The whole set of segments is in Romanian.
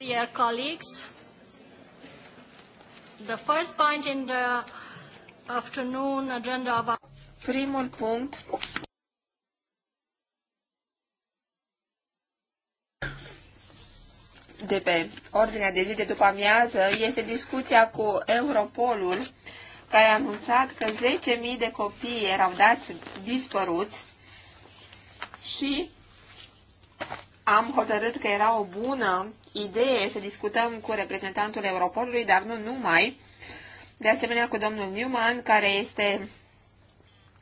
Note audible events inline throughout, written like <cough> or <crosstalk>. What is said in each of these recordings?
Dear colleagues, the first point in the afternoon agenda of our Primul punct de pe ordinea de zi de după amiază este discuția cu Europolul care a anunțat că 10.000 de copii erau dați dispăruți și am hotărât că era o bună idee să discutăm cu reprezentantul Europolului, dar nu numai, de asemenea cu domnul Newman, care este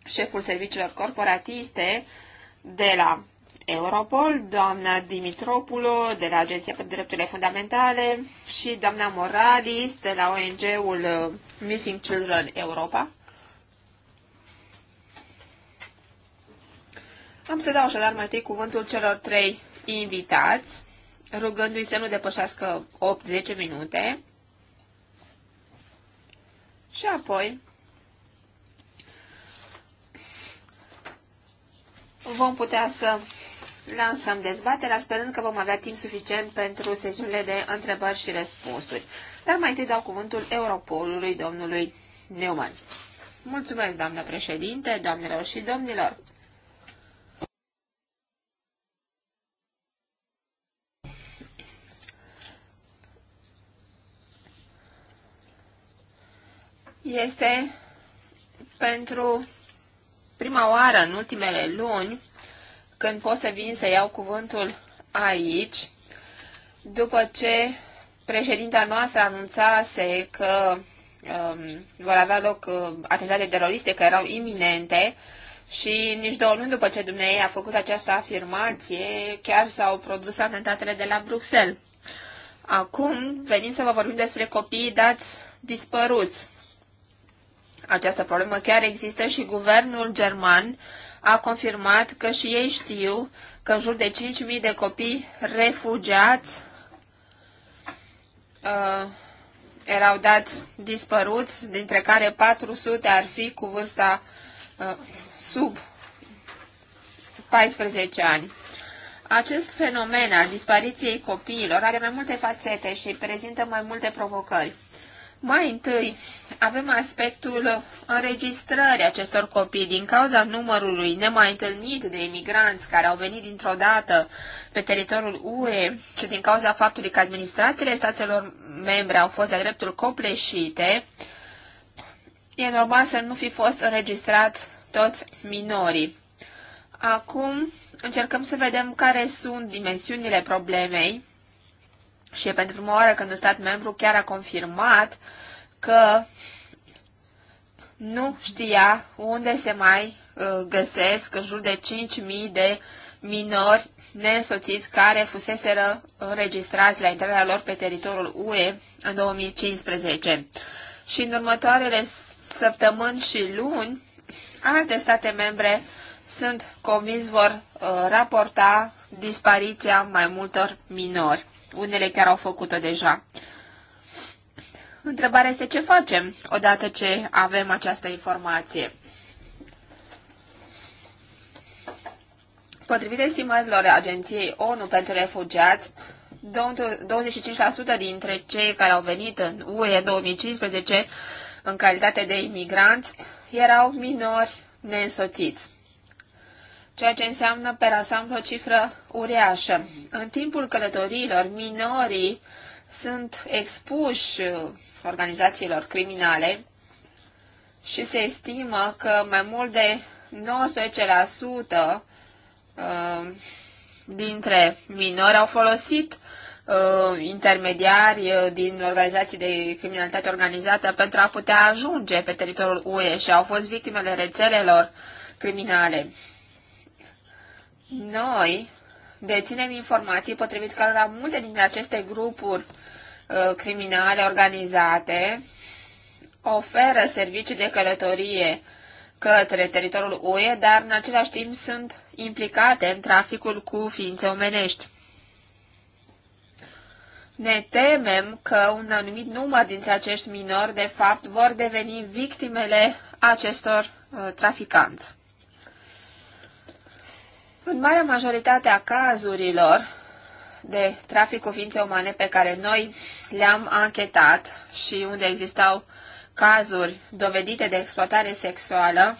șeful serviciilor corporatiste de la Europol, doamna Dimitropulo de la Agenția pentru Drepturile Fundamentale și doamna Moralis de la ONG-ul uh, Missing Children Europa. Am să dau așadar mai întâi cuvântul celor trei invitați rugându-i să nu depășească 8-10 minute. Și apoi vom putea să lansăm dezbaterea, sperând că vom avea timp suficient pentru sesiunile de întrebări și răspunsuri. Dar mai întâi dau cuvântul Europolului domnului Neumann. Mulțumesc, doamnă președinte, doamnelor și domnilor! este pentru prima oară în ultimele luni când pot să vin să iau cuvântul aici, după ce președinta noastră anunțase că um, vor avea loc uh, atentate teroriste, că erau iminente, și nici două luni după ce dumneavoastră a făcut această afirmație, chiar s-au produs atentatele de la Bruxelles. Acum venim să vă vorbim despre copiii dați dispăruți această problemă chiar există și guvernul german a confirmat că și ei știu că în jur de 5.000 de copii refugiați uh, erau dați dispăruți, dintre care 400 ar fi cu vârsta uh, sub 14 ani. Acest fenomen al dispariției copiilor are mai multe fațete și prezintă mai multe provocări. Mai întâi, avem aspectul înregistrării acestor copii din cauza numărului nemai întâlnit de imigranți care au venit dintr-o dată pe teritoriul UE și din cauza faptului că administrațiile statelor membre au fost de dreptul copleșite, e normal să nu fi fost înregistrați toți minorii. Acum încercăm să vedem care sunt dimensiunile problemei și e pentru prima oară când un stat membru chiar a confirmat că nu știa unde se mai uh, găsesc în jur de 5.000 de minori neînsoțiți care fuseseră înregistrați la intrarea lor pe teritoriul UE în 2015. Și în următoarele săptămâni și luni, alte state membre sunt convins vor uh, raporta dispariția mai multor minori. Unele chiar au făcut-o deja. Întrebarea este ce facem odată ce avem această informație. Potrivit estimărilor Agenției ONU pentru Refugiați, 25% dintre cei care au venit în UE 2015 în calitate de imigranți erau minori neînsoțiți ceea ce înseamnă pe rasamblu o cifră uriașă. În timpul călătorilor, minorii sunt expuși uh, organizațiilor criminale și se estimă că mai mult de 19% uh, dintre minori au folosit uh, intermediari din organizații de criminalitate organizată pentru a putea ajunge pe teritoriul UE și au fost victimele rețelelor criminale. Noi deținem informații potrivit cărora multe dintre aceste grupuri uh, criminale organizate oferă servicii de călătorie către teritoriul UE, dar în același timp sunt implicate în traficul cu ființe omenești. Ne temem că un anumit număr dintre acești minori, de fapt, vor deveni victimele acestor uh, traficanți. În marea majoritate a cazurilor de trafic cu ființe umane pe care noi le-am anchetat și unde existau cazuri dovedite de exploatare sexuală,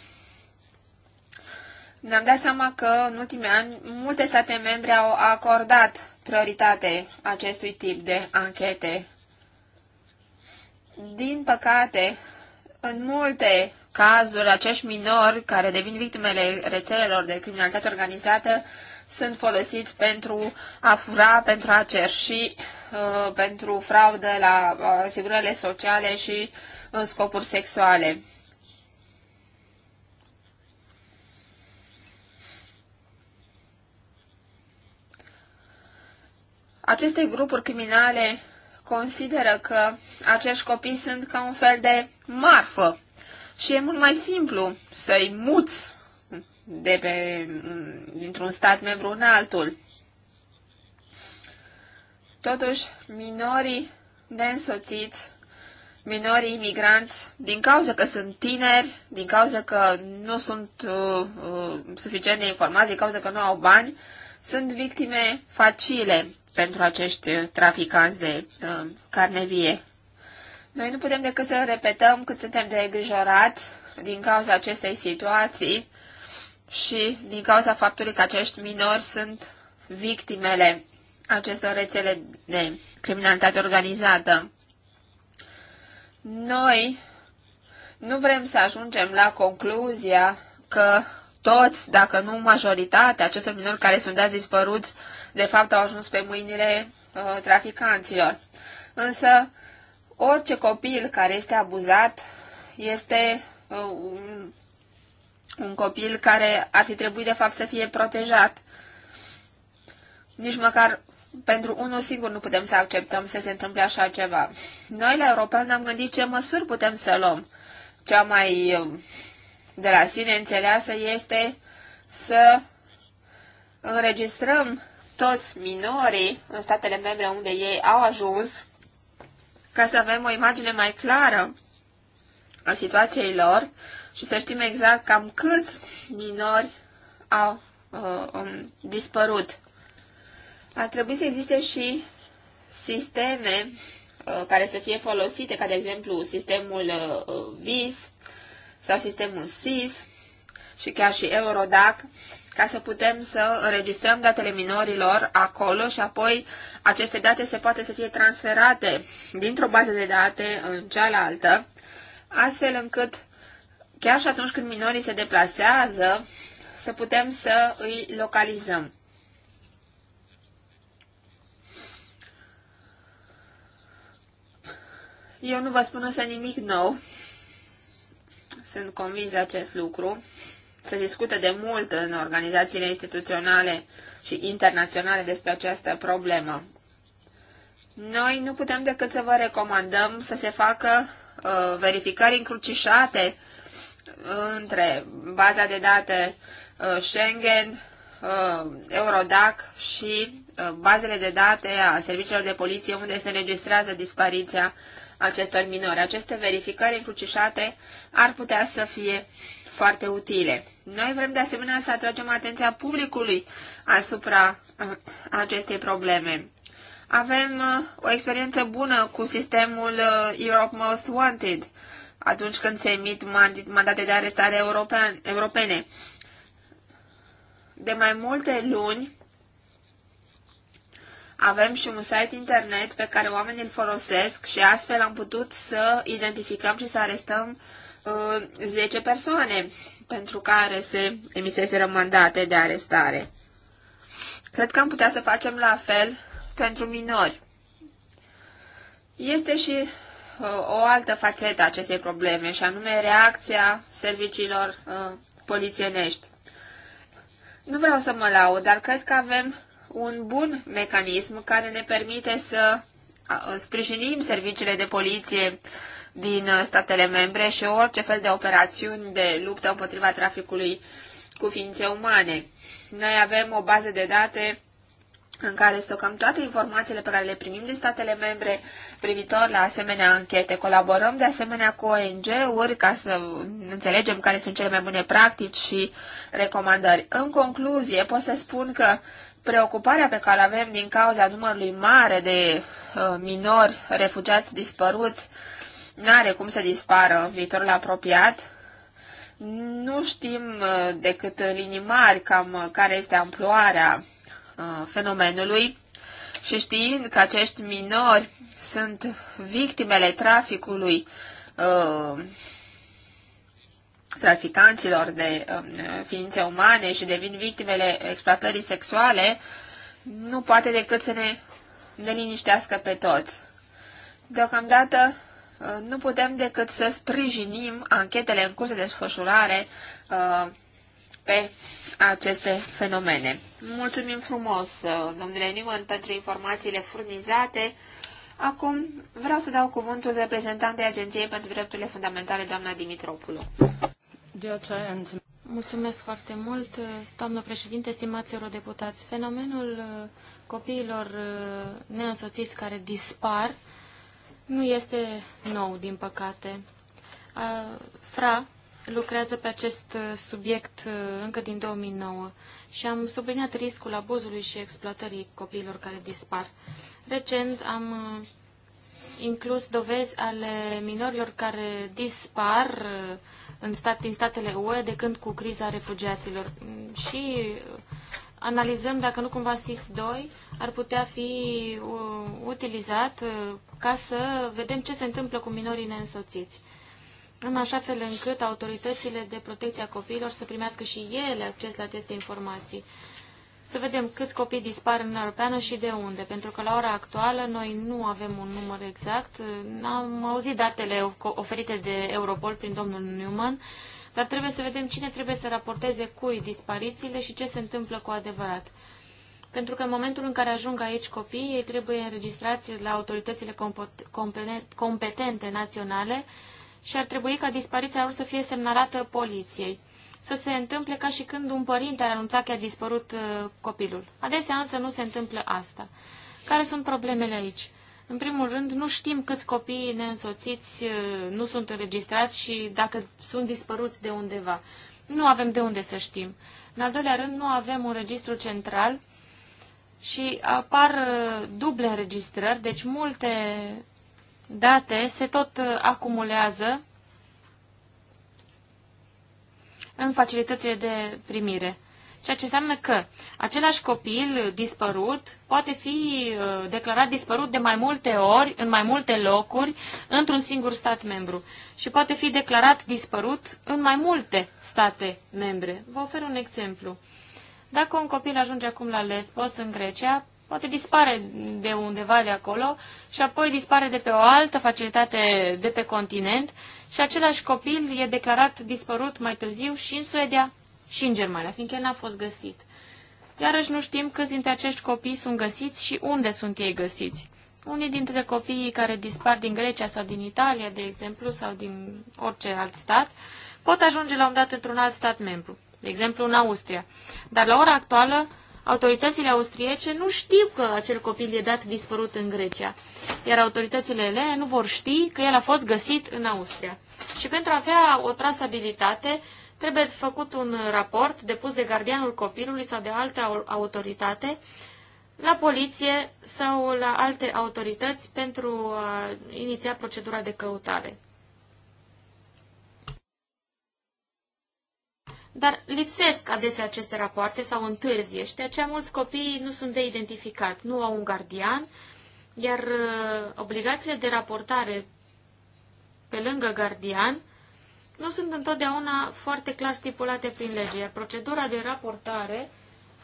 ne-am dat seama că în ultimii ani multe state membre au acordat prioritate acestui tip de anchete. Din păcate, în multe cazuri, acești minori care devin victimele rețelelor de criminalitate organizată sunt folosiți pentru a fura, pentru a cerși, uh, pentru fraudă la uh, asigurările sociale și în uh, scopuri sexuale. Aceste grupuri criminale consideră că acești copii sunt ca un fel de marfă și e mult mai simplu să-i muți de pe, dintr-un stat membru în altul. Totuși, minorii neînsoțiți, minorii imigranți, din cauza că sunt tineri, din cauza că nu sunt uh, uh, suficient de informați, din cauza că nu au bani, sunt victime facile pentru acești traficanți de uh, carne vie. Noi nu putem decât să repetăm cât suntem de îngrijorați din cauza acestei situații și din cauza faptului că acești minori sunt victimele acestor rețele de criminalitate organizată. Noi nu vrem să ajungem la concluzia că toți, dacă nu majoritatea acestor minori care sunt dați dispăruți, de fapt au ajuns pe mâinile uh, traficanților. Însă Orice copil care este abuzat este uh, un copil care ar fi trebuit de fapt să fie protejat. Nici măcar pentru unul singur nu putem să acceptăm să se întâmple așa ceva. Noi la European am gândit ce măsuri putem să luăm. Cea mai uh, de la sine înțeleasă este să înregistrăm toți minorii în statele membre unde ei au ajuns ca să avem o imagine mai clară a situației lor și să știm exact cam câți minori au uh, um, dispărut. Ar trebui să existe și sisteme uh, care să fie folosite, ca de exemplu sistemul uh, uh VIS sau sistemul SIS și chiar și Eurodac, ca să putem să înregistrăm datele minorilor acolo și apoi aceste date se poate să fie transferate dintr-o bază de date în cealaltă, astfel încât chiar și atunci când minorii se deplasează, să putem să îi localizăm. Eu nu vă spun însă nimic nou. Sunt convins de acest lucru. Se discută de mult în organizațiile instituționale și internaționale despre această problemă. Noi nu putem decât să vă recomandăm să se facă uh, verificări încrucișate între baza de date uh, Schengen, uh, Eurodac și uh, bazele de date a serviciilor de poliție unde se înregistrează dispariția acestor minori. Aceste verificări încrucișate ar putea să fie foarte utile. Noi vrem de asemenea să atragem atenția publicului asupra uh, acestei probleme. Avem uh, o experiență bună cu sistemul uh, Europe Most Wanted atunci când se emit mandate de arestare european, europene. De mai multe luni avem și un site internet pe care oamenii îl folosesc și astfel am putut să identificăm și să arestăm uh, 10 uh, persoane pentru care se emiseseră mandate de arestare. Cred că am putea să facem la fel pentru minori. Este și uh, o altă fațetă a acestei probleme, și anume reacția serviciilor uh, polițienești. Nu vreau să mă laud, dar cred că avem un bun mecanism care ne permite să uh, sprijinim serviciile de poliție uh, din uh, statele membre și orice fel de operațiuni de luptă împotriva traficului cu ființe umane. Noi avem o bază de date în care stocăm toate informațiile pe care le primim din statele membre privitor la asemenea închete. Colaborăm de asemenea cu ONG-uri ca să înțelegem care sunt cele mai bune practici și recomandări. În concluzie, pot să spun că preocuparea pe care o avem din cauza numărului mare de uh, minori refugiați dispăruți nu are cum să dispară în viitorul apropiat. Nu știm uh, decât în linii mari cam uh, care este amploarea uh, fenomenului și știind că acești minori sunt victimele traficului traficanților de um, ființe umane și devin victimele exploatării sexuale, nu poate decât să ne, ne liniștească pe toți. Deocamdată Uh, nu putem decât să sprijinim anchetele în curs de desfășurare uh, pe aceste fenomene. Mulțumim frumos, uh, domnule Newman, pentru informațiile furnizate. Acum vreau să dau cuvântul reprezentantei Agenției pentru Drepturile Fundamentale, doamna Dimitropulu. Mulțumesc foarte mult, doamnă președinte, stimați eurodeputați. Fenomenul copiilor neînsoțiți care dispar nu este nou, din păcate. Fra lucrează pe acest uh, subiect uh, încă din 2009 și am subliniat riscul abuzului și exploatării copiilor care dispar. Recent am uh, inclus dovezi ale minorilor care dispar în stat, din statele UE de când cu criza refugiaților. Mm, și analizăm dacă nu cumva SIS-2 ar putea fi utilizat uh, ca să vedem ce se întâmplă cu minorii neînsoțiți în așa fel încât autoritățile de protecție a copiilor să primească și ele acces la aceste informații. Să vedem câți copii dispar în Europeană și de unde, pentru că la ora actuală noi nu avem un număr exact. Am auzit datele oferite de Europol prin domnul Newman, dar trebuie să vedem cine trebuie să raporteze cui disparițiile și ce se întâmplă cu adevărat. Pentru că în momentul în care ajung aici copiii, ei trebuie înregistrați la autoritățile competente naționale și ar trebui ca dispariția lor să fie semnalată poliției. Să se întâmple ca și când un părinte ar anunța că a dispărut uh, copilul. Adesea însă nu se întâmplă asta. Care sunt problemele aici? În primul rând, nu știm câți copii neînsoțiți uh, nu sunt înregistrați și dacă sunt dispăruți de undeva. Nu avem de unde să știm. În al doilea rând, nu avem un registru central și apar uh, duble înregistrări, deci multe date se tot uh, acumulează în facilitățile de primire. Ceea ce înseamnă că același copil dispărut poate fi uh, declarat dispărut de mai multe ori, în mai multe locuri, într-un singur stat membru. Și poate fi declarat dispărut în mai multe state membre. Vă ofer un exemplu. Dacă un copil ajunge acum la Lesbos, în Grecia, poate dispare de undeva de acolo și apoi dispare de pe o altă facilitate de pe continent și același copil e declarat dispărut mai târziu și în Suedia și în Germania, fiindcă el n-a fost găsit. Iarăși nu știm câți dintre acești copii sunt găsiți și unde sunt ei găsiți. Unii dintre copiii care dispar din Grecia sau din Italia, de exemplu, sau din orice alt stat, pot ajunge la un dat într-un alt stat membru, de exemplu în Austria. Dar la ora actuală, autoritățile austriece nu știu că acel copil e dat dispărut în Grecia, iar autoritățile ele nu vor ști că el a fost găsit în Austria. Și pentru a avea o trasabilitate, Trebuie făcut un raport depus de gardianul copilului sau de alte autoritate la poliție sau la alte autorități pentru a iniția procedura de căutare. Dar lipsesc adesea aceste rapoarte sau întârzie de aceea mulți copii nu sunt de identificat, nu au un gardian, iar uh, obligațiile de raportare pe lângă gardian nu sunt întotdeauna foarte clar stipulate prin lege, iar procedura de raportare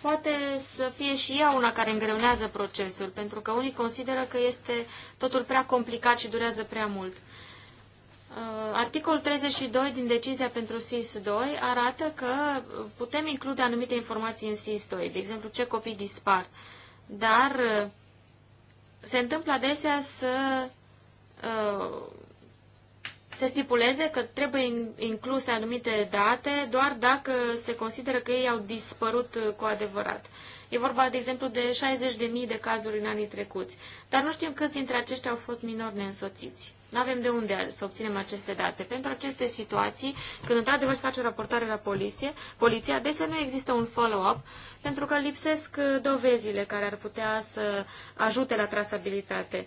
poate să fie și ea una care îngreunează procesul, pentru că unii consideră că este totul prea complicat și durează prea mult. Uh, articolul 32 din decizia pentru SIS-2 arată că putem include anumite informații în SIS-2, de exemplu ce copii dispar, dar uh, se întâmplă adesea să uh, se stipuleze că trebuie incluse anumite date doar dacă se consideră că ei au dispărut cu adevărat. E vorba, de exemplu, de 60.000 de cazuri în anii trecuți, dar nu știm câți dintre aceștia au fost minori neînsoțiți. Nu avem de unde să obținem aceste date. Pentru aceste situații, când într-adevăr se face o raportare la poliție, poliția, adesea nu există un follow-up, pentru că lipsesc uh, dovezile care ar putea să ajute la trasabilitate.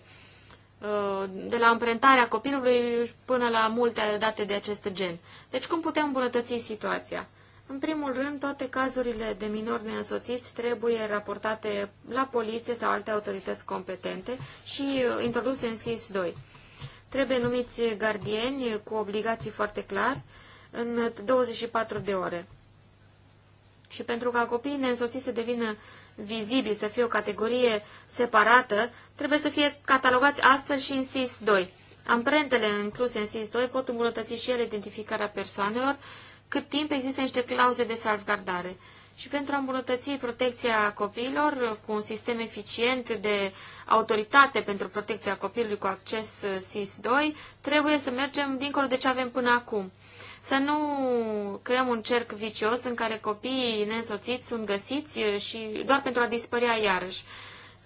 Uh, de la amprentarea copilului până la multe date de acest gen. Deci cum putem îmbunătăți situația? În primul rând, toate cazurile de minori neînsoțiți trebuie raportate la poliție sau alte autorități competente și uh, introduse în SIS-2. Trebuie numiți gardieni cu obligații foarte clar în 24 de ore. Și pentru ca copiii neînsoțiți să devină vizibili, să fie o categorie separată, trebuie să fie catalogați astfel și în SIS-2. Amprentele incluse în SIS-2 pot îmbunătăți și ele identificarea persoanelor, cât timp există niște clauze de salvgardare. Și pentru a îmbunătăți protecția copiilor cu un sistem eficient de autoritate pentru protecția copilului cu acces SIS-2, trebuie să mergem dincolo de ce avem până acum să nu creăm un cerc vicios în care copiii neînsoțiți sunt găsiți și doar pentru a dispărea iarăși.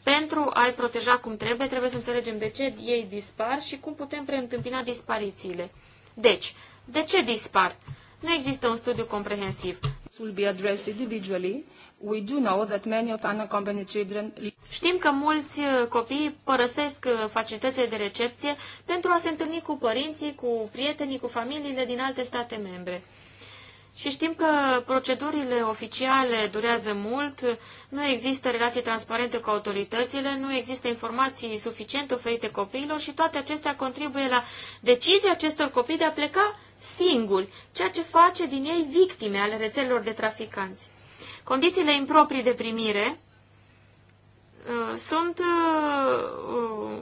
Pentru a-i proteja cum trebuie, trebuie să înțelegem de ce ei dispar și cum putem preîntâmpina disparițiile. Deci, de ce dispar? Nu există un studiu comprehensiv. Will be addressed individually We do know that many of unaccompanied children... Știm că mulți uh, copii părăsesc uh, facilitățile de recepție pentru a se întâlni cu părinții, cu prietenii, cu familiile din alte state membre. Și știm că procedurile oficiale durează mult, nu există relații transparente cu autoritățile, nu există informații suficiente oferite copiilor și toate acestea contribuie la decizia acestor copii de a pleca singuri, ceea ce face din ei victime ale rețelelor de traficanți. Condițiile improprii de primire uh, sunt uh,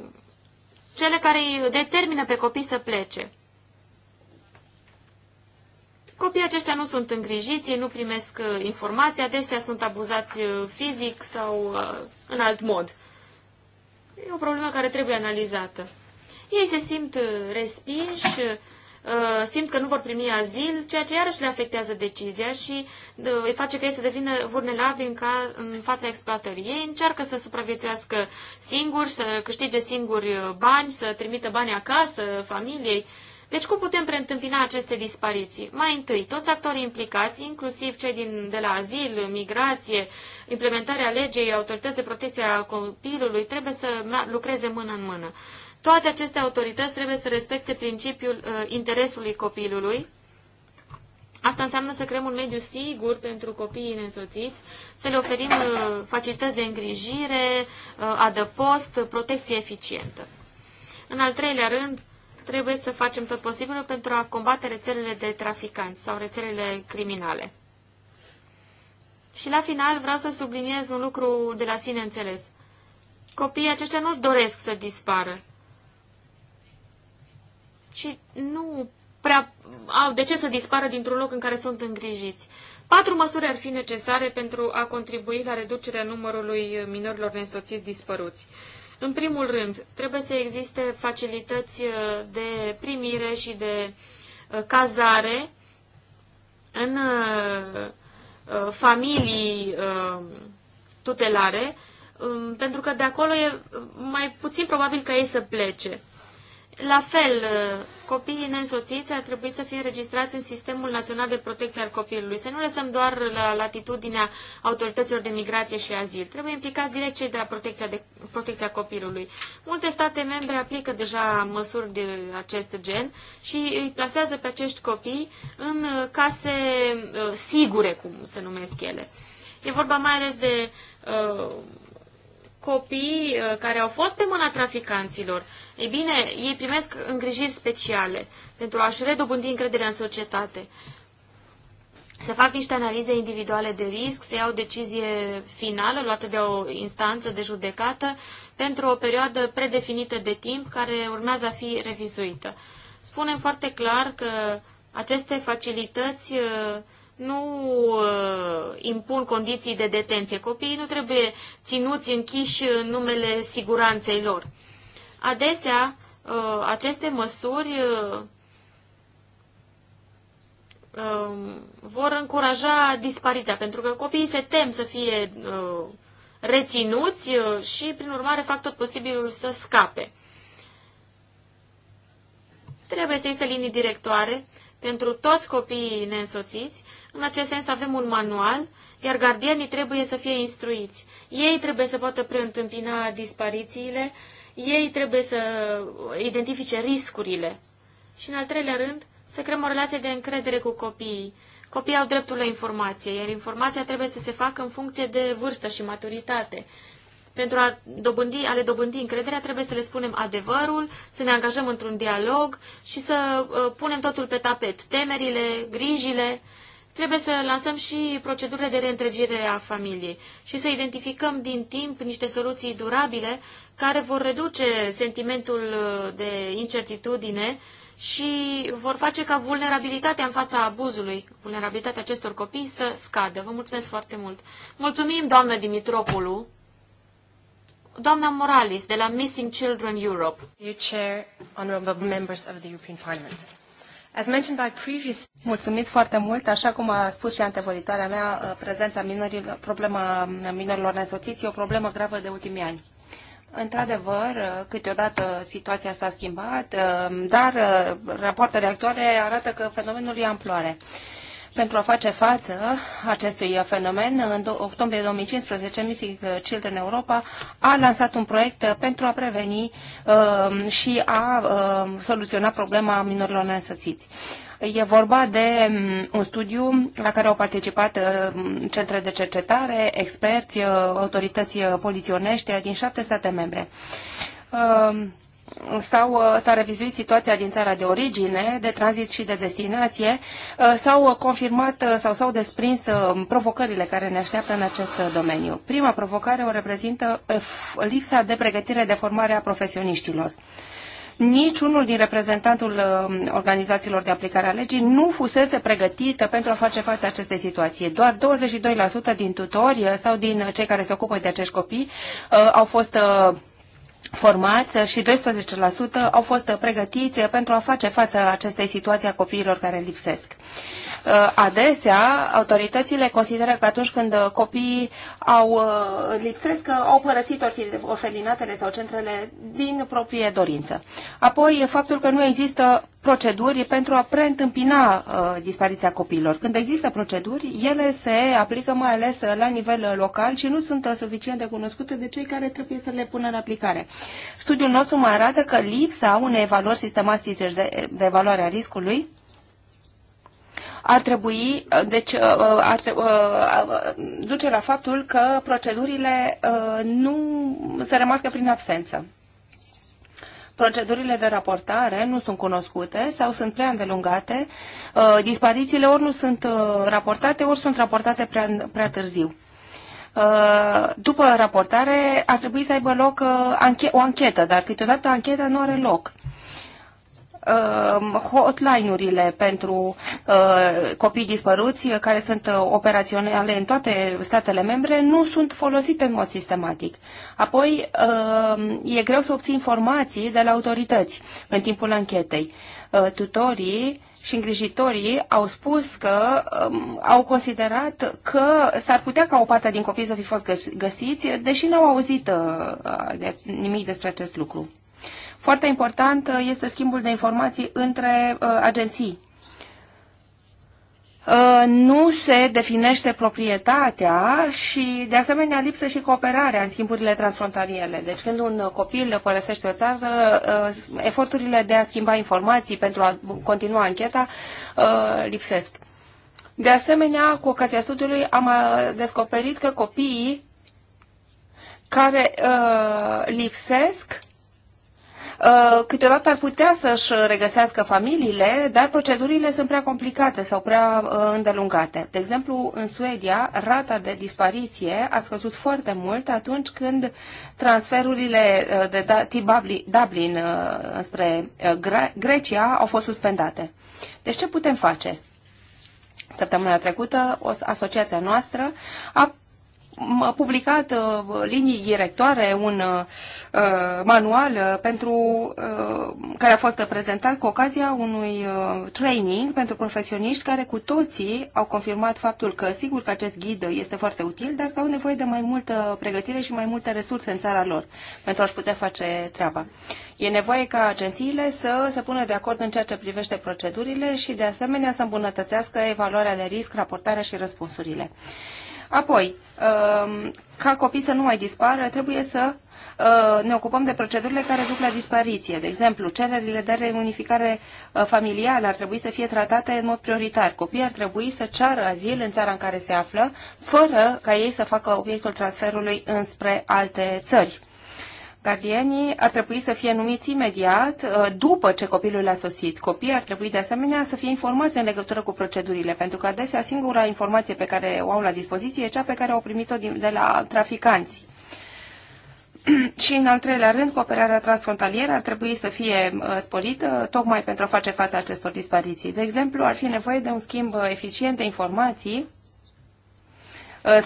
cele care îi determină pe copii să plece. Copiii aceștia nu sunt îngrijiți, nu primesc uh, informații, adesea sunt abuzați fizic sau în alt mod. E o problemă care trebuie analizată. Ei se simt respinși, Uh, simt că nu vor primi azil, ceea ce iarăși le afectează decizia și uh, îi face că ei să devină vulnerabili în, ca, în fața exploatării. Ei încearcă să supraviețuiască singuri, să câștige singuri uh, bani, să trimită bani acasă, familiei. Deci cum putem preîntâmpina aceste dispariții? Mai întâi, toți actorii implicați, inclusiv cei din, de la azil, migrație, implementarea legei, autorități de protecție a copilului, trebuie să lucreze mână în mână. Toate aceste autorități trebuie să respecte principiul uh, interesului copilului. Asta înseamnă să creăm un mediu sigur pentru copiii neînsoțiți, să le oferim uh, facilități de îngrijire, uh, adăpost, protecție eficientă. În al treilea rând, trebuie să facem tot posibilul pentru a combate rețelele de traficanți sau rețelele criminale. Și la final vreau să subliniez un lucru de la sine înțeles. Copiii aceștia nu-și doresc să dispară și nu prea au de ce să dispară dintr-un loc în care sunt îngrijiți. Patru măsuri ar fi necesare pentru a contribui la reducerea numărului minorilor nesoțiți dispăruți. În primul rând, trebuie să existe facilități uh, de primire și de uh, cazare în uh, familii tutelare, um, pentru că de acolo e mai puțin probabil ca ei să plece. La fel, copiii neînsoțiți ar trebui să fie registrați în Sistemul Național de Protecție al Copilului. Să nu lăsăm doar la latitudinea autorităților de migrație și azil. Trebuie implicați direct cei de la protecția, de, protecția copilului. Multe state membre aplică deja măsuri de acest gen și îi plasează pe acești copii în case uh, sigure, cum se numesc ele. E vorba mai ales de uh, copii uh, care au fost pe mâna traficanților ei bine, ei primesc îngrijiri speciale pentru a-și redobândi încrederea în societate. Se fac niște analize individuale de risc, se ia o decizie finală luată de o instanță de judecată pentru o perioadă predefinită de timp care urmează a fi revizuită. Spunem foarte clar că aceste facilități uh, nu uh, impun condiții de detenție. Copiii nu trebuie ținuți închiși în numele siguranței lor. Adesea, uh, aceste măsuri uh, um, vor încuraja dispariția, pentru că copiii se tem să fie uh, reținuți și, prin urmare, fac tot posibilul să scape. Trebuie să existe linii directoare pentru toți copiii neînsoțiți. În acest sens avem un manual, iar gardienii trebuie să fie instruiți. Ei trebuie să poată preîntâmpina disparițiile, ei trebuie să identifice riscurile. Și în al treilea rând, să creăm o relație de încredere cu copiii. Copiii au dreptul la informație, iar informația trebuie să se facă în funcție de vârstă și maturitate. Pentru a, dobândi, a le dobândi încrederea, trebuie să le spunem adevărul, să ne angajăm într-un dialog și să uh, punem totul pe tapet, temerile, grijile, trebuie să lansăm și procedurile de reîntregire a familiei și să identificăm din timp niște soluții durabile care vor reduce sentimentul de incertitudine și vor face ca vulnerabilitatea în fața abuzului, vulnerabilitatea acestor copii să scadă. Vă mulțumesc foarte mult. Mulțumim, doamnă Dimitropolu. Doamna Morales, de la Missing Children Europe. You chair, honorable members of the European Parliament. As mentioned by previous... Mulțumesc foarte mult. Așa cum a spus și antevorbitoarea mea, uh, prezența minorilor, problema uh, minorilor nesoțiți e o problemă gravă de ultimii ani. Într-adevăr, uh, câteodată situația s-a schimbat, dar rapoartele actuale arată că fenomenul e amploare. Pentru a face față acestui fenomen, în octombrie 2015, Missing Children Europa a lansat un proiect pentru a preveni uh, și a uh, soluționa problema minorilor neînsățiți. E vorba de um, un studiu la care au participat centre de cercetare, experți, uh, autorități uh, poliționești din șapte state membre. Uh, sau uh, s-a revizuit situația din țara de origine, de tranzit și de destinație, uh, s-au uh, confirmat sau s-au desprins provocările care ne așteaptă în acest domeniu. Prima provocare o reprezintă lipsa de pregătire de formare a profesioniștilor. Niciunul din reprezentantul organizațiilor de aplicare a legii nu fusese pregătită pentru a face față acestei situații. Doar 22% din tutori sau din cei care se ocupă de acești copii au fost formați și 12% au fost pregătiți pentru a face față acestei situații a copiilor care lipsesc. Uh, adesea, autoritățile consideră că atunci când copiii au uh, lipsesc, au părăsit orfelinatele sau centrele din proprie dorință. Apoi, faptul că nu există proceduri pentru a preîntâmpina uh, dispariția copiilor. Când există proceduri, ele se aplică mai ales uh, la nivel uh, local și nu sunt uh, suficient de cunoscute de cei care trebuie să le pună în aplicare. Studiul nostru mai arată că lipsa unei evaluări sistematice de, de evaluare a riscului ar trebui, deci ar, duce la faptul că procedurile nu se remarcă prin absență procedurile de raportare nu sunt cunoscute sau sunt prea îndelungate, uh, disparițiile ori nu sunt uh, raportate, ori sunt raportate prea, prea târziu. Uh, după raportare ar trebui să aibă loc o anchetă, dar câteodată ancheta nu are loc. Um, hotline-urile pentru uh, copii dispăruți, uh, care sunt uh, operaționale în toate statele membre, nu sunt folosite în mod sistematic. Apoi, um, e greu să obții informații de la autorități în timpul anchetei. Tutorii și îngrijitorii au spus că um, au considerat că s-ar putea ca o parte din copii să fi fost găsiți, deși n-au auzit uh, de, nimic despre acest lucru. Foarte important uh, este schimbul de informații între uh, agenții. Uh, nu se definește proprietatea și, de asemenea, lipsă și cooperarea în schimburile transfrontaliere. Deci, când un copil părăsește o țară, eforturile de a schimba informații pentru a continua ancheta lipsesc. De asemenea, cu ocazia studiului am descoperit că copiii care lipsesc Uh, câteodată ar putea să-și regăsească familiile, dar procedurile sunt prea complicate sau prea uh, îndelungate. De exemplu, în Suedia, rata de dispariție a scăzut foarte mult atunci când transferurile uh, de da, Dublin spre Grecia au fost suspendate. Deci ce putem face? Săptămâna trecută, o asociația noastră a a publicat uh, linii directoare, un uh, uh, manual pentru, care a fost prezentat cu ocazia unui training pentru profesioniști care cu toții au confirmat faptul că sigur că acest ghid este foarte util, dar că au nevoie de mai multă pregătire și mai multe resurse în țara lor pentru a-și putea face treaba. E nevoie ca agențiile să se pună de acord în ceea ce privește procedurile și de asemenea să îmbunătățească evaluarea de risc, raportarea și răspunsurile. Apoi, Um, ca copii să nu mai dispară, trebuie să uh, ne ocupăm de procedurile care duc la dispariție. De exemplu, cererile de reunificare uh, familială ar trebui să fie tratate în mod prioritar. Copiii ar trebui să ceară azil în țara în care se află, fără ca ei să facă obiectul transferului înspre alte țări. Gardienii ar trebui să fie numiți imediat uh, după ce copilul a sosit. Copiii ar trebui de asemenea să fie informați în legătură cu procedurile, pentru că adesea singura informație pe care o au la dispoziție e cea pe care au primit-o de la traficanți. <clears throat> Și în al treilea rând, cooperarea transfrontalieră ar trebui să fie uh, sporită tocmai pentru a face față acestor dispariții. De exemplu, ar fi nevoie de un schimb uh, eficient de informații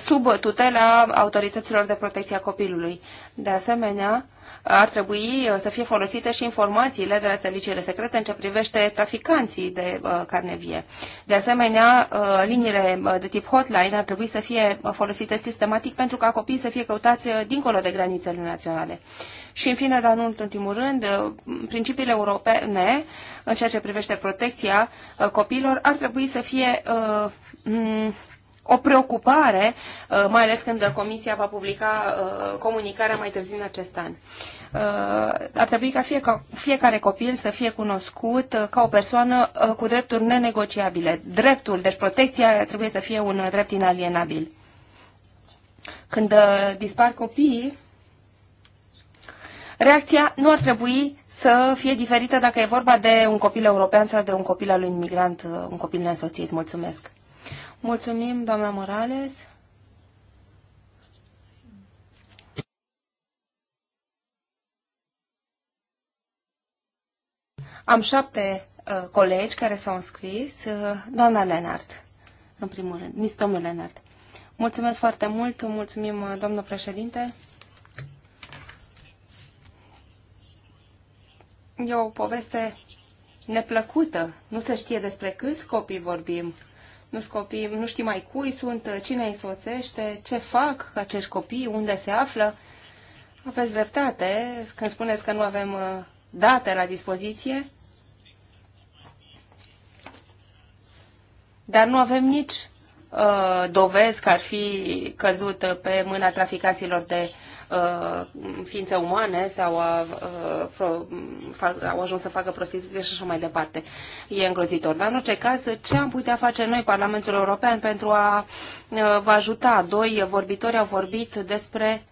sub tutela autorităților de protecție a copilului. De asemenea, ar trebui uh, să fie folosite și informațiile de la serviciile secrete în ce privește traficanții de uh, carne vie. De asemenea, uh, liniile de tip hotline ar trebui să fie folosite sistematic pentru ca copiii să fie căutați dincolo de granițele naționale. Și, în fine, dar nu în ultimul rând, principiile europene în ceea ce privește protecția copiilor ar trebui să fie o preocupare, uh, mai ales când Comisia va publica uh, comunicarea mai târziu în acest an. Uh, ar trebui ca fiecare copil să fie cunoscut ca o persoană cu drepturi nenegociabile. Dreptul, deci protecția, trebuie să fie un drept inalienabil. Când dispar copiii, reacția nu ar trebui să fie diferită dacă e vorba de un copil european sau de un copil al unui imigrant, un copil neînsoțit. Mulțumesc! Mulțumim, doamna Morales. Am șapte uh, colegi care s-au înscris. Uh, doamna Lenart, în primul rând, mis domnul Lenart. Mulțumesc foarte mult, mulțumim, uh, domnul președinte. E o poveste neplăcută. Nu se știe despre câți copii vorbim nu, copii, nu știi mai cui sunt, cine îi soțește, ce fac acești copii, unde se află. Aveți dreptate când spuneți că nu avem uh, date la dispoziție, dar nu avem nici Uh, dovezi că ar fi căzut pe mâna traficanților de uh, ființe umane sau a, uh, au ajuns să facă prostituție și așa mai departe. E îngrozitor. Dar în orice caz, ce am putea face noi, Parlamentul European, pentru a vă ajuta? Doi vorbitori au vorbit despre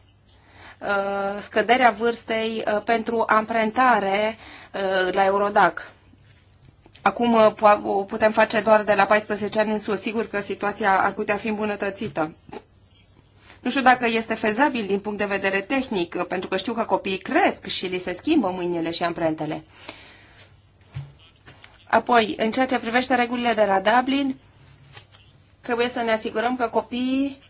scăderea vârstei pentru amprentare la Eurodac. Acum uh, o putem face doar de la 14 ani în sus. Sigur că situația ar putea fi îmbunătățită. Nu știu dacă este fezabil din punct de vedere tehnic, uh, pentru că știu că copiii cresc și li se schimbă mâinile și amprentele. Apoi, în ceea ce privește regulile de la Dublin, trebuie să ne asigurăm că copiii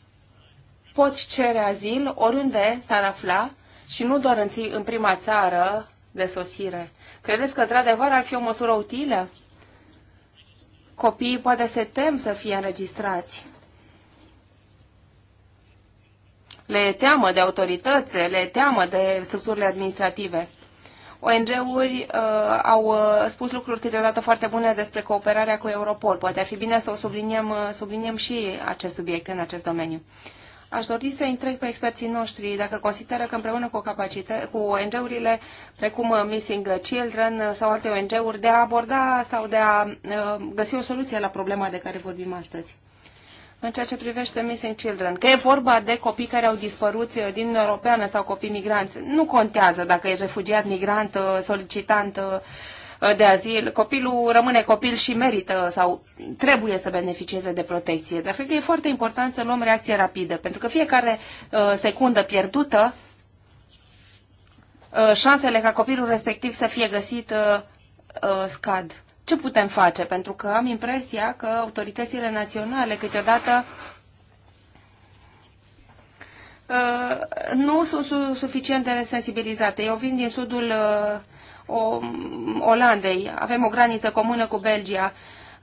pot cere azil oriunde s-ar afla și nu doar în, în prima țară de sosire. Credeți că, într-adevăr, ar fi o măsură utilă? Copiii poate se tem să fie înregistrați. Le teamă de autorități, le teamă de structurile administrative. ONG-uri uh, au uh, spus lucruri câteodată foarte bune despre cooperarea cu Europol. Poate ar fi bine să o subliniem, uh, subliniem și acest subiect în acest domeniu. Uh, Aș dori să întreb pe experții noștri dacă consideră că împreună cu, cu ONG-urile precum uh, Missing Children uh, sau alte ONG-uri de a aborda sau de a uh, găsi o soluție la problema de care vorbim astăzi. În ceea ce privește Missing Children, că e vorba de copii care au dispărut din Uniunea Europeană sau copii migranți, nu contează dacă e refugiat, migrant, solicitant, de azil, copilul rămâne copil și merită sau trebuie să beneficieze de protecție. Dar cred că e foarte important să luăm reacție rapidă, pentru că fiecare uh, secundă pierdută, uh, șansele ca copilul respectiv să fie găsit uh, scad. Ce putem face? Pentru că am impresia că autoritățile naționale câteodată nu sunt suficient de sensibilizate. Eu vin din sudul o, Olandei, avem o graniță comună cu Belgia.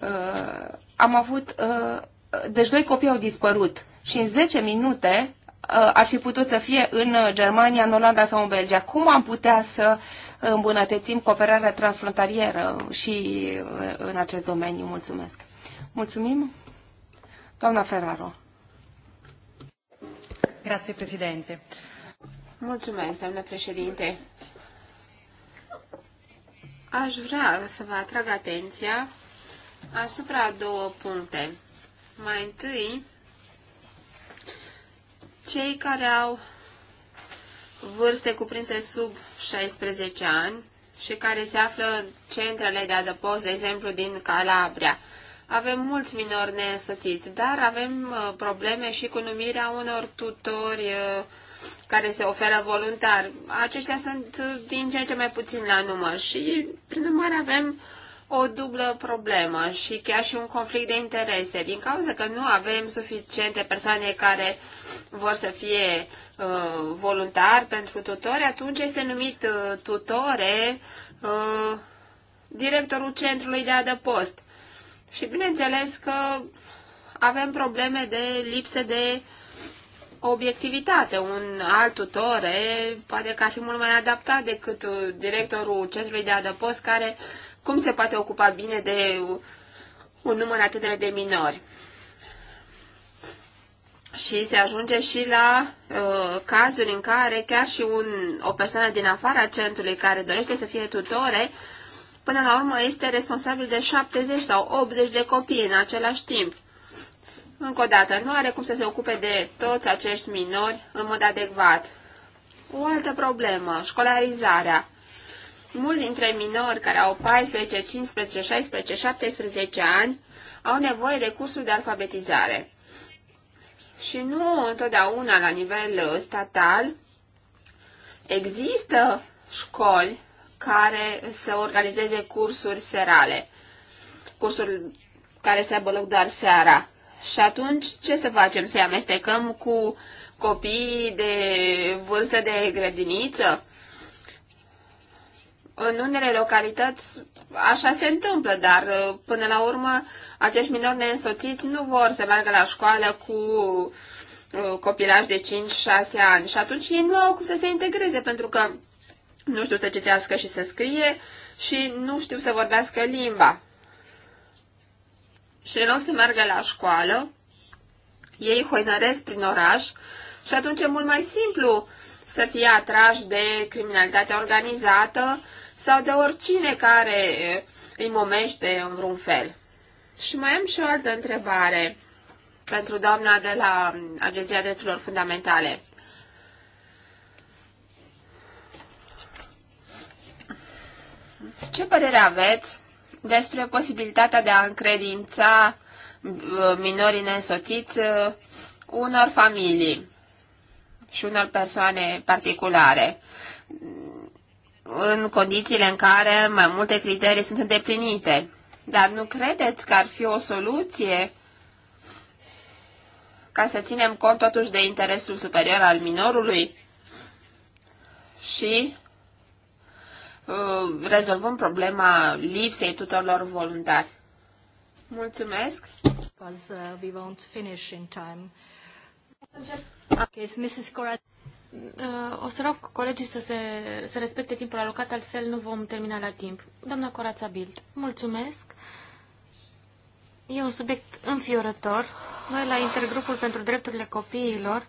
Uh, am avut, uh, deci doi copii au dispărut și în 10 minute uh, ar fi putut să fie în uh, Germania, în Olanda sau în Belgia. Cum am putea să îmbunătățim cooperarea transfrontalieră și uh, în acest domeniu? Mulțumesc. Mulțumim. Doamna Ferraro. Grazie, Presidente. Mulțumesc, doamnă președinte aș vrea să vă atrag atenția asupra două puncte. Mai întâi, cei care au vârste cuprinse sub 16 ani și care se află în centrele de adăpost, de exemplu, din Calabria. Avem mulți minori neînsoțiți, dar avem uh, probleme și cu numirea unor tutori uh, care se oferă voluntar. Aceștia sunt din ce în ce mai puțin la număr și, prin urmare, avem o dublă problemă și chiar și un conflict de interese, din cauza că nu avem suficiente persoane care vor să fie uh, voluntari pentru tutore, atunci este numit uh, tutore uh, directorul centrului de adăpost. Și bineînțeles că avem probleme de lipsă de uh, obiectivitate. Un alt tutor e poate că ar fi mult mai adaptat decât uh, directorul centrului de adăpost care cum se poate ocupa bine de uh, un număr atât de minori. Și se ajunge și la uh, cazuri în care chiar și un, o persoană din afara centrului care dorește să fie tutore, până la urmă este responsabil de 70 sau 80 de copii în același timp încă o dată, nu are cum să se ocupe de toți acești minori în mod adecvat. O altă problemă, școlarizarea. Mulți dintre minori care au 14, 15, 16, 17 ani au nevoie de cursuri de alfabetizare. Și nu întotdeauna la nivel uh, statal există școli care să organizeze cursuri serale, cursuri care să aibă loc doar seara. Și atunci ce să facem? Să-i amestecăm cu copii de vârstă de grădiniță? În unele localități așa se întâmplă, dar uh, până la urmă acești minori neînsoțiți nu vor să meargă la școală cu uh, copilaj de 5-6 ani și atunci ei nu au cum să se integreze pentru că nu știu să citească și să scrie și nu știu să vorbească limba și în loc să meargă la școală, ei hoinăresc prin oraș și atunci e mult mai simplu să fie atrași de criminalitatea organizată sau de oricine care îi momește în vreun fel. Și mai am și o altă întrebare pentru doamna de la Agenția Drepturilor Fundamentale. Ce părere aveți despre posibilitatea de a încredința uh, minorii neînsoțiți uh, unor familii și unor persoane particulare în condițiile în care mai multe criterii sunt îndeplinite. Dar nu credeți că ar fi o soluție ca să ținem cont totuși de interesul superior al minorului și Uh, rezolvăm problema lipsei tuturor voluntari. Mulțumesc. Because uh, we won't finish in time. Okay, Mrs. Corazza. Uh, o să rog colegii să, se, să respecte timpul alocat, altfel nu vom termina la timp. Doamna Corața Bild, mulțumesc. E un subiect înfiorător. Noi la Intergrupul pentru Drepturile Copiilor,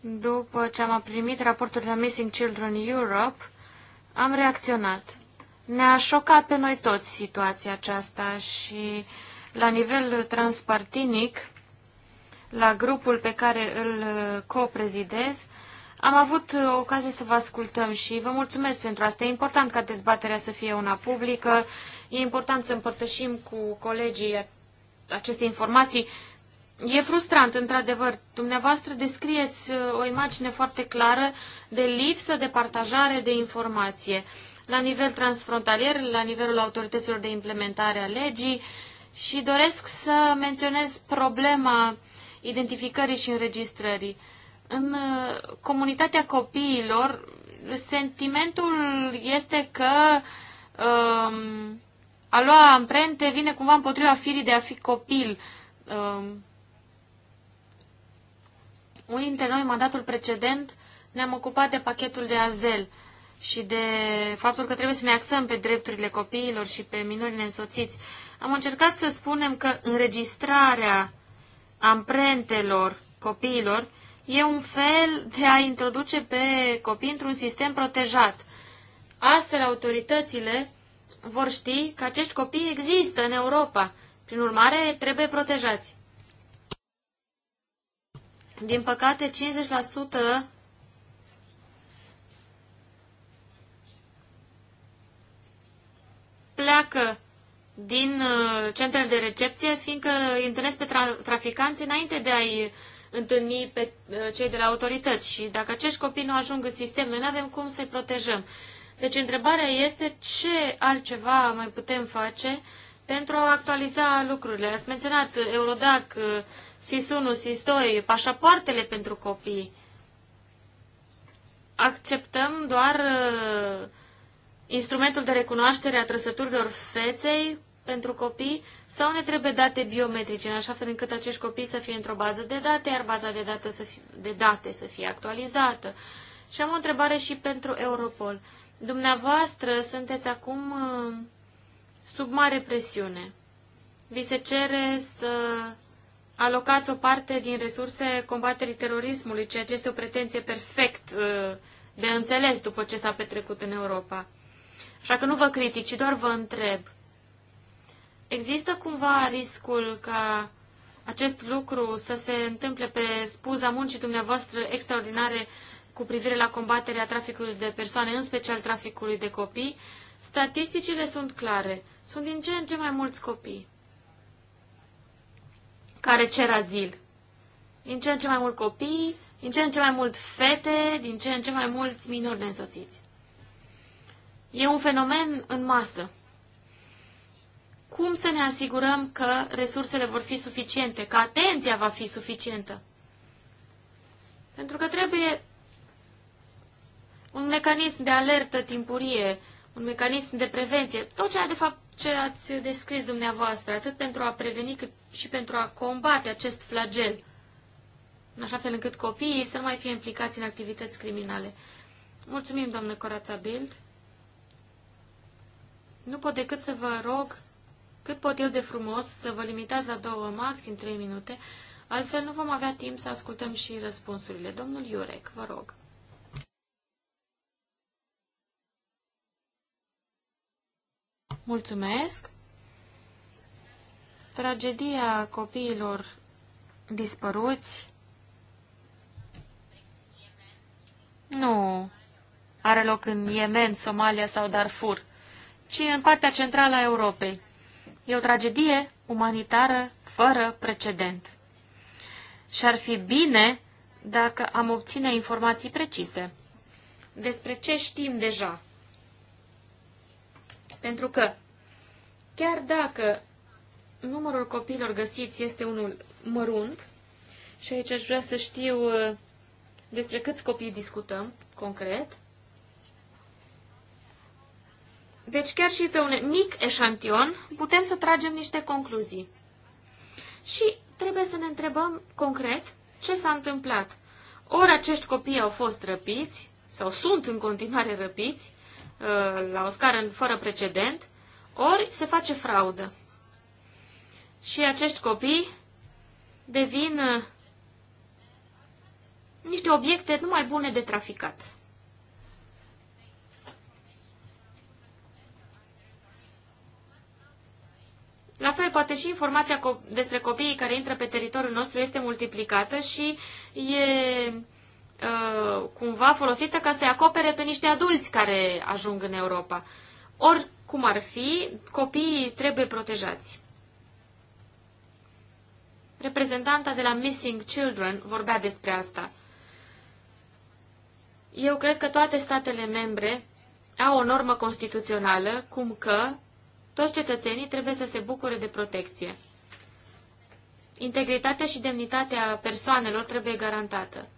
după ce am primit raportul de la Missing Children Europe, am reacționat. Ne-a șocat pe noi toți situația aceasta și la nivel transpartinic, la grupul pe care îl uh, coprezidez, am avut uh, ocazie să vă ascultăm și vă mulțumesc pentru asta. E important ca dezbaterea să fie una publică, e important să împărtășim cu colegii aceste informații. E frustrant, într-adevăr. Dumneavoastră descrieți uh, o imagine foarte clară de lipsă de partajare de informație la nivel transfrontalier, la nivelul autorităților de implementare a legii și doresc să menționez problema identificării și înregistrării. În uh, comunitatea copiilor, sentimentul este că um, a lua amprente vine cumva împotriva firii de a fi copil. Um, unii dintre noi, mandatul precedent, ne-am ocupat de pachetul de azel și de faptul că trebuie să ne axăm pe drepturile copiilor și pe minorii neînsoțiți. Am încercat să spunem că înregistrarea amprentelor copiilor e un fel de a introduce pe copii într-un sistem protejat. Astfel, autoritățile vor ști că acești copii există în Europa. Prin urmare, trebuie protejați. Din păcate, 50% pleacă din uh, centrele de recepție, fiindcă îi întâlnesc pe tra- traficanți înainte de a-i întâlni pe uh, cei de la autorități. Și dacă acești copii nu ajung în sistem, noi nu avem cum să-i protejăm. Deci întrebarea este ce altceva mai putem face pentru a actualiza lucrurile. Ați menționat Eurodac, uh, SIS-1, SIS-2, pașapoartele pentru copii. Acceptăm doar uh, instrumentul de recunoaștere a trăsăturilor feței pentru copii sau ne trebuie date biometrice, în așa fel încât acești copii să fie într-o bază de date, iar baza de, dată să fie, de date să fie actualizată. Și am o întrebare și pentru Europol. Dumneavoastră sunteți acum uh, sub mare presiune. Vi se cere să alocați o parte din resurse combaterii terorismului, ceea ce este o pretenție perfect uh, de înțeles după ce s-a petrecut în Europa. Așa că nu vă critic, ci doar vă întreb. Există cumva riscul ca acest lucru să se întâmple pe spuza muncii dumneavoastră extraordinare cu privire la combaterea traficului de persoane, în special traficului de copii? Statisticile sunt clare. Sunt din ce în ce mai mulți copii care cer azil. Din ce în ce mai mulți copii, din ce în ce mai mult fete, din ce în ce mai mulți minori neînsoțiți. E un fenomen în masă. Cum să ne asigurăm că resursele vor fi suficiente, că atenția va fi suficientă? Pentru că trebuie un mecanism de alertă timpurie, un mecanism de prevenție, tot ceea de fapt ce ați descris dumneavoastră, atât pentru a preveni cât și pentru a combate acest flagel, în așa fel încât copiii să nu mai fie implicați în activități criminale. Mulțumim, doamnă Corața Bild. Nu pot decât să vă rog, cât pot eu de frumos, să vă limitați la două, maxim trei minute, altfel nu vom avea timp să ascultăm și răspunsurile. Domnul Iurec, vă rog. Mulțumesc! Tragedia copiilor dispăruți nu are loc în Yemen, Somalia sau Darfur ci în partea centrală a Europei. E o tragedie umanitară fără precedent. Și ar fi bine dacă am obține informații precise despre ce știm deja. Pentru că, chiar dacă numărul copiilor găsiți este unul mărunt, și aici aș vrea să știu uh, despre câți copii discutăm concret, Deci chiar și pe un mic eșantion putem să tragem niște concluzii. Și trebuie să ne întrebăm concret ce s-a întâmplat. Ori acești copii au fost răpiți, sau sunt în continuare răpiți, uh, la o scară fără precedent, ori se face fraudă. Și acești copii devin uh, niște obiecte numai bune de traficat. La fel, poate și informația co- despre copiii care intră pe teritoriul nostru este multiplicată și e uh, cumva folosită ca să-i acopere pe niște adulți care ajung în Europa. Oricum ar fi, copiii trebuie protejați. Reprezentanta de la Missing Children vorbea despre asta. Eu cred că toate statele membre au o normă constituțională cum că toți cetățenii trebuie să se bucure de protecție. Integritatea și demnitatea persoanelor trebuie garantată.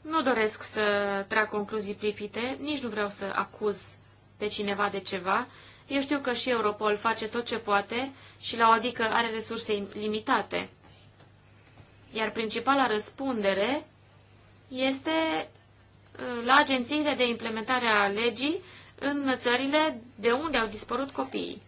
Nu doresc să trag concluzii pripite, nici nu vreau să acuz pe cineva de ceva. Eu știu că și Europol face tot ce poate și la o adică are resurse limitate. Iar principala răspundere este la agențiile de implementare a legii în țările de unde au dispărut copiii.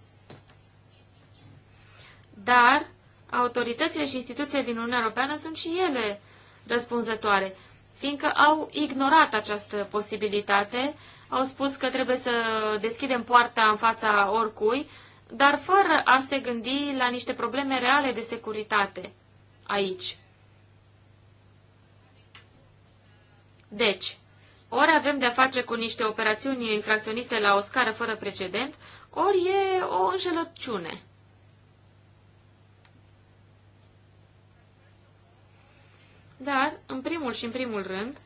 Dar autoritățile și instituțiile din Uniunea Europeană sunt și ele răspunzătoare, fiindcă au ignorat această posibilitate, au spus că trebuie să deschidem poarta în fața oricui, dar fără a se gândi la niște probleme reale de securitate aici. Deci, ori avem de-a face cu niște operațiuni infracționiste la o scară fără precedent, ori e o înșelăciune. Dar, în primul și în primul rând,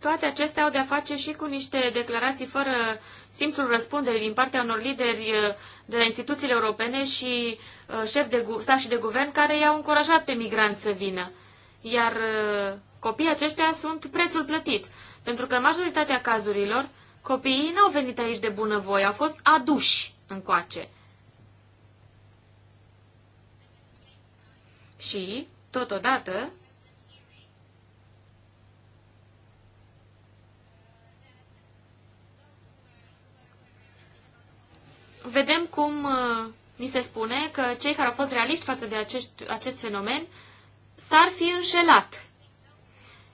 toate acestea au de-a face și cu niște declarații fără simțul răspundere din partea unor lideri uh, de la instituțiile europene și uh, șef de stat și de guvern care i-au încurajat pe migranți să vină iar uh, copiii aceștia sunt prețul plătit. Pentru că în majoritatea cazurilor, copiii nu au venit aici de bunăvoie, au fost aduși încoace. Și, totodată, vedem cum uh, ni se spune că cei care au fost realiști față de acești, acest fenomen s-ar fi înșelat.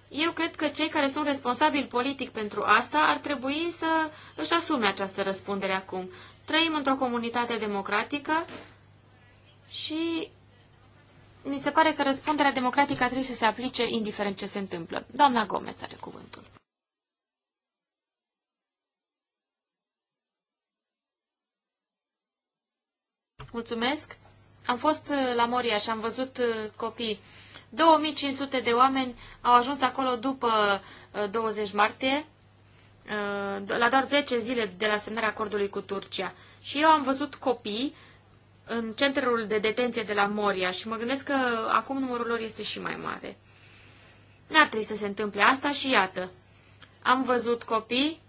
Eu cred că cei care sunt responsabili politic pentru asta ar trebui să își asume această răspundere acum. Trăim într-o comunitate democratică și mi se pare că răspunderea democratică trebuie să se aplice indiferent ce se întâmplă. Doamna Gomez are cuvântul. Mulțumesc. Am fost uh, la Moria și am văzut uh, copii 2500 de oameni au ajuns acolo după 20 uh, martie, uh, la doar 10 zile de la semnarea acordului cu Turcia. Și eu am văzut copii în centrul de detenție de la Moria și mă gândesc că acum numărul lor este și mai mare. N-ar trebui să se întâmple asta și iată. Am văzut copii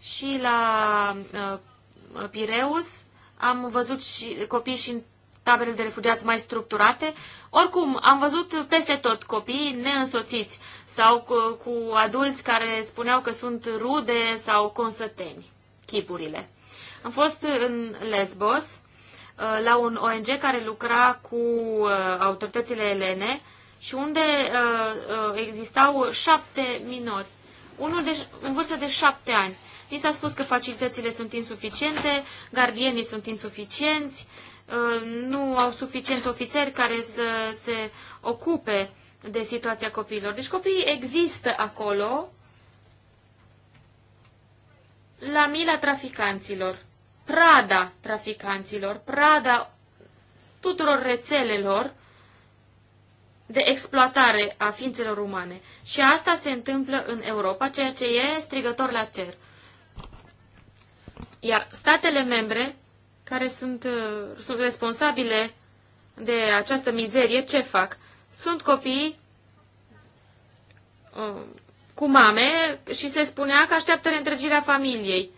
și la uh, Pireus, am văzut și copii și în taberele de refugiați mai structurate. Oricum, am văzut peste tot copii neînsoțiți sau cu, cu adulți care spuneau că sunt rude sau consăteni, chipurile. Am fost în Lesbos uh, la un ONG care lucra cu uh, autoritățile elene și unde uh, existau șapte minori, unul de, în vârstă de șapte ani. Mi s-a spus că facilitățile sunt insuficiente, gardienii sunt insuficienți, Uh, nu au suficient ofițeri care să se ocupe de situația copiilor. Deci copiii există acolo la mila traficanților, prada traficanților, prada tuturor rețelelor de exploatare a ființelor umane. Și asta se întâmplă în Europa, ceea ce e strigător la cer. Iar statele membre care sunt, uh, sunt responsabile de această mizerie, ce fac? Sunt copii uh, cu mame și se spunea că așteaptă reîntregirea familiei.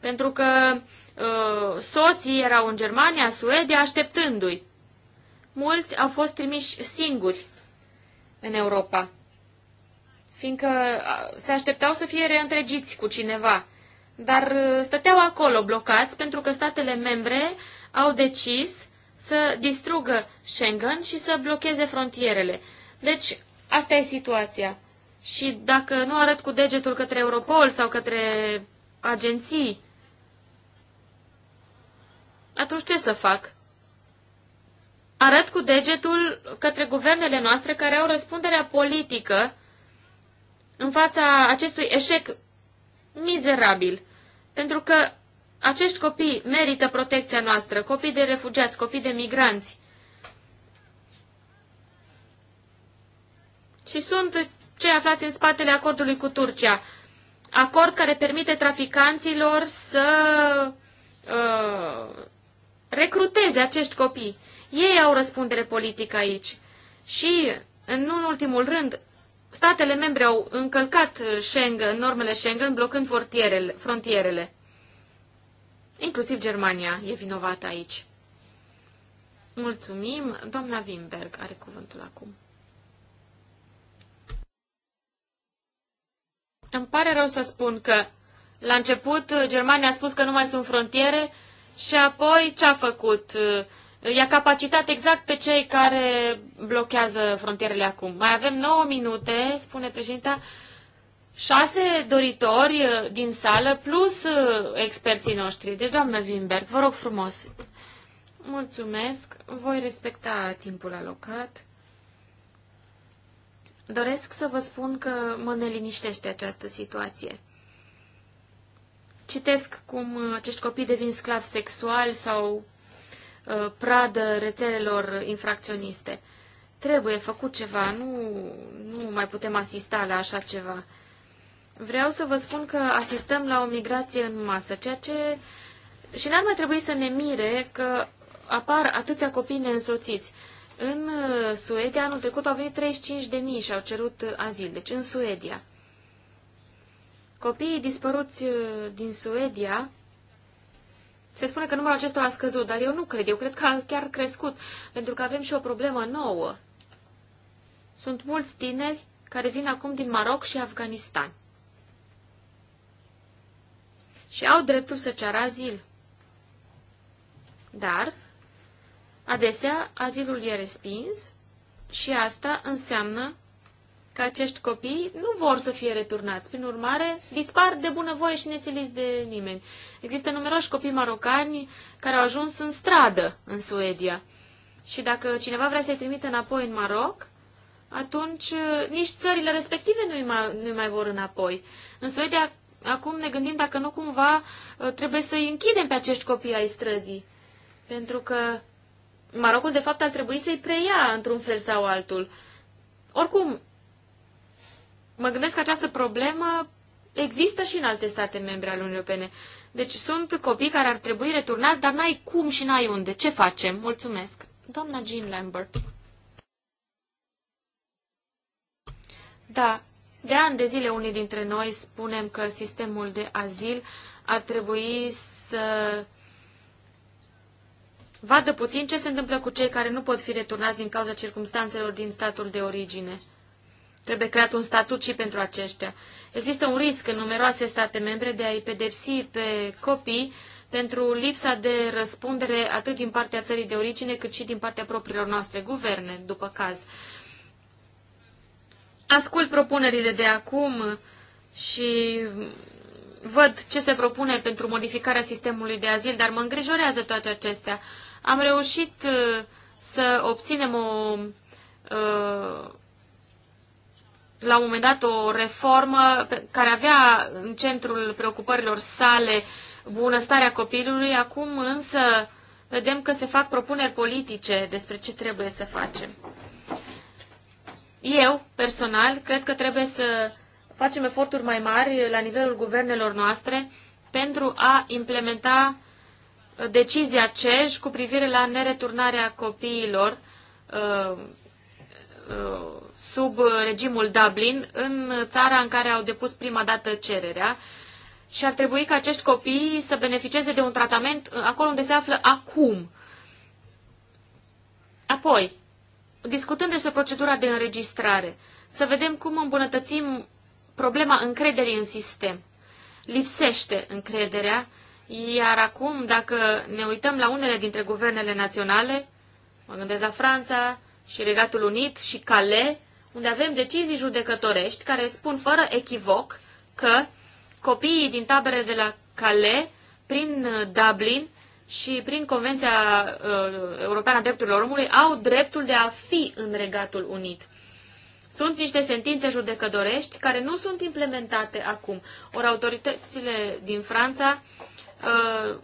Pentru că uh, soții erau în Germania, Suedia, așteptându-i. Mulți au fost trimiși singuri în Europa, fiindcă uh, se așteptau să fie reîntregiți cu cineva dar uh, stăteau acolo blocați pentru că statele membre au decis să distrugă Schengen și să blocheze frontierele. Deci, asta e situația. Și dacă nu arăt cu degetul către Europol sau către agenții, atunci ce să fac? Arăt cu degetul către guvernele noastre care au răspunderea politică în fața acestui eșec mizerabil. Pentru că acești copii merită protecția noastră, copii de refugiați, copii de migranți. Și sunt cei aflați în spatele acordului cu Turcia. Acord care permite traficanților să uh, recruteze acești copii. Ei au răspundere politică aici. Și, în ultimul rând, statele membre au încălcat Schengen, normele Schengen, blocând frontierele. frontierele. Inclusiv Germania e vinovată aici. Mulțumim. Doamna Wimberg are cuvântul acum. Îmi pare rău să spun că la început Germania a spus că nu mai sunt frontiere și apoi ce a făcut? i-a capacitat exact pe cei care blochează frontierele acum. Mai avem 9 minute, spune președinta, șase doritori uh, din sală plus uh, experții noștri. Deci, doamnă Wimberg, vă rog frumos. Mulțumesc, voi respecta timpul alocat. Doresc să vă spun că mă neliniștește această situație. Citesc cum uh, acești copii devin sclavi sexuali sau Uh, pradă rețelelor infracționiste. Trebuie făcut ceva, nu, nu mai putem asista la așa ceva. Vreau să vă spun că asistăm la o migrație în masă, ceea ce și n-ar mai trebui să ne mire că apar atâția copii neînsoțiți. În uh, Suedia, anul trecut, au venit 35.000 și au cerut uh, azil, deci în Suedia. Copiii dispăruți din Suedia se spune că numărul acestora a scăzut, dar eu nu cred. Eu cred că a chiar crescut, pentru că avem și o problemă nouă. Sunt mulți tineri care vin acum din Maroc și Afganistan. Și au dreptul să ceară azil. Dar, adesea, azilul e respins și asta înseamnă că acești copii nu vor să fie returnați. Prin urmare, dispar de bunăvoie și nesiliți de nimeni. Există numeroși copii marocani care au ajuns în stradă în Suedia. Și dacă cineva vrea să-i trimite înapoi în Maroc, atunci uh, nici țările respective nu-i mai, nu mai vor înapoi. În Suedia, acum ne gândim dacă nu cumva uh, trebuie să-i închidem pe acești copii ai străzii. Pentru că Marocul, de fapt, ar trebui să-i preia într-un fel sau altul. Oricum, mă gândesc că această problemă există și în alte state membre ale Uniunii Europene. Deci sunt copii care ar trebui returnați, dar n-ai cum și n-ai unde. Ce facem? Mulțumesc. Doamna Jean Lambert. Da, de ani de zile unii dintre noi spunem că sistemul de azil ar trebui să vadă puțin ce se întâmplă cu cei care nu pot fi returnați din cauza circumstanțelor din statul de origine. Trebuie creat un statut și pentru aceștia. Există un risc în numeroase state membre de a-i pedepsi pe copii pentru lipsa de răspundere atât din partea țării de origine cât și din partea propriilor noastre guverne, după caz. Ascult propunerile de acum și văd ce se propune pentru modificarea sistemului de azil, dar mă îngrijorează toate acestea. Am reușit uh, să obținem o uh, la un moment dat o reformă care avea în centrul preocupărilor sale bunăstarea copilului, acum însă vedem că se fac propuneri politice despre ce trebuie să facem. Eu, personal, cred că trebuie să facem eforturi mai mari la nivelul guvernelor noastre pentru a implementa decizia CEJ cu privire la nereturnarea copiilor uh, uh, sub regimul Dublin în țara în care au depus prima dată cererea și ar trebui ca acești copii să beneficieze de un tratament uh, acolo unde se află acum. Apoi, discutând despre procedura de înregistrare, să vedem cum îmbunătățim problema încrederii în sistem. Lipsește încrederea, iar acum, dacă ne uităm la unele dintre guvernele naționale, mă gândesc la Franța și Regatul Unit și Calais, unde avem decizii judecătorești care spun fără echivoc că copiii din tabere de la Calais, prin uh, Dublin și prin Convenția uh, Europeană a Drepturilor Omului, au dreptul de a fi în Regatul Unit. Sunt niște sentințe judecătorești care nu sunt implementate acum. Ori autoritățile din Franța, uh,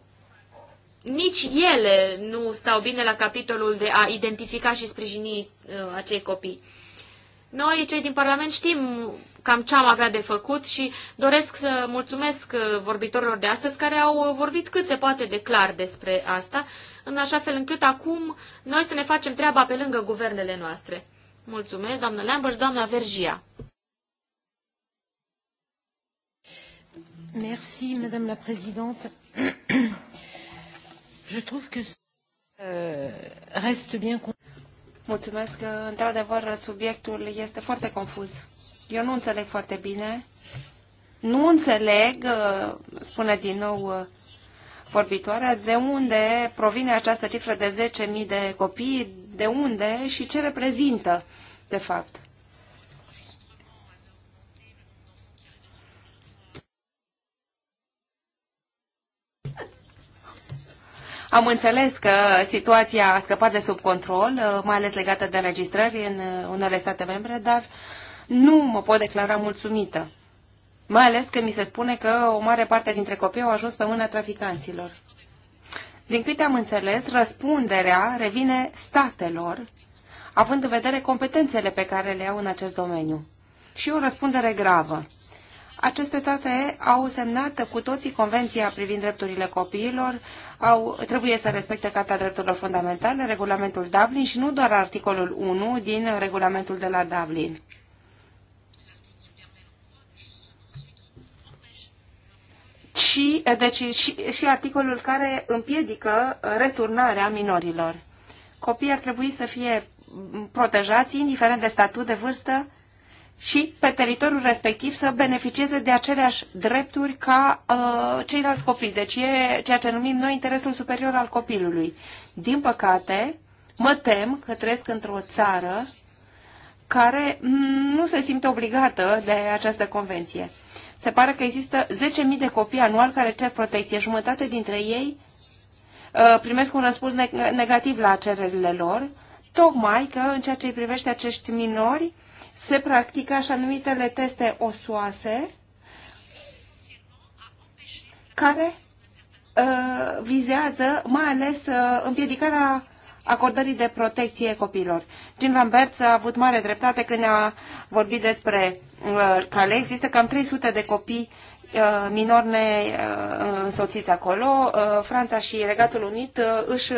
nici ele nu stau bine la capitolul de a identifica și sprijini acei copii. Noi, cei din Parlament, știm cam ce am avea de făcut și doresc să mulțumesc uh, vorbitorilor de astăzi care au uh, vorbit cât se poate de clar despre asta, în așa fel încât acum noi să ne facem treaba pe lângă guvernele noastre. Mulțumesc, doamnă Lambert, doamna Vergia. Merci, madame la présidente. Je trouve que ce euh, reste bien Mulțumesc. Într-adevăr, subiectul este foarte confuz. Eu nu înțeleg foarte bine. Nu înțeleg, spune din nou vorbitoarea, de unde provine această cifră de 10.000 de copii, de unde și ce reprezintă, de fapt. Am înțeles că situația a scăpat de sub control, uh, mai ales legată de înregistrări în uh, unele state membre, dar nu mă pot declara mulțumită. Mai ales că mi se spune că o mare parte dintre copii au ajuns pe mâna traficanților. Din câte am înțeles, răspunderea revine statelor, având în vedere competențele pe care le au în acest domeniu. Și o răspundere gravă. Aceste state au semnat cu toții Convenția privind drepturile copiilor, au, trebuie să respecte Carta Drepturilor Fundamentale, Regulamentul Dublin și nu doar articolul 1 din Regulamentul de la Dublin. Și, deci, și, și articolul care împiedică returnarea minorilor. Copiii ar trebui să fie protejați, indiferent de statut, de vârstă și pe teritoriul respectiv să beneficieze de aceleași drepturi ca uh, ceilalți copii. Deci e ceea ce numim noi interesul superior al copilului. Din păcate, mă tem că trăiesc într-o țară care nu se simte obligată de această convenție. Se pare că există 10.000 de copii anual care cer protecție. Jumătate dintre ei uh, primesc un răspuns negativ la cererile lor, tocmai că în ceea ce îi privește acești minori, se practică așa numitele teste osoase, care uh, vizează mai ales uh, împiedicarea acordării de protecție copilor. Jean Lambert a avut mare dreptate când a vorbit despre uh, Cale. Există cam 300 de copii Uh, minori uh, însoțiți acolo. Uh, Franța și Regatul Unit își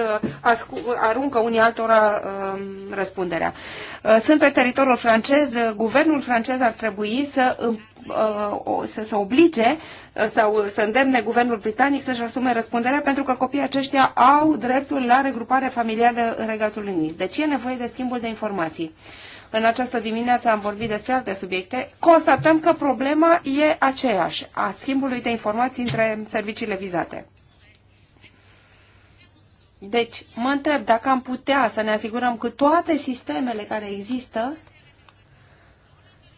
aruncă unii altora um, răspunderea. Sunt pe teritoriul francez, guvernul francez ar trebui să să se oblige sau să îndemne guvernul britanic să-și asume răspunderea pentru că copiii aceștia au dreptul la regrupare familială în Regatul Unit. Deci e nevoie de schimbul de informații în această dimineață am vorbit despre alte subiecte, constatăm că problema e aceeași, a schimbului de informații între serviciile vizate. Deci, mă întreb dacă am putea să ne asigurăm că toate sistemele care există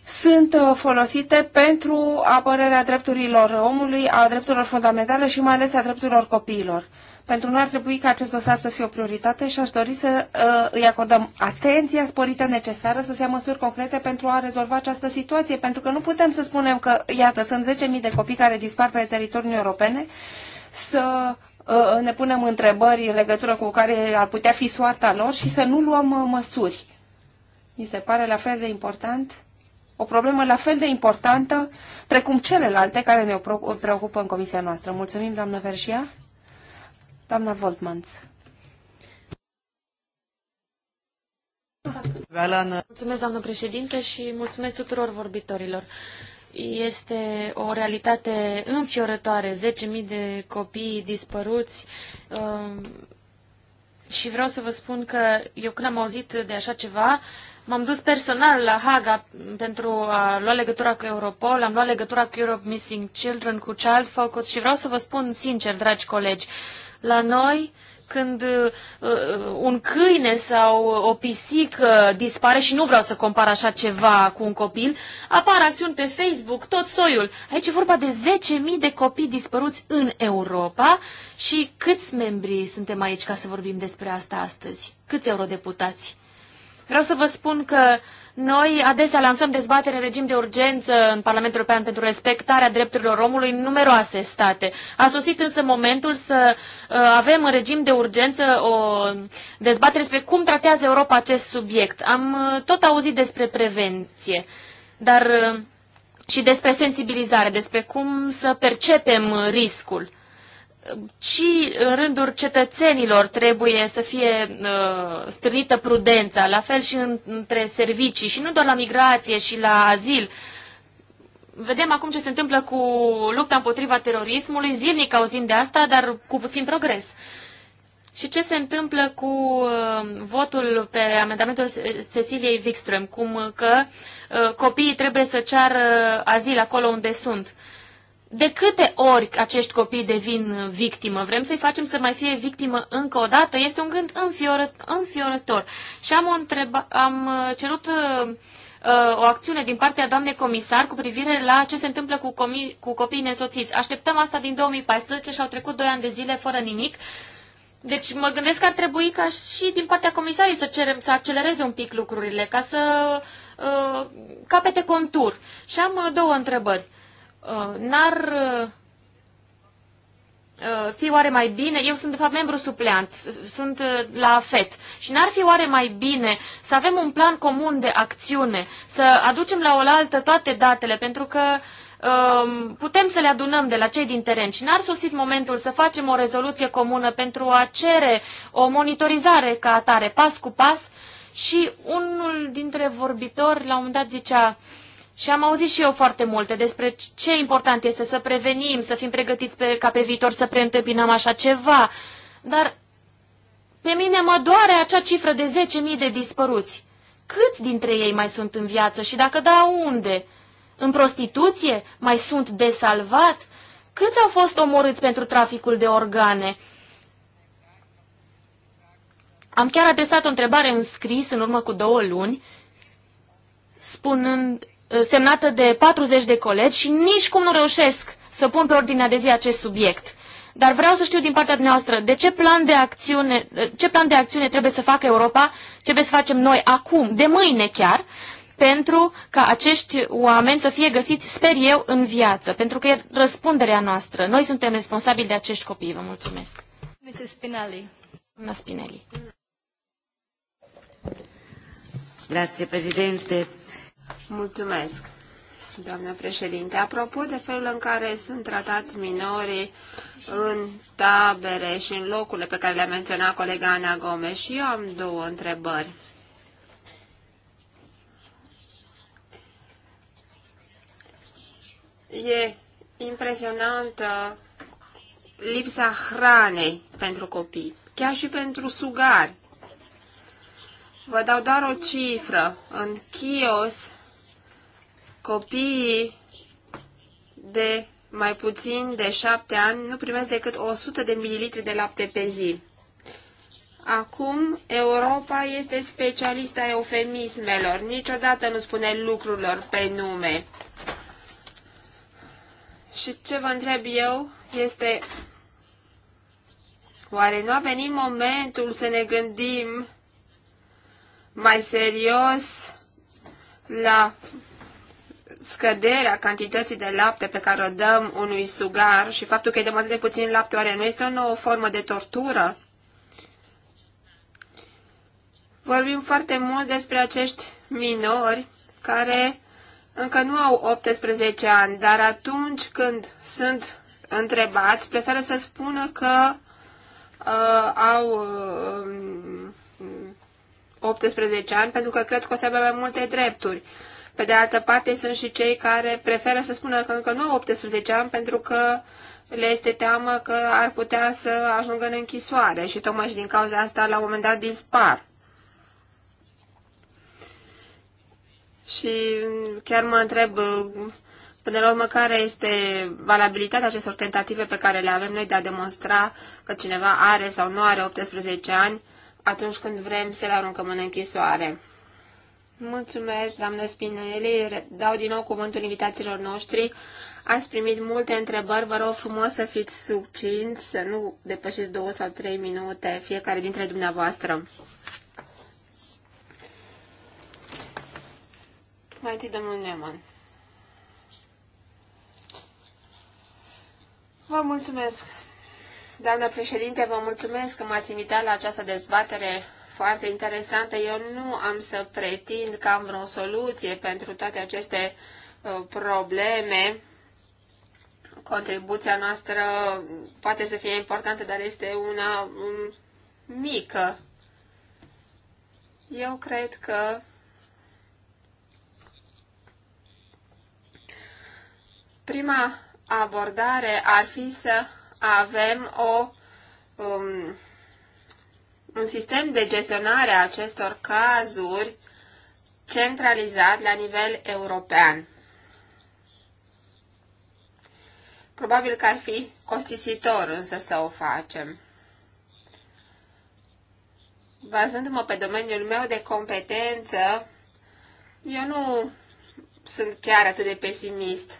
sunt uh, folosite pentru apărarea drepturilor omului, a drepturilor fundamentale și mai ales a drepturilor copiilor. Pentru noi ar trebui ca acest dosar să fie o prioritate și aș dori să uh, îi acordăm atenția sporită necesară, să se ia măsuri concrete pentru a rezolva această situație, pentru că nu putem să spunem că, iată, sunt 10.000 de copii care dispar pe teritoriul europene, să uh, ne punem întrebări în legătură cu care ar putea fi soarta lor și să nu luăm uh, măsuri. Mi se pare la fel de important o problemă la fel de importantă precum celelalte care ne preocupă în comisia noastră. Mulțumim, doamnă Verșia. Doamna Voltmans. Mulțumesc, doamnă președinte, și mulțumesc tuturor vorbitorilor. Este o realitate înfiorătoare, 10.000 de copii dispăruți um, și vreau să vă spun că eu când am auzit de așa ceva, m-am dus personal la Haga pentru a lua legătura cu Europol, am luat legătura cu Europe Missing Children, cu Child Focus și vreau să vă spun sincer, dragi colegi, la noi, când uh, uh, un câine sau o pisică dispare și nu vreau să compar așa ceva cu un copil, apar acțiuni pe Facebook, tot soiul. Aici e vorba de 10.000 de copii dispăruți în Europa și câți membri suntem aici ca să vorbim despre asta astăzi? Câți eurodeputați? Vreau să vă spun că uh, noi adesea lansăm dezbatere în regim de urgență în Parlamentul European pentru respectarea drepturilor omului în numeroase state. A sosit însă momentul să uh, avem în regim de urgență o dezbatere despre cum tratează Europa acest subiect. Am uh, tot auzit despre prevenție, dar uh, și despre sensibilizare, despre cum să percepem riscul și în rândul cetățenilor trebuie să fie uh, strânită prudența, la fel și în, între servicii, și nu doar la migrație și la azil. Vedem acum ce se întâmplă cu lupta împotriva terorismului, zilnic auzim de asta, dar cu puțin progres. Și ce se întâmplă cu uh, votul pe amendamentul Ceciliei Wikström, cum că uh, copiii trebuie să ceară uh, azil acolo unde sunt. Uh, de câte ori acești copii devin victimă? Vrem să-i facem să mai fie victimă încă o dată? Este un gând înfiorător. Și am, o întreba, am uh, cerut uh, uh, o acțiune din partea doamnei comisar cu privire la ce se întâmplă cu, comi, cu copiii nesoțiți. Așteptăm asta din 2014 și au trecut doi ani de zile fără nimic. Deci mă gândesc că ar trebui ca și din partea comisarii să cerem să accelereze un pic lucrurile, ca să uh, capete contur. Și am uh, două întrebări. Uh, n-ar uh, uh, fi oare mai bine, eu sunt de fapt membru supleant, sunt la FET, și n-ar fi oare mai bine să avem un plan comun de acțiune, să aducem la oaltă toate datele, pentru că um, putem să le adunăm de la cei din teren și n-ar sosit momentul să facem o rezoluție comună pentru a cere o monitorizare ca atare, pas cu pas, și unul dintre vorbitori la un moment dat zicea, uh, și am auzit și eu foarte multe despre ce important este să prevenim, să fim pregătiți pe, ca pe viitor să preîntâmpinăm așa ceva. Dar pe mine mă doare acea cifră de 10.000 de dispăruți. Câți dintre ei mai sunt în viață și dacă da, unde? În prostituție? Mai sunt de salvat? Câți au fost omorâți pentru traficul de organe? Am chiar adresat o întrebare în scris în urmă cu două luni, spunând Eh, semnată de 40 de colegi și nici cum nu reușesc să pun pe ordinea de zi acest subiect. Dar vreau să știu din partea dumneavoastră de ce plan de acțiune, eh, ce plan de acțiune trebuie să facă Europa, ce trebuie să facem noi acum, de mâine chiar, pentru ca acești oameni să fie găsiți, sper eu, în viață, pentru că e răspunderea noastră. Noi suntem responsabili de acești copii. Vă mulțumesc. Mrs. Spinelli. Doamna Spinelli. Grazie, Presidente. Mulțumesc, doamnă președinte. Apropo de felul în care sunt tratați minorii în tabere și în locurile pe care le-a menționat colega Ana Gomes, și eu am două întrebări. E impresionantă lipsa hranei pentru copii, chiar și pentru sugari. Vă dau doar o cifră. În Chios Copiii de mai puțin de șapte ani nu primesc decât 100 de mililitri de lapte pe zi. Acum, Europa este specialista eufemismelor. Niciodată nu spune lucrurilor pe nume. Și ce vă întreb eu este, oare nu a venit momentul să ne gândim mai serios la scăderea cantității de lapte pe care o dăm unui sugar și faptul că îi dăm atât de puțin lapte, oare nu este o nouă formă de tortură? Vorbim foarte mult despre acești minori care încă nu au 18 ani, dar atunci când sunt întrebați, preferă să spună că uh, au uh, um, 18 ani, pentru că cred că o să aibă mai multe drepturi. Pe de altă parte, sunt și cei care preferă să spună că încă nu au 18 ani pentru că le este teamă că ar putea să ajungă în închisoare și tocmai și din cauza asta la un moment dat dispar. Și chiar mă întreb până la urmă care este valabilitatea acestor tentative pe care le avem noi de a demonstra că cineva are sau nu are 18 ani atunci când vrem să-l aruncăm în închisoare. Mulțumesc, doamnă Spinelli. Dau din nou cuvântul invitațiilor noștri. Ați primit multe întrebări. Vă rog frumos să fiți succinți, să nu depășiți două sau trei minute fiecare dintre dumneavoastră. Mai întâi, domnul Neman. Vă mulțumesc. Doamnă președinte, vă mulțumesc că m-ați invitat la această dezbatere foarte interesantă. Eu nu am să pretind că am vreo soluție pentru toate aceste uh, probleme. Contribuția noastră poate să fie importantă, dar este una um, mică. Eu cred că prima abordare ar fi să avem o um, un sistem de gestionare a acestor cazuri centralizat la nivel european. Probabil că ar fi costisitor însă să o facem. Bazându-mă pe domeniul meu de competență, eu nu sunt chiar atât de pesimist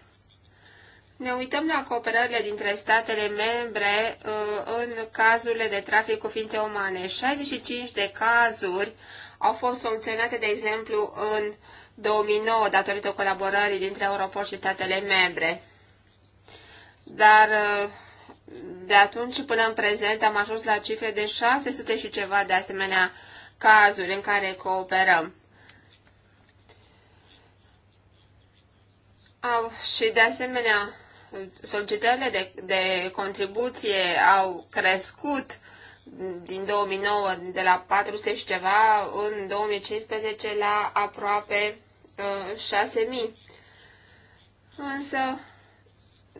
ne uităm la cooperările dintre statele membre uh, în cazurile de trafic cu ființe umane. 65 de cazuri au fost soluționate, de exemplu, în 2009, datorită colaborării dintre Europol și statele membre. Dar uh, de atunci până în prezent am ajuns la cifre de 600 și ceva de asemenea cazuri în care cooperăm. Au, și de asemenea, solicitările de, de contribuție au crescut din 2009 de la 400 și ceva în 2015 la aproape uh, 6000. Însă,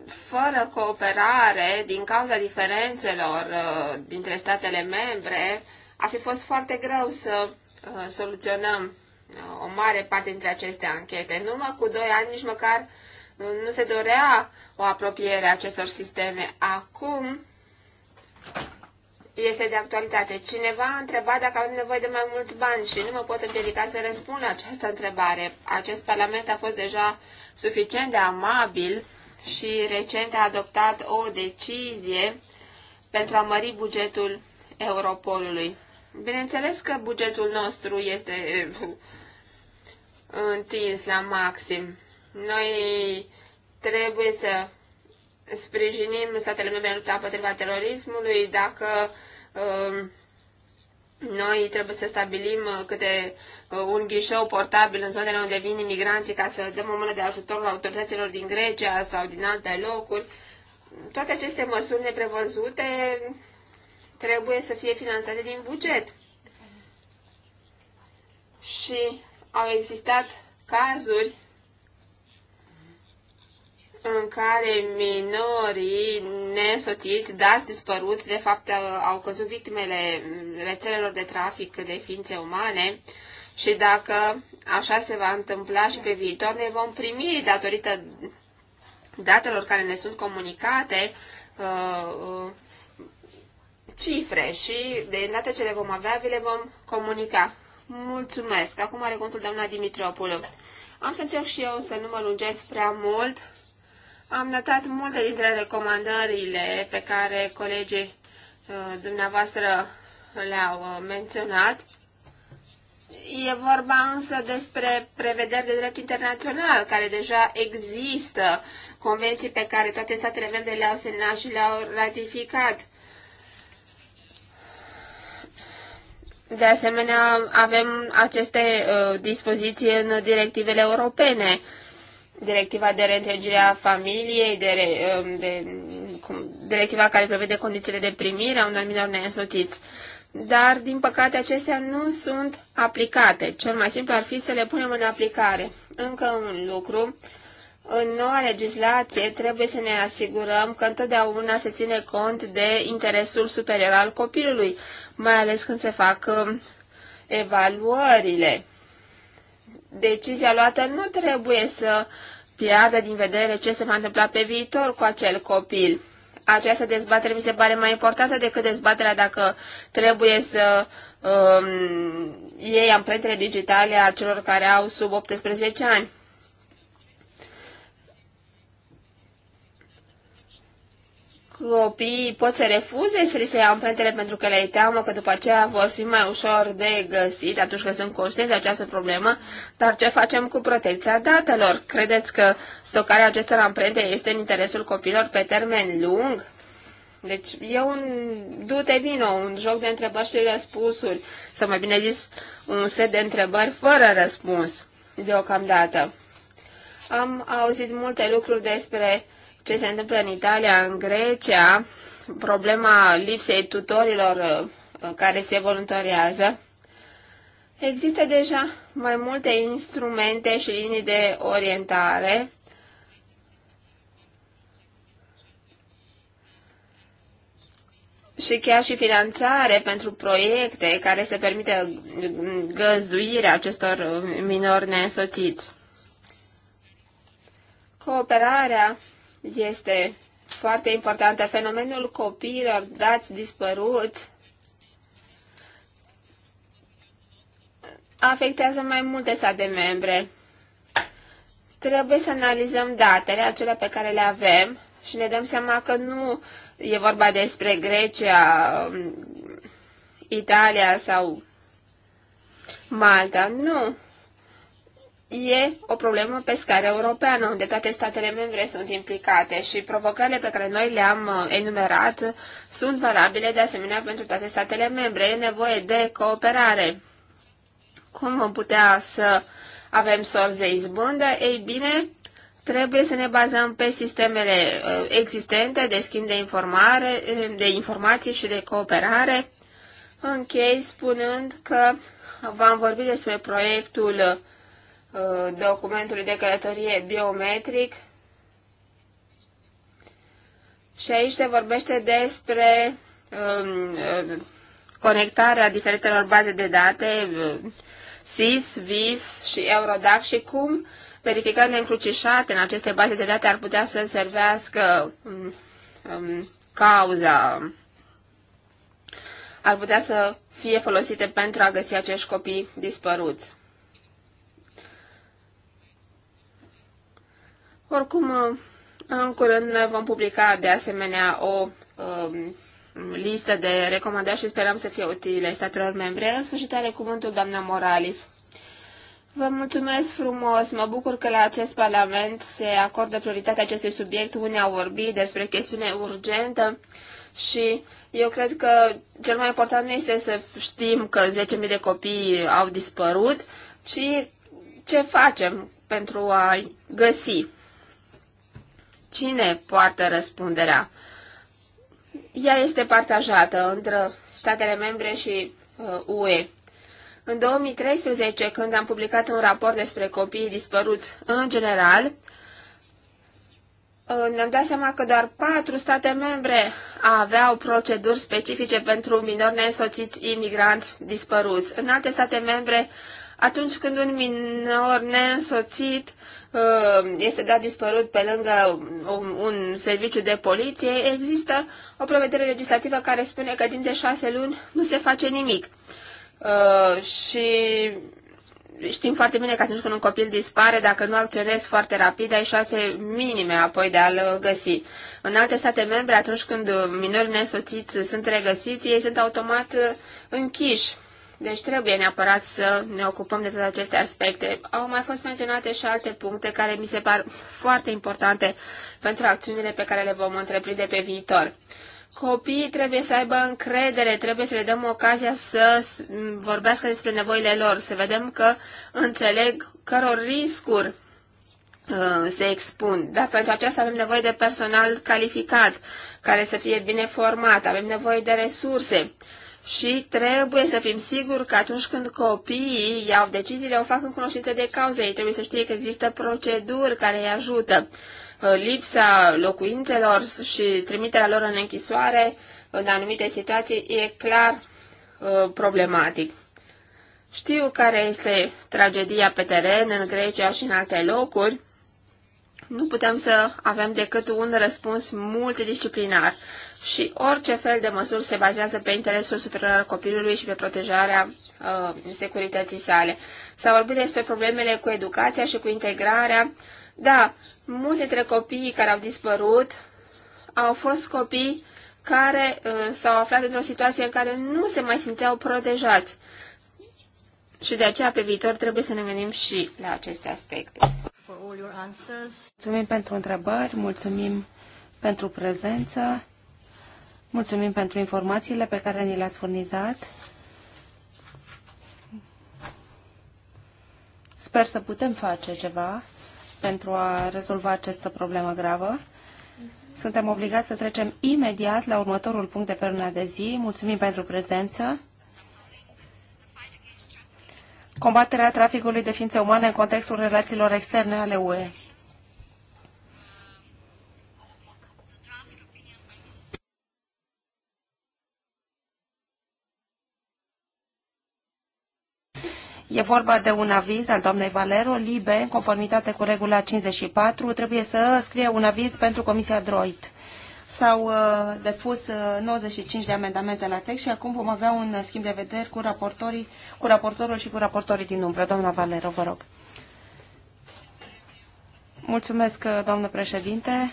fără cooperare, din cauza diferențelor uh, dintre statele membre, a fi fost foarte greu să uh, soluționăm uh, o mare parte dintre aceste anchete. În urmă cu doi ani, nici măcar uh, nu se dorea o apropiere a acestor sisteme. Acum este de actualitate. Cineva a întrebat dacă avem nevoie de mai mulți bani și nu mă pot împiedica să răspund la această întrebare. Acest parlament a fost deja suficient de amabil și recent a adoptat o decizie pentru a mări bugetul Europolului. Bineînțeles că bugetul nostru este eh, întins la maxim. Noi trebuie să sprijinim statele membre în lupta împotriva terorismului, dacă um, noi trebuie să stabilim câte uh, un ghișeu portabil în zonele unde vin imigranții ca să dăm o mână de ajutor la autorităților din Grecia sau din alte locuri. Toate aceste măsuri neprevăzute trebuie să fie finanțate din buget. Și au existat cazuri în care minorii nesoțiți, dați dispăruți, de fapt au căzut victimele rețelelor de trafic de ființe umane și dacă așa se va întâmpla și pe viitor, ne vom primi datorită datelor care ne sunt comunicate uh, uh, cifre și de îndată ce le vom avea, vi le vom comunica. Mulțumesc! Acum are contul doamna Dimitriopoulou. Am să încerc și eu să nu mă lungesc prea mult am notat multe dintre recomandările pe care colegii uh, dumneavoastră le-au uh, menționat. E vorba însă despre prevederi de drept internațional, care deja există, convenții pe care toate statele membre le-au semnat și le-au ratificat. De asemenea, avem aceste uh, dispoziții în directivele europene directiva de reîntregire a familiei, de, re, um, de cum, directiva care prevede condițiile de primire a unor minori neînsoțiți. Dar, din păcate, acestea nu sunt aplicate. Cel mai simplu ar fi să le punem în aplicare. Încă un lucru, în noua legislație trebuie să ne asigurăm că întotdeauna se ține cont de interesul superior al copilului, mai ales când se fac um, evaluările decizia luată nu trebuie să piardă din vedere ce se va întâmpla pe viitor cu acel copil. Această dezbatere mi se pare mai importantă decât dezbaterea dacă trebuie să um, iei amprentele digitale a celor care au sub 18 ani. copiii pot să refuze să li se ia amprentele pentru că le teamă că după aceea vor fi mai ușor de găsit atunci când sunt conștienți de această problemă, dar ce facem cu protecția datelor? Credeți că stocarea acestor amprente este în interesul copilor pe termen lung? Deci e un du-te vino, un joc de întrebări și răspunsuri, sau mai bine zis, un set de întrebări fără răspuns deocamdată. Am auzit multe lucruri despre uh, ce se întâmplă în Italia, în Grecia, problema lipsei tutorilor uh, care se voluntariază. Există deja mai multe instrumente și linii de orientare. Și chiar și finanțare pentru proiecte care să permite uh, găzduirea acestor uh, minori neînsoțiți. Cooperarea este foarte importantă fenomenul copiilor dați dispărut afectează mai multe state membre. Trebuie să analizăm datele, acelea pe care le avem, și ne dăm seama că nu e vorba despre Grecia, um, Italia sau Malta. Nu e o problemă pe scară europeană, unde toate statele membre sunt implicate și provocările pe care noi le-am uh, enumerat sunt valabile de asemenea pentru toate statele membre. E nevoie de cooperare. Cum vom putea să avem sorți de izbândă? Ei bine, trebuie să ne bazăm pe sistemele uh, existente de schimb de, informare, de informații și de cooperare. Închei spunând că v-am vorbit despre proiectul Uh, documentului de călătorie biometric. Și aici se vorbește despre um, uh, conectarea diferitelor baze de date, uh, SIS, VIS și Eurodac și cum verificările încrucișate în aceste baze de date ar putea să servească um, um cauza, ar putea să fie folosite pentru a găsi acești copii dispăruți. Oricum, în curând ne vom publica de asemenea o um, listă de recomandări și sperăm să fie utile statelor membre. În sfârșit are cuvântul doamna Morales. Vă mulțumesc frumos! Mă bucur că la acest Parlament se acordă prioritatea acestui subiect. Unii au vorbit despre chestiune urgentă și eu cred că cel mai important nu este să știm că 10.000 de copii au dispărut, ci ce facem pentru a găsi. Cine poartă răspunderea? Ea este partajată între statele membre și uh, UE. În 2013, când am publicat un raport despre copiii dispăruți în general, uh, ne-am dat seama că doar patru state membre aveau proceduri specifice pentru minori neînsoțiți imigranți dispăruți. În alte state membre, atunci când un minor neînsoțit Uh, este dat dispărut pe lângă un, un serviciu de poliție, există o prevedere legislativă care spune că din de șase luni nu se face nimic. Uh, și știm foarte bine că atunci când un copil dispare, dacă nu acționezi foarte rapid, ai șase minime apoi de a-l găsi. În alte state membre, atunci când minorii nesoțiți sunt regăsiți, ei sunt automat uh, închiși deci trebuie neapărat să ne ocupăm de toate aceste aspecte. Au mai fost menționate și alte puncte care mi se par foarte importante pentru acțiunile pe care le vom întreprinde pe viitor. Copiii trebuie să aibă încredere, trebuie să le dăm ocazia să vorbească despre nevoile lor, să vedem că înțeleg căror riscuri uh, se expun. Dar pentru aceasta avem nevoie de personal calificat, care să fie bine format, avem nevoie de resurse și trebuie să fim siguri că atunci când copiii iau deciziile, o fac în cunoștință de cauză. Ei trebuie să știe că există proceduri care îi ajută. Uh, lipsa locuințelor și trimiterea lor în închisoare în anumite situații e clar uh, problematic. Știu care este tragedia pe teren în Grecia și în alte locuri. Nu putem să avem decât un răspuns multidisciplinar și orice fel de măsuri se bazează pe interesul superior al copilului și pe protejarea uh, securității sale. S-a vorbit despre problemele cu educația și cu integrarea. Da, mulți dintre copiii care au dispărut au fost copii care uh, s-au aflat într-o situație în care nu se mai simțeau protejați. Și de aceea, pe viitor, trebuie să ne gândim și la aceste aspecte. Mulțumim pentru întrebări, mulțumim pentru prezență. Mulțumim pentru informațiile pe care ni le-ați furnizat. Sper să putem face ceva pentru a rezolva această problemă gravă. Suntem obligați să trecem imediat la următorul punct de pe de zi. Mulțumim pentru prezență. Combaterea traficului de ființe umane în contextul relațiilor externe ale UE. E vorba de un aviz al doamnei Valero, libe, în conformitate cu regula 54, trebuie să scrie un aviz pentru Comisia Droit. S-au uh, depus 95 uh, de amendamente la text și acum vom avea un schimb de vederi cu, raportorii, cu raportorul și cu raportorii din umbră. Doamna Valero, vă rog. Mulțumesc, uh, doamnă președinte.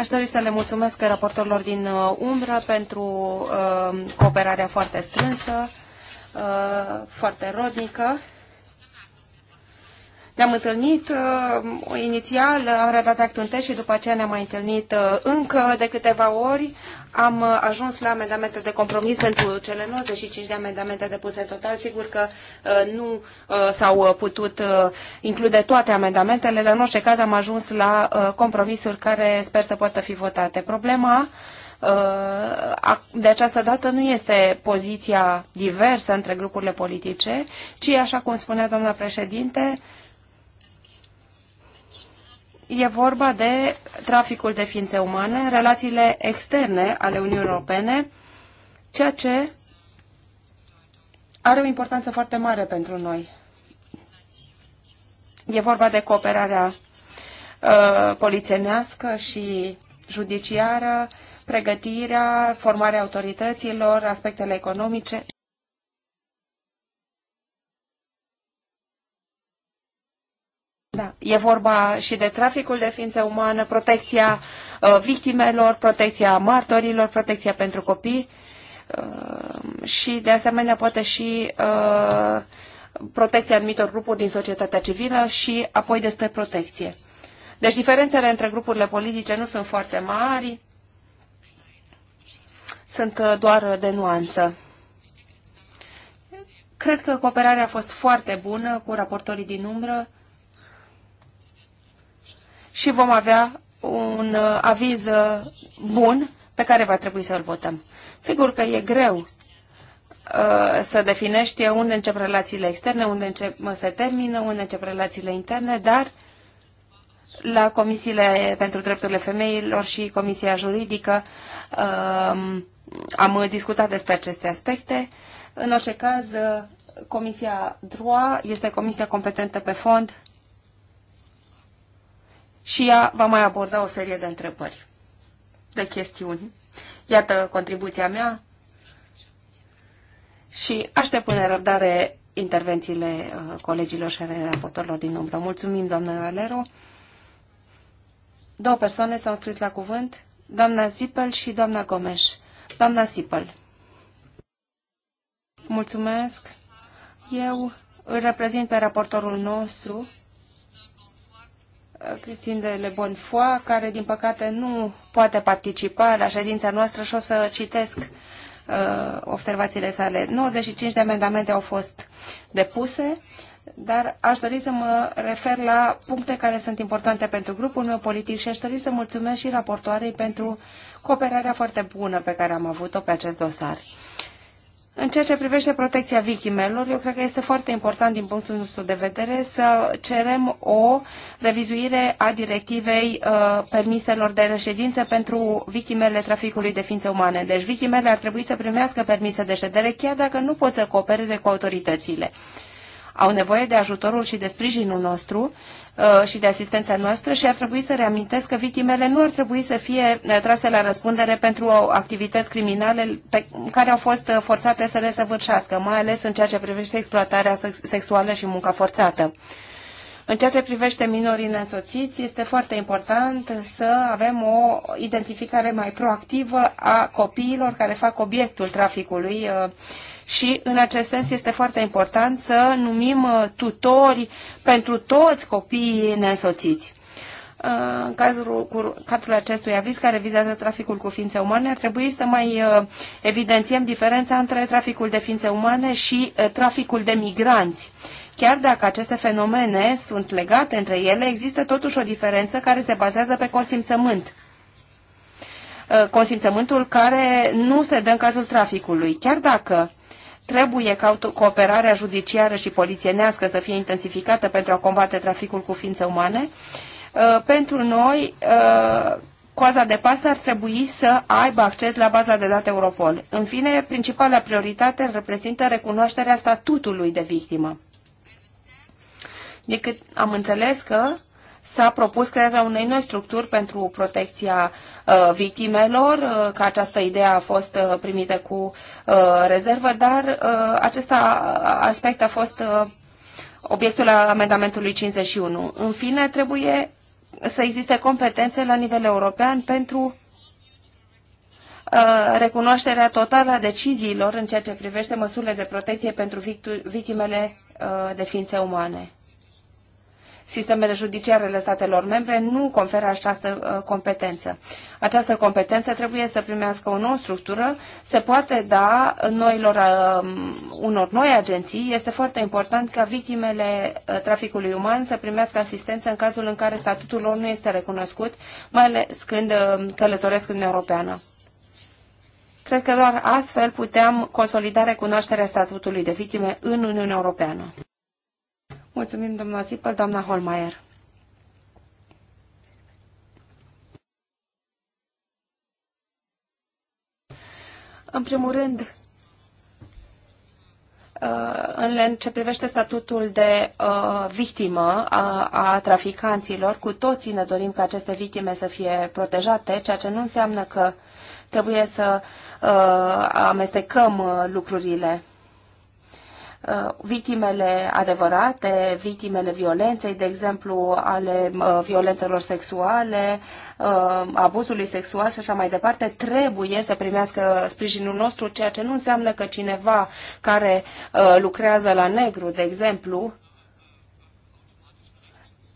Aș dori să le mulțumesc raportorilor din uh, umbră pentru uh, cooperarea foarte strânsă, uh, foarte rodnică. Ne-am întâlnit uh, inițial, am redat actul întâi și după aceea ne-am mai întâlnit uh, încă de câteva ori. Am uh, ajuns la amendamente de compromis pentru cele 95 de amendamente depuse în total. Sigur că uh, nu uh, s-au uh, putut uh, include toate amendamentele, dar în orice caz am ajuns la uh, compromisuri care sper să poată fi votate. Problema uh, de această dată nu este poziția diversă între grupurile politice, ci, așa cum spunea doamna președinte, E vorba de traficul de ființe umane, relațiile externe ale Uniunii Europene, ceea ce are o importanță foarte mare pentru noi. E vorba de cooperarea uh, polițenească și judiciară, pregătirea, formarea autorităților, aspectele economice. Da, e vorba și de traficul de ființe umană, protecția uh, victimelor, protecția martorilor, protecția pentru copii uh, și, de asemenea, poate și uh, protecția anumitor grupuri din societatea civilă și apoi despre protecție. Deci diferențele între grupurile politice nu sunt foarte mari, sunt uh, doar de nuanță. Cred că cooperarea a fost foarte bună cu raportorii din umbră și vom avea un uh, aviz uh, bun pe care va trebui să-l votăm. Sigur că e greu uh, să definești unde încep relațiile externe, unde încep, se termină, unde încep relațiile interne, dar la Comisiile pentru Drepturile Femeilor și Comisia Juridică um, am discutat despre aceste aspecte. În orice caz, Comisia DROA este comisia competentă pe fond și ea va mai aborda o serie de întrebări, de chestiuni. Iată contribuția mea și aștept cu nerăbdare intervențiile uh, colegilor și ale raportorilor din umbră. Mulțumim, doamnă Valero. Două persoane s-au scris la cuvânt, doamna Zipel și doamna Gomes. Doamna Zipel. Mulțumesc. Eu îl reprezint pe raportorul nostru Christine de Le Bonfoy, care din păcate nu poate participa la ședința noastră și o să citesc uh, observațiile sale. 95 de amendamente au fost depuse, dar aș dori să mă refer la puncte care sunt importante pentru grupul meu politic și aș dori să mulțumesc și raportoarei pentru cooperarea foarte bună pe care am avut-o pe acest dosar. În ceea ce privește protecția victimelor, eu cred că este foarte important din punctul nostru de vedere să cerem o revizuire a directivei uh, permiselor de reședință pentru victimele traficului de ființe umane. Deci victimele ar trebui să primească permise de ședere chiar dacă nu pot să coopereze cu autoritățile. Uh, au nevoie de ajutorul și de sprijinul nostru uh, și de asistența noastră și ar trebui să reamintesc că victimele nu ar trebui să fie uh, trase la răspundere pentru activități criminale pe care au fost uh, forțate să le săvârșească, mai ales în ceea ce privește exploatarea sexuală și munca forțată. În ceea ce privește minorii neînsoțiți, este foarte important să avem o identificare mai proactivă a copiilor care fac obiectul traficului uh, și în acest sens este foarte important să numim uh, tutori pentru toți copiii neînsoțiți. Uh, în cazul, cu, cadrul acestui aviz care vizează traficul cu ființe umane, ar trebui să mai uh, evidențiem diferența între traficul de ființe umane și traficul de migranți. Chiar dacă aceste fenomene sunt legate între ele, există totuși o diferență care se bazează pe consimțământ consimțământul care nu se dă în cazul traficului. Chiar dacă Trebuie ca cooperarea judiciară și polițienească să fie intensificată pentru a combate traficul cu ființe umane. Uh, pentru noi, uh, coaza de pas ar trebui să aibă acces la baza de date Europol. În fine, principala prioritate reprezintă recunoașterea statutului de victimă. Decât am înțeles că s-a propus crearea unei noi structuri pentru protecția uh, victimelor, uh, că această idee a fost uh, primită cu rezervă, dar acest aspect a fost obiectul amendamentului 51. În fine, trebuie să existe competențe la nivel european pentru recunoașterea totală a deciziilor în ceea ce privește măsurile de protecție pentru victimele de ființe umane. Sistemele judiciare ale statelor membre nu conferă această uh, competență. Această competență trebuie să primească o nouă structură, se poate da noilor, uh, unor noi agenții. Este foarte important ca victimele uh, traficului uman să primească asistență în cazul în care statutul lor nu este recunoscut, mai ales când călătoresc în Europeană. Cred că doar astfel puteam consolida recunoașterea statutului de victime în Uniunea Europeană. Mulțumim, doamna Zipel, doamna Holmaier. În primul rând, uh, în ce privește statutul de uh, victimă a, traficanților, cu toții ne dorim ca aceste victime să fie protejate, ceea ce nu înseamnă că trebuie să uh, amestecăm lucrurile. Uh, victimele adevărate, victimele violenței, de exemplu, ale uh, violențelor sexuale, uh, abuzului sexual și așa mai departe, trebuie să primească sprijinul nostru, ceea ce nu înseamnă că cineva care lucrează la negru, de exemplu,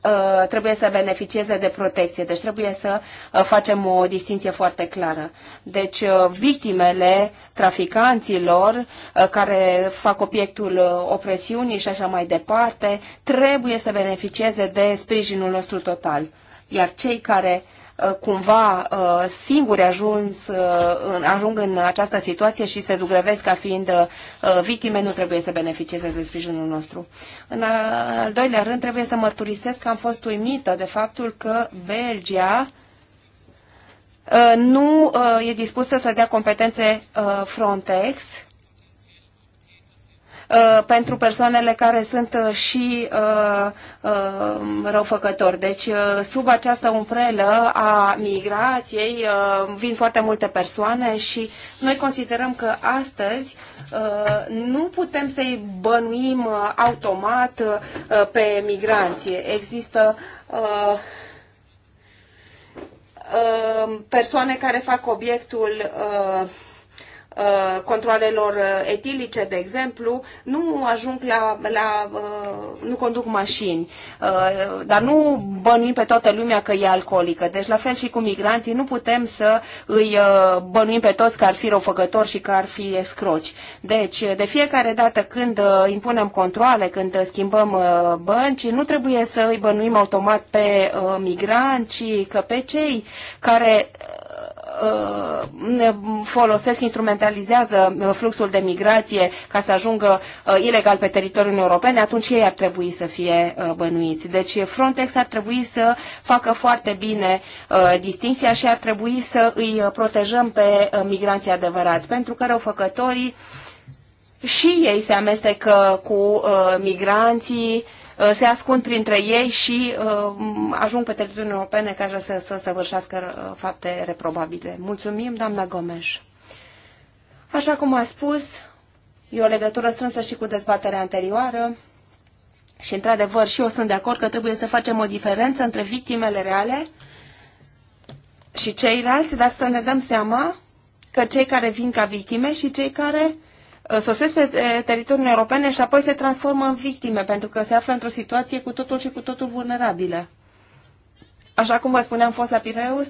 Uh, trebuie să beneficieze de protecție. Deci trebuie să uh, facem o distinție foarte clară. Deci uh, victimele traficanților care fac obiectul opresiunii și așa mai departe trebuie să beneficieze de sprijinul nostru total. Iar cei care Uh, cumva uh, singuri ajuns, uh, ajung în această situație și se zugrăvesc ca fiind victime, nu trebuie să beneficieze de sprijinul nostru. În al doilea rând, trebuie să mărturisesc că am fost uimită de faptul că Belgia nu e dispusă să dea competențe Frontex Uh, pentru persoanele care sunt uh, și uh, răufăcători. Deci, sub această umbrelă a migrației vin foarte multe persoane și noi considerăm că astăzi nu putem să-i bănuim automat pe migranție. Există persoane care fac obiectul Uh, controalelor uh, etilice, de exemplu, nu ajung la, la uh, nu conduc mașini, dar nu bănuim pe toată lumea că e alcoolică. Deci la fel și cu migranții, nu putem să îi bănuim pe toți că ar fi răufăcători și că ar fi escroci. Deci, de fiecare dată când impunem controle, când schimbăm bănci, nu trebuie să îi bănuim automat pe migranți, ci că pe cei care Uh, folosesc, instrumentalizează uh, fluxul de migrație ca să ajungă uh, ilegal pe teritoriul european, atunci ei ar trebui să fie bănuiți. Deci Frontex ar trebui să facă foarte bine distinția și ar trebui să îi protejăm pe migranții adevărați, pentru că răufăcătorii și ei se amestecă cu migranții, Uh, se ascund printre ei și uh, ajung pe teritoriul europene ca să, să săvârșească uh, fapte reprobabile. Mulțumim, doamna Gomes. Așa cum a spus, e o legătură strânsă și cu dezbaterea anterioară și, într-adevăr, și eu sunt de acord că trebuie să facem o diferență între victimele reale și ceilalți, dar să ne dăm seama că cei care vin ca victime și cei care Uh, sosesc pe teritoriul europene și apoi se transformă în victime, pentru că se află într-o situație cu totul și cu totul vulnerabilă. Așa cum vă spuneam, fost la Pireus,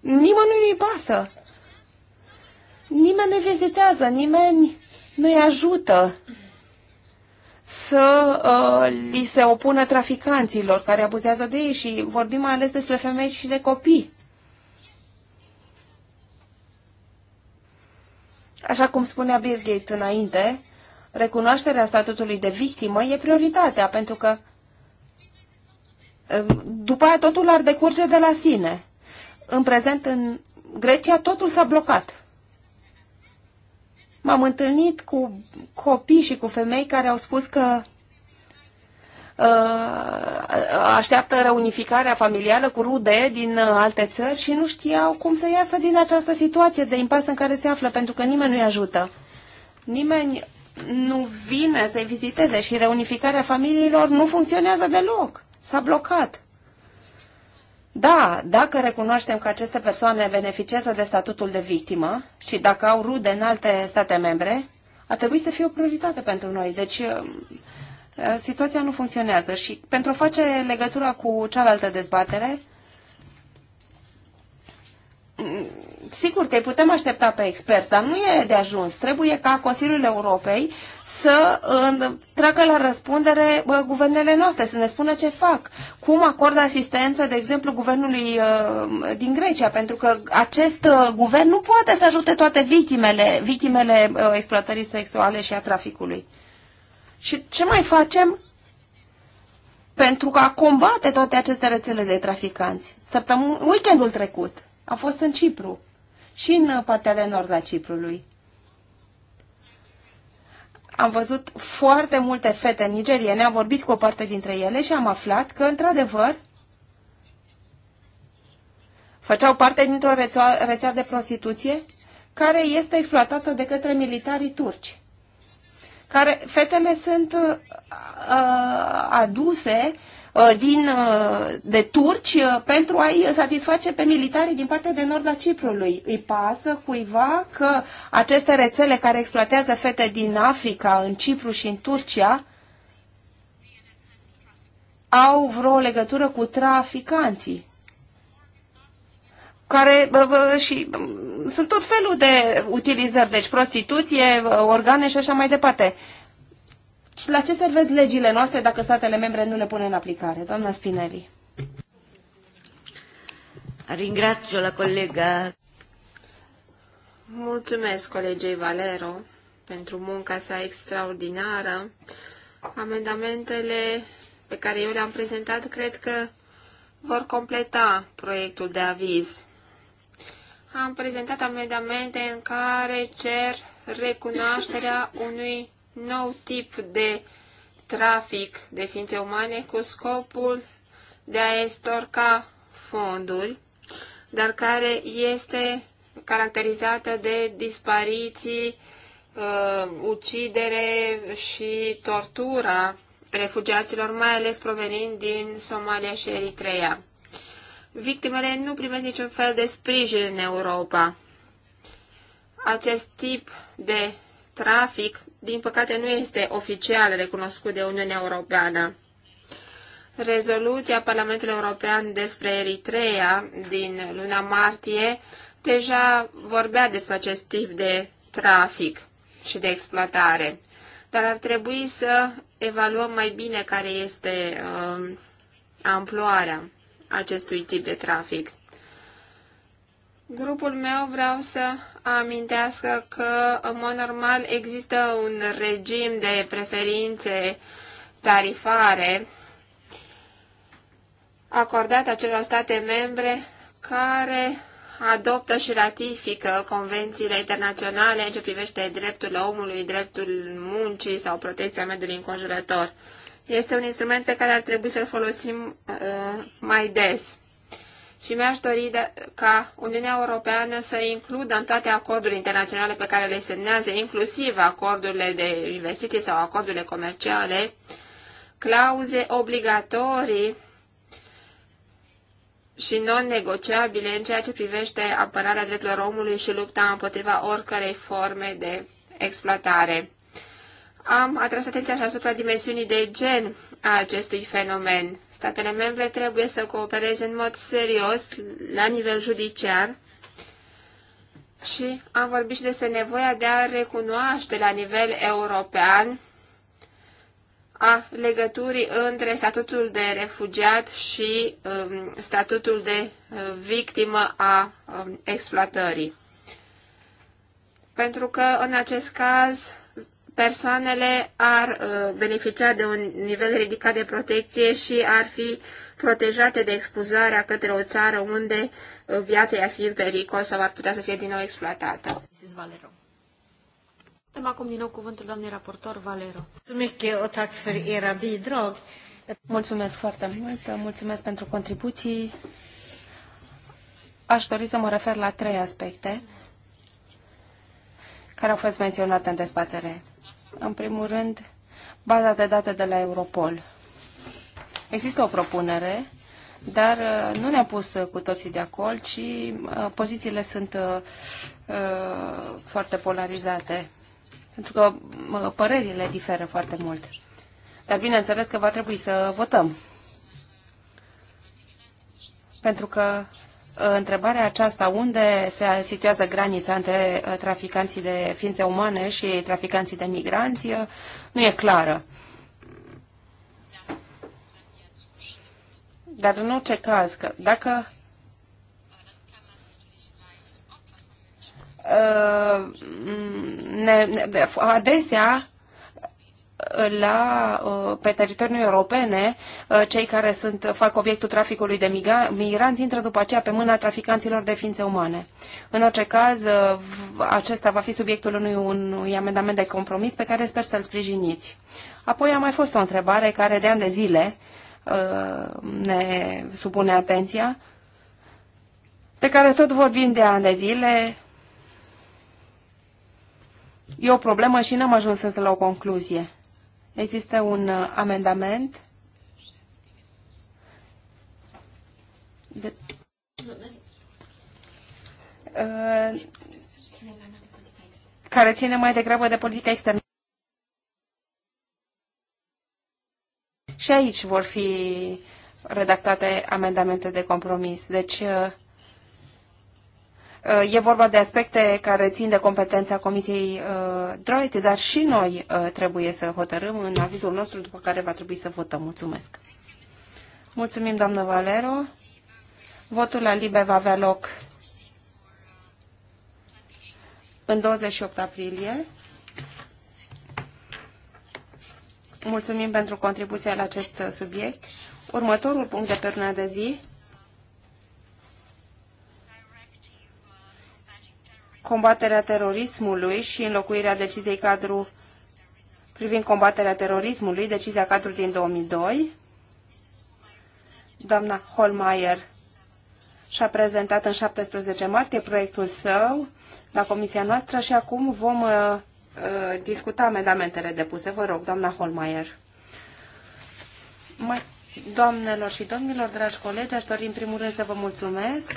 nimănui nu-i pasă. Nimeni nu-i vizitează, nimeni nu-i ajută să uh, li se opună traficanților care abuzează de ei și vorbim mai ales despre femei și de copii. Așa cum spunea Gates înainte, recunoașterea statutului de victimă e prioritatea, pentru că um, după aia totul ar decurge de la sine. În prezent, în Grecia, totul s-a blocat. M-am întâlnit cu copii și cu femei care au spus că Uh, așteaptă reunificarea familială cu rude din uh, alte țări și nu știau cum să iasă din această situație de impas în care se află, pentru că nimeni nu-i ajută. Nimeni nu vine să-i viziteze și reunificarea familiilor nu funcționează deloc. S-a blocat. Da, dacă recunoaștem că aceste persoane beneficiază de statutul de victimă și dacă au rude în alte state membre, ar trebui să fie o prioritate pentru noi. Deci um, Eh, situația nu funcționează. Și pentru a face legătura cu cealaltă dezbatere, mm, sigur că îi putem aștepta pe experți, dar nu e de ajuns. Trebuie ca Consiliul Europei să tragă la răspundere guvernele noastre, să ne spună ce fac, cum acordă asistență, de exemplu, guvernului eh, din Grecia, pentru că acest eh, guvern nu poate să ajute toate victimele, victimele exploatării sexuale și a traficului. Și ce mai facem pentru a combate toate aceste rețele de traficanți? Săptămân- weekendul trecut am fost în Cipru și în partea de nord a Ciprului. Am văzut foarte multe fete nigeriene, am vorbit cu o parte dintre ele și am aflat că, într-adevăr, făceau parte dintr-o rețea, rețea de prostituție care este exploatată de către militarii turci care fetele sunt uh, uh, aduse uh, din, uh, de turci uh, pentru a-i satisface pe militarii din partea de nord a Ciprului. Îi pasă cuiva că aceste rețele care exploatează fete din Africa, în Cipru și în Turcia, au vreo legătură cu traficanții care și sunt tot felul de utilizări, deci prostituție, organe și așa mai departe. Și la ce servesc legile noastre dacă statele membre nu le pun în aplicare? Doamna Spinelli. Ringrazio la colega. Mulțumesc colegei Valero pentru munca sa extraordinară. Amendamentele pe care eu le-am prezentat cred că vor completa proiectul de aviz am prezentat amendamente în care cer recunoașterea unui nou tip de trafic de ființe umane cu scopul de a estorca fonduri, dar care este caracterizată de dispariții, uh, ucidere și tortura refugiaților, mai ales provenind din Somalia și Eritrea victimele nu primesc niciun fel de sprijin în Europa. Acest tip de trafic, din păcate, nu este oficial recunoscut de Uniunea Europeană. Rezoluția Parlamentului European despre Eritrea din luna martie deja vorbea despre acest tip de trafic și de exploatare, dar ar trebui să evaluăm mai bine care este uh, amploarea acestui tip de trafic. Grupul meu vreau să amintească că, în mod normal, există un regim de preferințe tarifare acordat acelor state membre care adoptă și ratifică convențiile internaționale în ce privește dreptul omului, dreptul muncii sau protecția mediului înconjurător este un instrument pe care ar trebui să-l folosim uh, mai des. Și mi-aș dori de, ca Uniunea Europeană să includă în toate acordurile internaționale pe care le semnează, inclusiv acordurile de investiții sau acordurile comerciale, clauze obligatorii și non-negociabile în ceea ce privește apărarea drepturilor omului și lupta împotriva oricărei forme de exploatare. Am atras atenția și asupra dimensiunii de gen a acestui fenomen. Statele membre trebuie să coopereze în mod serios la nivel judiciar și am vorbit și despre nevoia de a recunoaște la nivel european a legăturii între statutul de refugiat și um, statutul de uh, victimă a um, exploatării. Pentru că, în acest caz, persoanele ar uh, beneficia de un nivel ridicat de protecție și ar fi protejate de expuzarea către o țară unde uh, viața ar fi în pericol sau ar putea să fie din nou exploatată. Dăm acum din nou cuvântul doamnei raportor Valero. Mulțumesc foarte mult, mulțumesc pentru contribuții. Aș dori să mă refer la trei aspecte care au fost menționate în dezbatere. În primul rând, baza de date de la Europol. Există o propunere, dar uh, nu ne a pus uh, cu toții de acord, ci uh, pozițiile sunt foarte polarizate, pentru că părerile diferă foarte mult. Dar bineînțeles că va trebui să votăm. Pentru că întrebarea aceasta, unde se situează granița între uh, traficanții de ființe umane și traficanții de migranți, uh, nu e clară. Dar în orice caz, că dacă uh, ne, ne, adesea la, uh, pe teritoriul europene, uh, cei care sunt, fac obiectul traficului de migranți intră după aceea pe mâna traficanților de ființe umane. În orice caz, uh, acesta va fi subiectul unui, unui amendament de compromis pe care sper să-l sprijiniți. Apoi a mai fost o întrebare care de ani de zile ne supune atenția, de care tot vorbim de ani de zile, E o problemă și n-am ajuns să la o concluzie. Există un uh, amendament de... Uh, care ține mai degrabă de politica externă. Și aici vor fi redactate amendamente de compromis. Deci, uh, E vorba de aspecte care țin de competența Comisiei uh, Droite, dar și noi uh, trebuie să hotărâm în avizul nostru, după care va trebui să votăm. Mulțumesc! Mulțumim, doamnă Valero. Votul la Libe va avea loc în 28 aprilie. Mulțumim pentru contribuția la acest subiect. Următorul punct de pe de zi combaterea terorismului și înlocuirea deciziei cadru privind combaterea terorismului, decizia cadru din 2002. Doamna Holmeier și-a prezentat în 17 martie proiectul său la comisia noastră și acum vom uh, uh, discuta amendamentele depuse. Vă rog, doamna Holmeier. Mai... Doamnelor și domnilor, dragi colegi, aș dori în primul rând să vă mulțumesc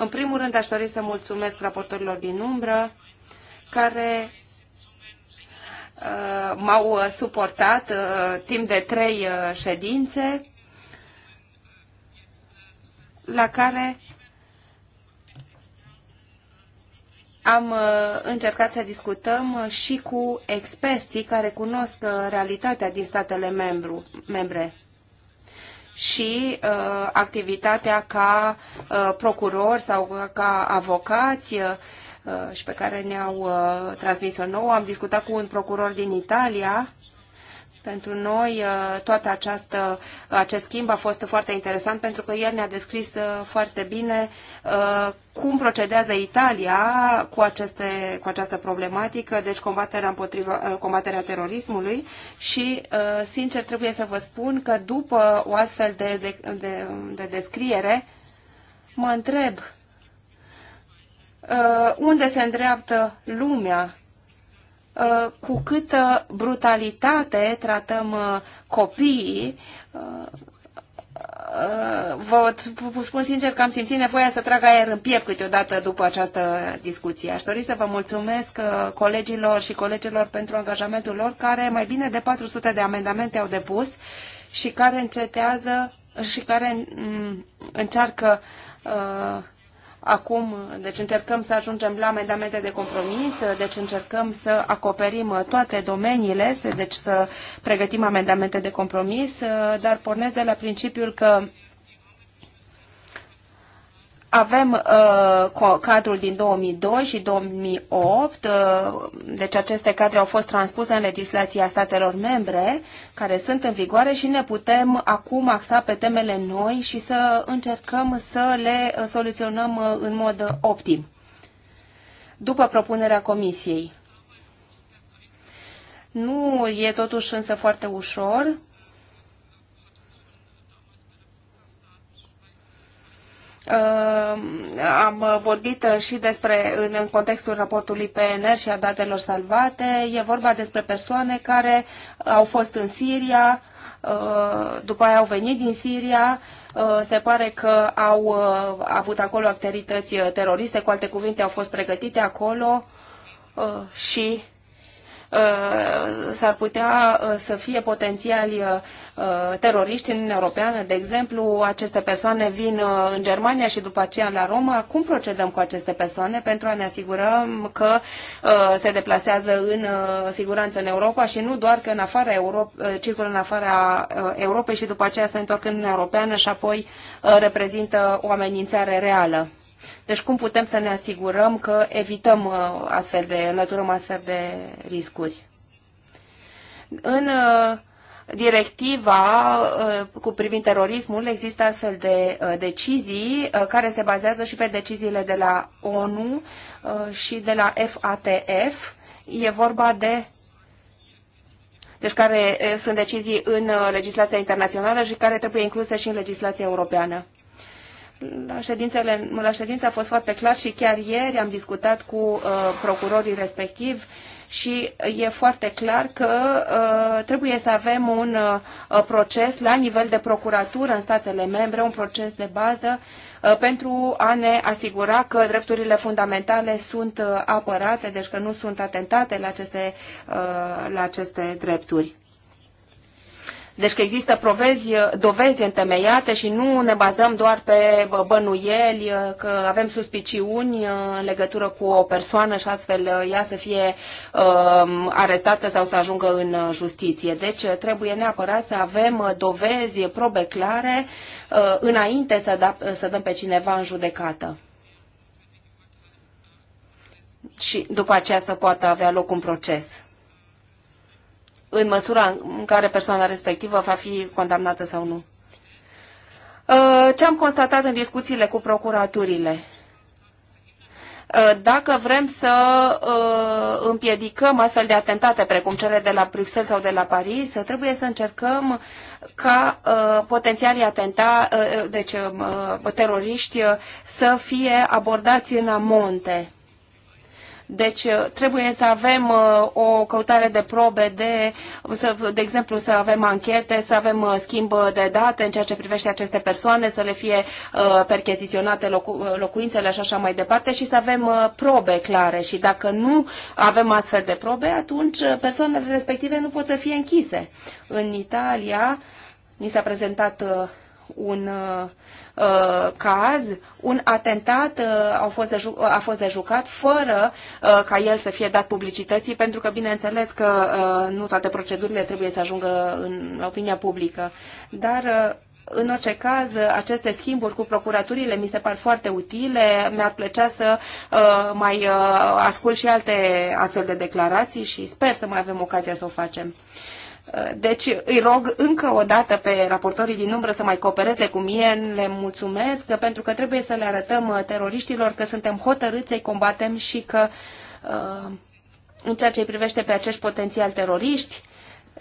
în primul rând, aș dori să mulțumesc raportorilor din umbră, care uh, m-au uh, suportat uh, timp de trei ședințe, la care am încercat să discutăm și cu experții care cunosc realitatea din statele membru, membre și uh, activitatea ca uh, procuror sau ca avocați uh, și pe care ne-au uh, transmis-o nouă. Am discutat cu un procuror din Italia pentru noi uh, toată această, uh, acest schimb a fost foarte interesant pentru că el ne-a descris uh, foarte bine cum procedează Italia cu, aceste, cu această problematică, deci combaterea, împotriva, combaterea terorismului și, sincer, trebuie să vă spun că după o astfel de, de, de, de descriere, mă întreb unde se îndreaptă lumea Uh, cu câtă brutalitate tratăm uh, copiii, uh, vă spun sincer că am simțit nevoia să trag aer în piept câteodată după această discuție. Aș dori să vă mulțumesc colegilor și colegilor pentru angajamentul lor, care mai bine de 400 de amendamente au depus și care încetează și care mm, încearcă uh, Acum, deci încercăm să ajungem la amendamente de compromis, deci încercăm să acoperim toate domeniile, deci să pregătim amendamente de compromis, dar pornesc de la principiul că avem uh, cadrul din 2002 și 2008, uh, deci aceste cadre au fost transpuse în legislația statelor membre care sunt în vigoare și ne putem acum axa pe temele noi și să încercăm să le uh, soluționăm uh, în mod uh, optim, după propunerea Comisiei. Nu e totuși însă foarte ușor Uh, am vorbit și despre, în contextul raportului PNR și a datelor salvate, e vorba despre persoane care au fost în Siria, uh, după aia au venit din Siria, uh, se pare că au avut acolo activități teroriste, cu alte cuvinte au fost pregătite acolo și Uh, s-ar putea uh, să fie potențiali uh, teroriști în Uniunea Europeană. De exemplu, aceste persoane vin în Germania și după aceea la Roma. Cum procedăm cu aceste persoane pentru a ne asigura că se deplasează în siguranță în Europa și nu doar că în afara Europei, circulă în afara Europei și după aceea se întorc în Uniunea Europeană și apoi reprezintă o amenințare reală? Deci cum putem să ne asigurăm că evităm uh, astfel de, înlăturăm astfel de riscuri? În uh, directiva uh, cu privind terorismul există astfel de decizii care se bazează și pe deciziile de la ONU și de la FATF. E vorba de deci care sunt decizii în legislația internațională și care trebuie incluse și în legislația europeană la, ședințele, la ședință a fost foarte clar și chiar ieri am discutat cu uh, procurorii respectivi și e foarte clar că uh, trebuie să avem un uh, proces la nivel de procuratură în statele membre, un proces de bază uh, pentru a ne asigura că drepturile fundamentale sunt uh, apărate, deci că nu sunt atentate la aceste, uh, la aceste drepturi. Deci că există provezi, dovezi întemeiate și nu ne bazăm doar pe bănuieli, că avem suspiciuni uh, în legătură cu o persoană și astfel uh, ea să fie um, arestată sau să ajungă în uh, justiție. Deci trebuie neapărat să avem dovezi, probe clare, uh, înainte să, da, să dăm pe cineva în judecată și după aceea să poată avea loc un proces în măsura în care persoana respectivă va fi condamnată sau nu. Uh, ce am constatat în discuțiile cu procuraturile? Uh, dacă vrem să uh, împiedicăm astfel de atentate, precum cele de la Bruxelles sau de la Paris, trebuie să încercăm ca potențialii atenta, deci teroriști, să fie abordați în amonte deci uh, trebuie să avem uh, o căutare de probe, de, să, de exemplu să avem anchete, să avem uh, schimb de date în ceea ce privește aceste persoane, să le fie percheziționate locu- locuințele și așa mai departe și să avem probe clare. Și dacă nu avem astfel de probe, atunci persoanele respective nu pot să fie închise. În Italia, ni s-a prezentat un uh, uh, caz, un atentat uh, a, fost de, a fost de jucat fără uh, ca el să fie dat publicității, pentru că, bineînțeles, că uh, nu toate procedurile trebuie să ajungă în opinia publică. Dar uh, în orice caz, aceste schimburi cu procuraturile mi se par foarte utile. Mi-ar plăcea să uh, mai uh, ascult și alte astfel de declarații și sper să mai avem ocazia să o facem. Uh, deci îi rog încă o dată pe raportorii din umbră să mai coopereze cu mine, le mulțumesc, pentru că trebuie să le arătăm uh, teroriștilor că suntem hotărâți să-i combatem și că uh, în ceea ce îi privește pe acești potențial teroriști,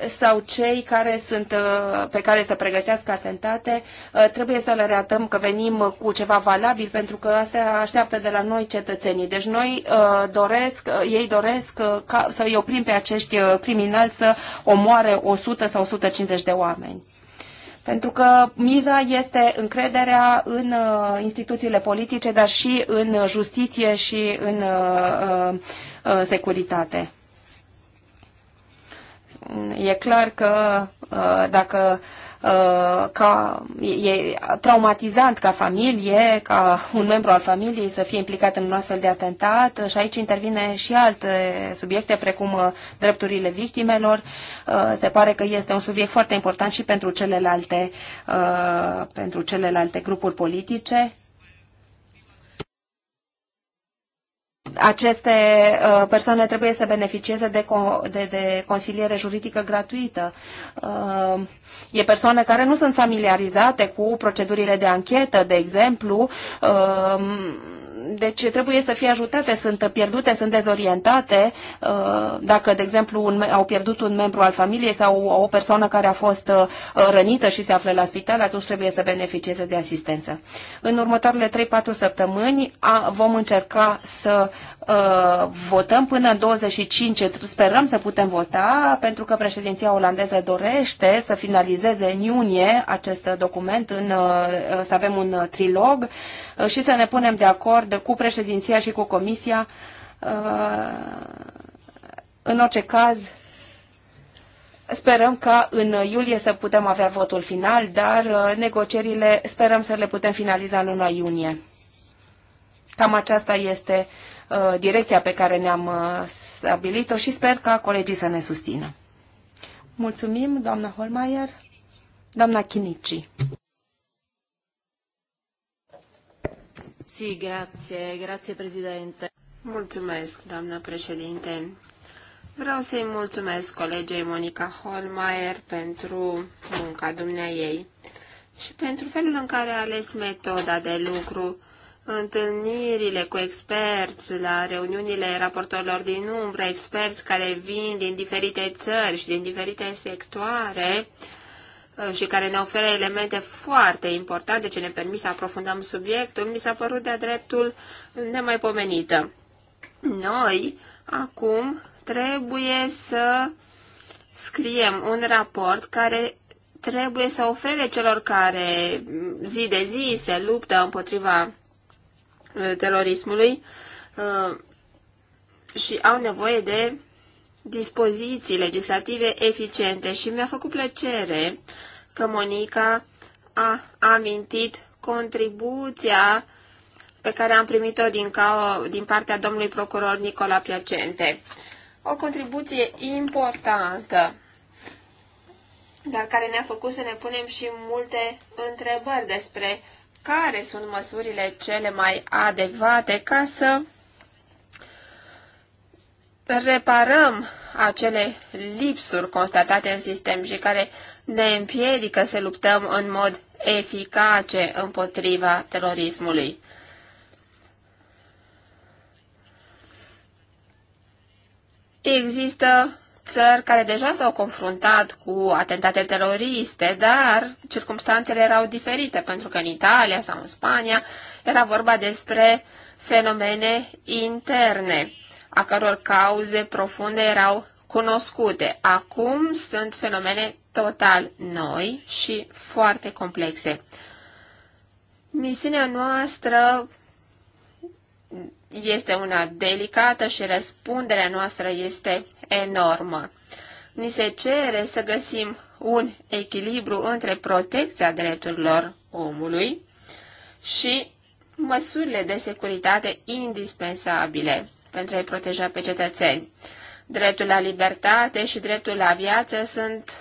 sau cei care sunt, uh, pe care să pregătească atentate, uh, trebuie să le reatăm că venim cu ceva valabil, pentru că asta așteaptă de la noi cetățenii. Deci noi uh, doresc, ei doresc ca, să îi oprim pe acești criminali să omoare 100 sau 150 de oameni. Pentru că miza este încrederea în instituțiile politice, dar și în justiție și în securitate. E clar că uh, dacă uh, ca, e traumatizant ca familie, ca un membru al familiei să fie implicat în un astfel de atentat uh, și aici intervine și alte subiecte precum drepturile victimelor. Se pare că este un subiect foarte important și pentru celelalte, pentru celelalte grupuri politice aceste uh, persoane trebuie să beneficieze de, de, de consiliere juridică gratuită. Uh, e persoane care nu sunt familiarizate cu procedurile de anchetă, de exemplu, uh, deci trebuie să fie ajutate, sunt pierdute, sunt dezorientate. Uh, dacă, de exemplu, un, au pierdut un membru al familiei sau o persoană care a fost uh, rănită și se află la spital, atunci trebuie să beneficieze de asistență. În următoarele 3-4 săptămâni vom încerca să uh, votăm până în 25, sperăm să putem vota, pentru că președinția olandeză dorește să finalizeze în iunie acest document, în, uh, să avem un uh, trilog uh, și să ne punem de acord cu președinția și cu comisia. Uh, în orice caz, Sperăm ca în iulie să putem avea votul final, dar uh, negocierile sperăm să le putem finaliza în luna iunie. Cam aceasta este Uh, direcția pe care ne-am uh, stabilit-o și sper ca colegii să ne susțină. Mulțumim, doamna Holmeier, doamna Chinici. Si, grație, grație, președinte. Mulțumesc, doamna președinte. Vreau să-i mulțumesc colegei Monica Holmeier pentru munca dumnea ei și pentru felul în care a ales metoda de lucru întâlnirile cu experți, la reuniunile raportorilor din umbră, experți care vin din diferite țări și din diferite sectoare uh, și care ne oferă elemente foarte importante ce ne permit să aprofundăm subiectul, mi s-a părut de-a dreptul nemaipomenită. Noi, acum, trebuie să scriem un raport care trebuie să ofere celor care zi de zi se luptă împotriva Uh, terorismului uh, și au nevoie de dispoziții legislative eficiente și mi-a făcut plăcere că Monica a amintit contribuția pe care am primit-o din, ca, din partea domnului procuror Nicola Piacente. O contribuție importantă, dar care ne-a făcut să ne punem și multe întrebări despre care sunt măsurile cele mai adecvate ca să reparăm acele lipsuri constatate în sistem și care ne împiedică să luptăm în mod eficace împotriva terorismului. Există țări care deja s-au confruntat cu atentate teroriste, dar circumstanțele erau diferite, pentru că în Italia sau în Spania era vorba despre fenomene interne, a căror cauze profunde erau cunoscute. Acum sunt fenomene total noi și foarte complexe. Misiunea noastră este una delicată și răspunderea noastră este enormă. Ni se cere să găsim un echilibru între protecția drepturilor omului și măsurile de securitate indispensabile pentru a-i proteja pe cetățeni. Dreptul la libertate și dreptul la viață sunt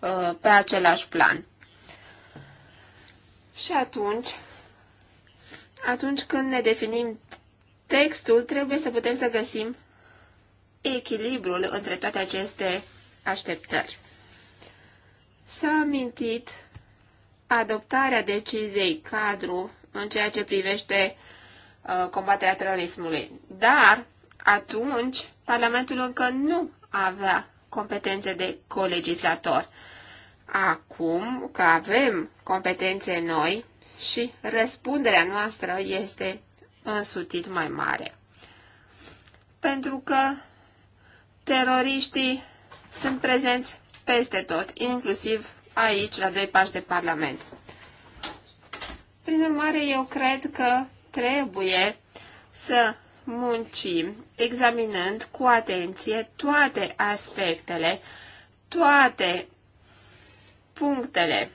uh, pe același plan. Și atunci, atunci când ne definim textul, trebuie să putem să găsim echilibrul între toate aceste așteptări. S-a amintit adoptarea deciziei cadru în ceea ce privește uh, combaterea terorismului, dar atunci Parlamentul încă nu avea competențe de colegislator. Acum că avem competențe noi și răspunderea noastră este însutit mai mare. Pentru că Teroriștii sunt prezenți peste tot, inclusiv aici, la doi pași de Parlament. Prin urmare, eu cred că trebuie să muncim examinând cu atenție toate aspectele, toate punctele,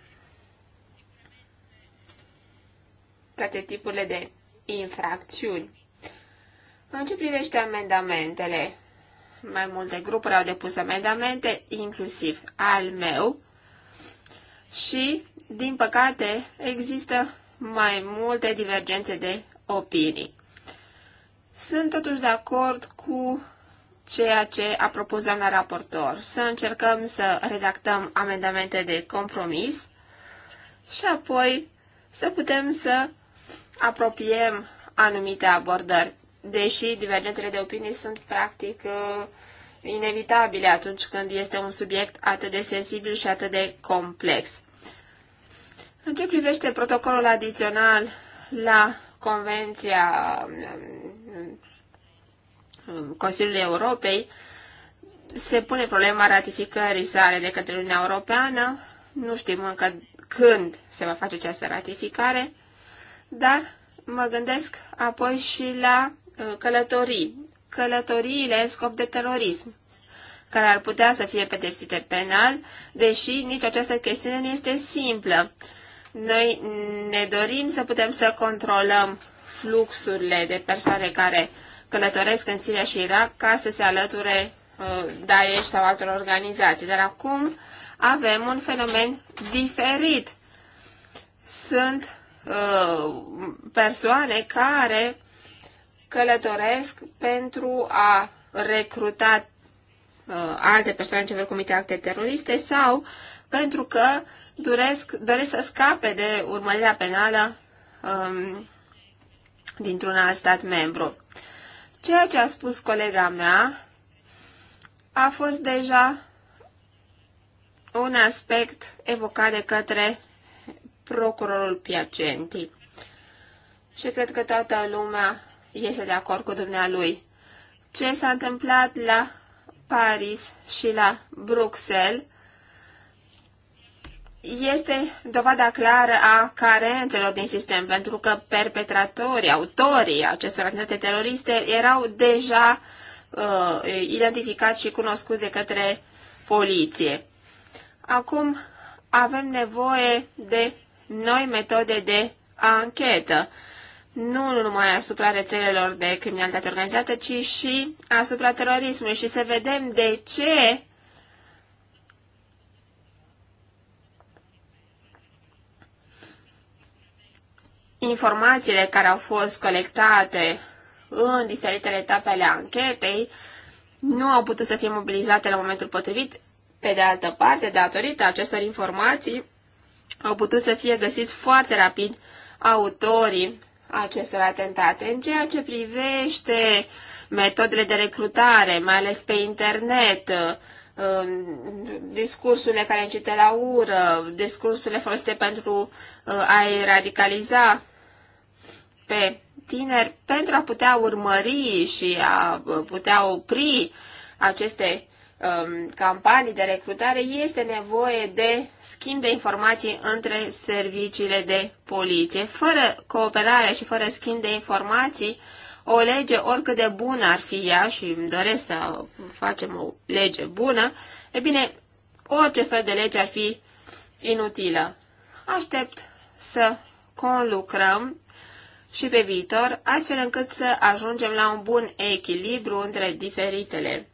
toate tipurile de infracțiuni. În ce privește amendamentele, mai multe grupuri au depus amendamente, inclusiv al meu, și, din păcate, există mai multe divergențe de opinii. Sunt totuși de acord cu ceea ce a propus doamna raportor, să încercăm să redactăm amendamente de compromis și apoi să putem să apropiem anumite abordări deși divergențele de opinii sunt practic uh, inevitabile atunci când este un subiect atât de sensibil și atât de complex. În ce privește protocolul adițional la Convenția um, um, Consiliului Europei, se pune problema ratificării sale de către Uniunea Europeană. Nu știm încă când se va face această ratificare, dar mă gândesc apoi și la Uh, călătorii, călătoriile în scop de terorism, care ar putea să fie pedepsite penal, deși nici această chestiune nu este simplă. Noi ne dorim să putem să controlăm fluxurile de persoane care călătoresc în Siria și Irak ca să se alăture uh, Daesh sau altor organizații. Dar acum avem un fenomen diferit. Sunt uh, persoane care călătoresc pentru a recruta uh, alte persoane ce vor comite acte teroriste sau pentru că doresc, doresc să scape de urmărirea penală um, dintr-un alt stat membru. Ceea ce a spus colega mea a fost deja un aspect evocat de către procurorul Piacenti. Și cred că toată lumea este de acord cu dumnealui. Ce s-a întâmplat la Paris și la Bruxelles este dovada clară a carențelor din sistem, pentru că perpetratorii, autorii acestor atentate teroriste erau deja uh, identificați și cunoscuți de către poliție. Acum avem nevoie de noi metode de anchetă nu numai asupra rețelelor de criminalitate organizată, ci și asupra terorismului și să vedem de ce informațiile care au fost colectate în diferitele etape ale anchetei nu au putut să fie mobilizate la momentul potrivit. Pe de altă parte, datorită acestor informații, au putut să fie găsiți foarte rapid autorii acestor atentate. În ceea ce privește metodele de recrutare, mai ales pe internet, um, discursurile care încite la ură, discursurile folosite pentru uh, a-i radicaliza pe tineri, pentru a putea urmări și a putea opri aceste um, campanii de recrutare, este nevoie de schimb de informații între serviciile de poliție. Fără cooperare și fără schimb de informații, o lege, oricât de bună ar fi ea, și îmi doresc să facem o lege bună, e bine, orice fel de lege ar fi inutilă. Aștept să conlucrăm și pe viitor, astfel încât să ajungem la un bun echilibru între diferitele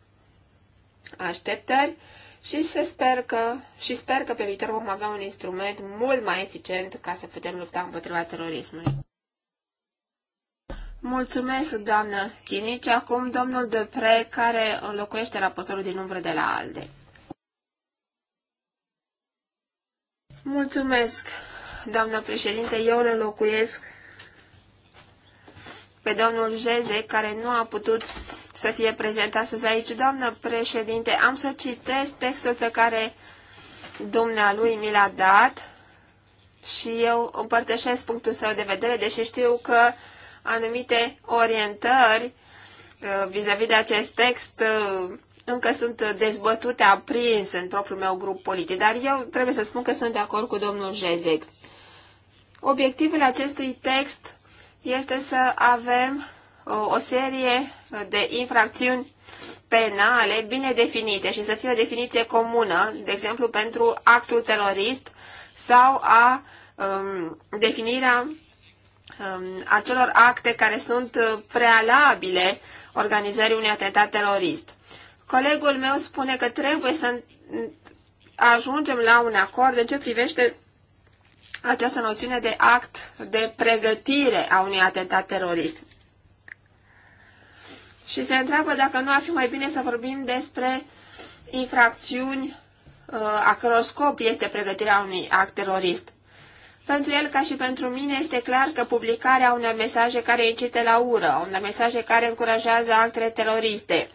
așteptări și, se sper că, și sper că pe viitor vom avea un instrument mult mai eficient ca să putem lupta împotriva terorismului. Mulțumesc, doamnă Chinici. Acum domnul Depre, care înlocuiește raportorul din umbră de la ALDE. Mulțumesc, doamnă președinte. Eu îl înlocuiesc pe domnul Jeze, care nu a putut să fie prezent astăzi aici. Doamnă președinte, am să citesc textul pe care dumnealui mi l-a dat și eu împărtășesc punctul său de vedere, deși știu că anumite orientări uh, vis-a-vis -vis de acest text uh, încă sunt dezbătute, aprins în propriul meu grup politic, dar eu trebuie să spun că sunt de acord cu domnul Jezeg. Obiectivul acestui text este să avem o serie de infracțiuni penale bine definite și să fie o definiție comună, de exemplu pentru actul terorist sau a um, definirea um, acelor acte care sunt uh, prealabile organizării unui atentat terorist. Colegul meu spune că trebuie să ajungem la un acord în ce privește această noțiune de act de pregătire a unui atentat terorist și se întreabă dacă nu ar fi mai bine să vorbim despre infracțiuni uh, a căror scop este pregătirea unui act terorist. Pentru el, ca și pentru mine, este clar că publicarea unor mesaje care incite la ură, unor mesaje care încurajează actele teroriste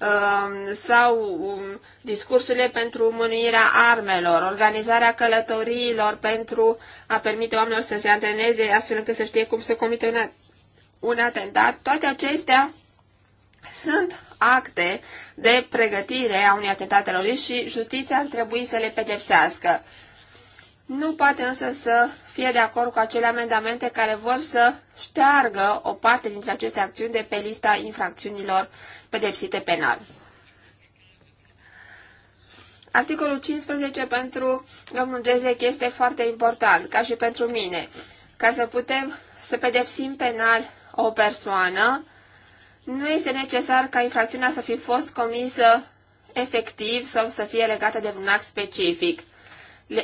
uh, sau um, discursurile pentru mânuirea armelor, organizarea călătoriilor pentru a permite oamenilor să se antreneze astfel încât să știe cum să comite un un atentat, toate acestea sunt acte de pregătire a unui atentat terorist și justiția ar trebui să le pedepsească. Nu poate însă să fie de acord cu acele amendamente care vor să șteargă o parte dintre aceste acțiuni de pe lista infracțiunilor pedepsite penal. Articolul 15 pentru domnul Dezec este foarte important, ca și pentru mine, ca să putem să pedepsim penal o persoană, nu este necesar ca infracțiunea să fi fost comisă efectiv sau să fie legată de un act specific.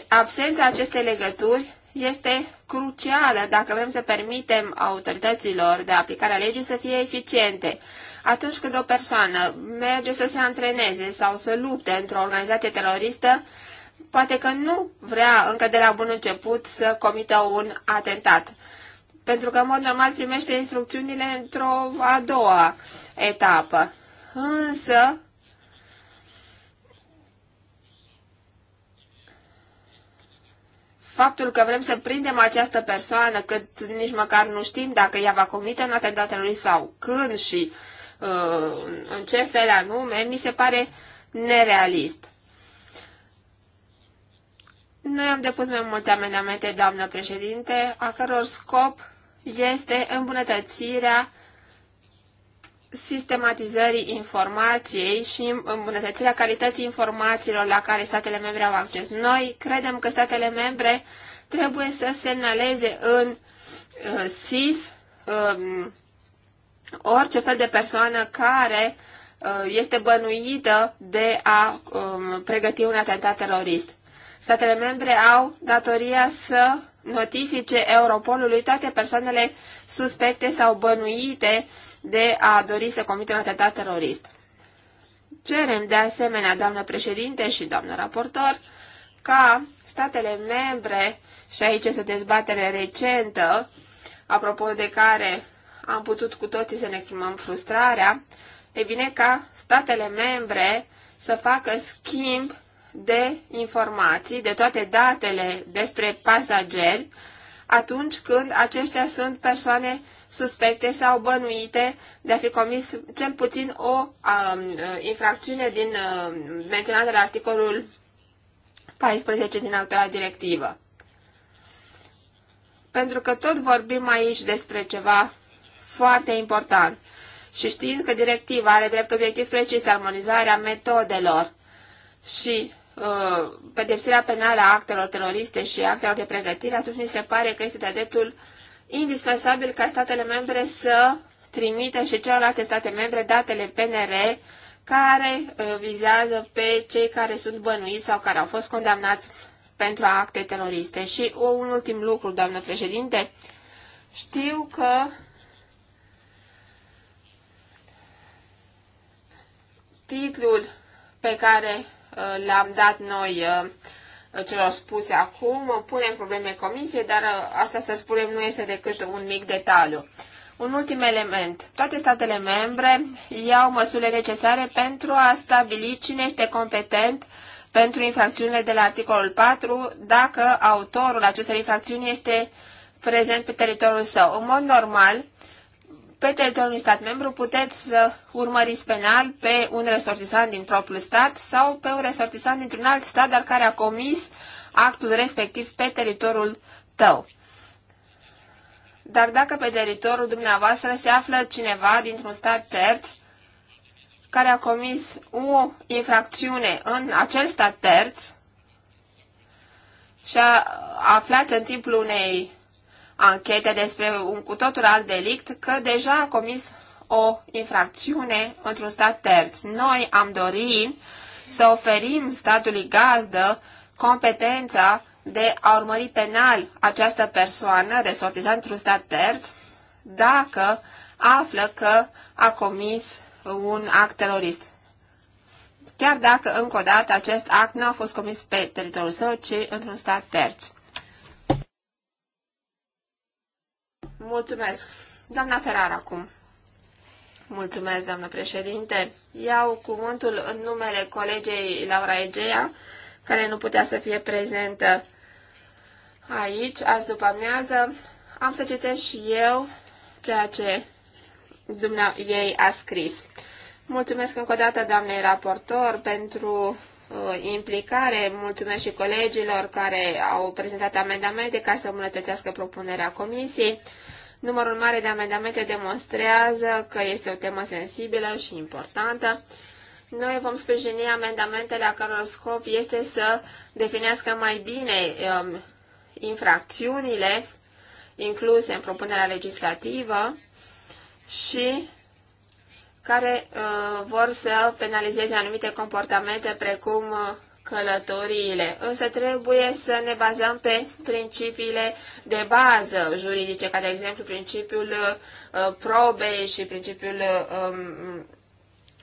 Absența acestei legături este crucială dacă vrem să permitem autorităților de aplicare a legii să fie eficiente. Atunci când o persoană merge să se antreneze sau să lupte într-o organizație teroristă, poate că nu vrea încă de la bun început să comită un atentat pentru că, în mod normal, primește instrucțiunile într-o a doua etapă. Însă, faptul că vrem să prindem această persoană, cât nici măcar nu știm dacă ea va comite un atentat lui sau când și uh, în ce fel anume, mi se pare nerealist. Noi am depus mai multe amendamente, doamnă președinte, a căror scop este îmbunătățirea sistematizării informației și îmbunătățirea calității informațiilor la care statele membre au acces. Noi credem că statele membre trebuie să semnaleze în uh, SIS uh, orice fel de persoană care uh, este bănuită de a um, pregăti un atentat terorist. Statele membre au datoria să notifice Europolului toate persoanele suspecte sau bănuite de a dori să comită un atentat terorist. Cerem de asemenea, doamnă președinte și doamnă raportor, ca statele membre, și aici este dezbatere recentă, apropo de care am putut cu toții să ne exprimăm frustrarea, e bine ca statele membre să facă schimb de informații, de toate datele despre pasageri atunci când aceștia sunt persoane suspecte sau bănuite de a fi comis cel puțin o a, um, uh, infracțiune din uh, menționată la articolul 14 din actuala directivă. Pentru că tot vorbim aici despre ceva foarte important și știind că directiva are drept obiectiv precis armonizarea metodelor și Uh, pedepsirea penală a actelor teroriste și actelor de pregătire, atunci mi se pare că este de dreptul indispensabil ca statele membre să trimită și celelalte state membre datele PNR care uh, vizează pe cei care sunt bănuiți sau care au fost condamnați pentru acte teroriste. Și un ultim lucru, doamnă președinte, știu că titlul pe care Uh, le-am dat noi uh, celor spuse acum, punem probleme comisiei, dar uh, asta să spunem nu este decât un mic detaliu. Un ultim element. Toate statele membre iau măsurile necesare pentru a stabili cine este competent pentru infracțiunile de la articolul 4 dacă autorul acestei infracțiuni este prezent pe teritoriul său. În mod normal, pe teritoriul unui stat membru puteți să urmăriți penal pe un resortisant din propriul stat sau pe un resortisant dintr-un alt stat, dar care a comis actul respectiv pe teritoriul tău. Dar dacă pe teritoriul dumneavoastră se află cineva dintr-un stat terț care a comis o infracțiune în acel stat terț și a aflat în timpul unei anchete despre un cu totul alt delict, că deja a comis o infracțiune într-un stat terț. Noi am dorit să oferim statului gazdă competența de a urmări penal această persoană resortizată într-un stat terț dacă află că a comis un act terorist. Chiar dacă, încă o dată, acest act nu a fost comis pe teritoriul său, ci într-un stat terț. Mulțumesc. Doamna Ferrara, acum. Mulțumesc, doamnă președinte. Iau cuvântul în numele colegei Laura Egea, care nu putea să fie prezentă aici, azi după amiază. Am să citesc și eu ceea ce dumnea ei a scris. Mulțumesc încă o dată, doamnei raportor, pentru Uh, implicare. Mulțumesc și colegilor care au prezentat amendamente ca să îmbunătățească propunerea comisiei. Numărul mare de amendamente demonstrează că este o temă sensibilă și importantă. Noi vom sprijini amendamentele a căror scop este să definească mai bine um, infracțiunile incluse în propunerea legislativă și care uh, vor să penalizeze anumite comportamente precum uh, călătoriile. Însă trebuie să ne bazăm pe principiile de bază juridice, ca de exemplu principiul uh, probei și principiul uh,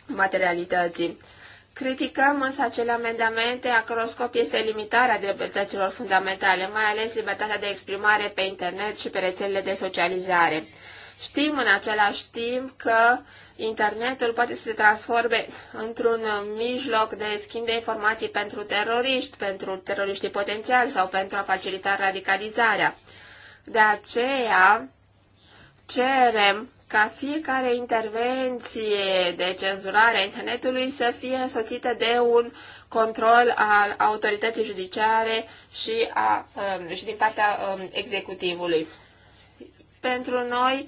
materialității. Criticăm însă acele amendamente a căror scop este limitarea libertăților fundamentale, mai ales libertatea de exprimare pe internet și pe rețelele de socializare. Știm în același timp că uh, internetul poate să se transforme într-un mijloc de schimb de informații pentru teroriști, pentru teroriștii potențiali sau pentru a facilita radicalizarea. De aceea cerem ca fiecare intervenție de cenzurare a internetului să fie însoțită de un control al autorității judiciare și, a, um, și din partea um, executivului. Pentru noi,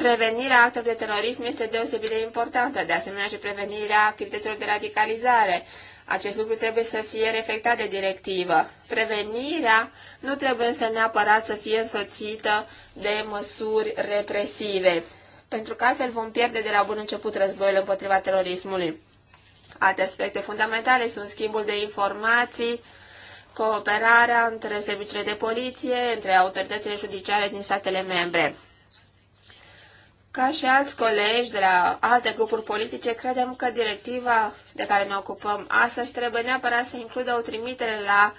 prevenirea actelor de terorism este deosebit de importantă, de asemenea și prevenirea activităților de radicalizare. Acest lucru trebuie să fie reflectat de directivă. Prevenirea nu trebuie însă neapărat să fie însoțită de măsuri represive, pentru că altfel vom pierde de la bun început războiul împotriva terorismului. Alte aspecte fundamentale sunt schimbul de informații, cooperarea între serviciile de poliție, între autoritățile judiciare din statele membre. Ca și alți colegi de la alte grupuri politice, credem că directiva de care ne ocupăm astăzi trebuie neapărat să includă o trimitere la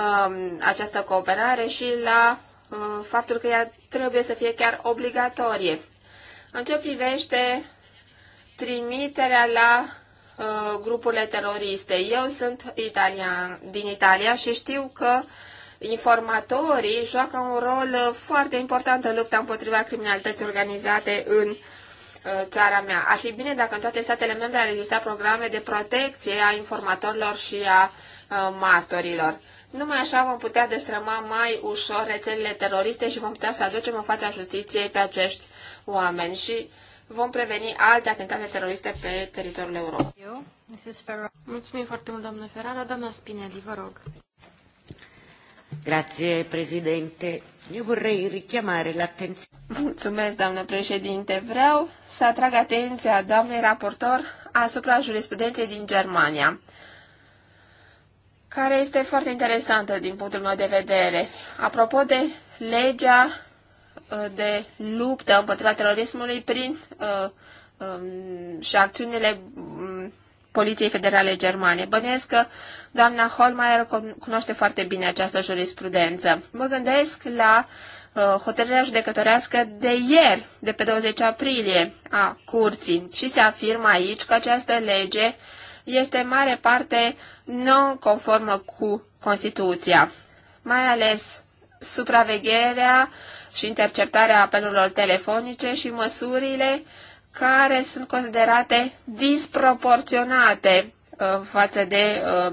um, această cooperare și la um, faptul că ea trebuie să fie chiar obligatorie. În ce privește trimiterea la uh, grupurile teroriste, eu sunt italian, din Italia și știu că uh, informatorii joacă un rol uh, foarte important în lupta împotriva criminalității organizate în uh, țara mea. Ar fi bine dacă în toate statele membre ar exista programe de protecție a informatorilor și a uh, martorilor. Numai așa vom putea destrăma mai ușor rețelele teroriste și vom putea să aducem în fața justiției pe acești oameni și vom preveni alte atentate teroriste pe teritoriul Europei. Mulțumim foarte mult, doamnă Ferrara. Doamna Spinelli, vă rog. Grazie, Presidente. Eu vorrei richiamare l'attenzione. Mulțumesc, doamnă președinte. Vreau să atrag atenția doamnei raportor asupra jurisprudenței din Germania, care este foarte interesantă din punctul meu de vedere. Apropo de legea uh, de luptă împotriva terorismului prin uh, um, și acțiunile mm, Poliției Federale Germane. Bănuiesc că Doamna Holmeier cunoaște foarte bine această jurisprudență. Mă gândesc la uh, hotărârea judecătorească de ieri, de pe 20 aprilie, a curții și se afirmă aici că această lege este în mare parte non-conformă cu Constituția, mai ales supravegherea și interceptarea apelurilor telefonice și măsurile care sunt considerate disproporționate Uh, față de uh,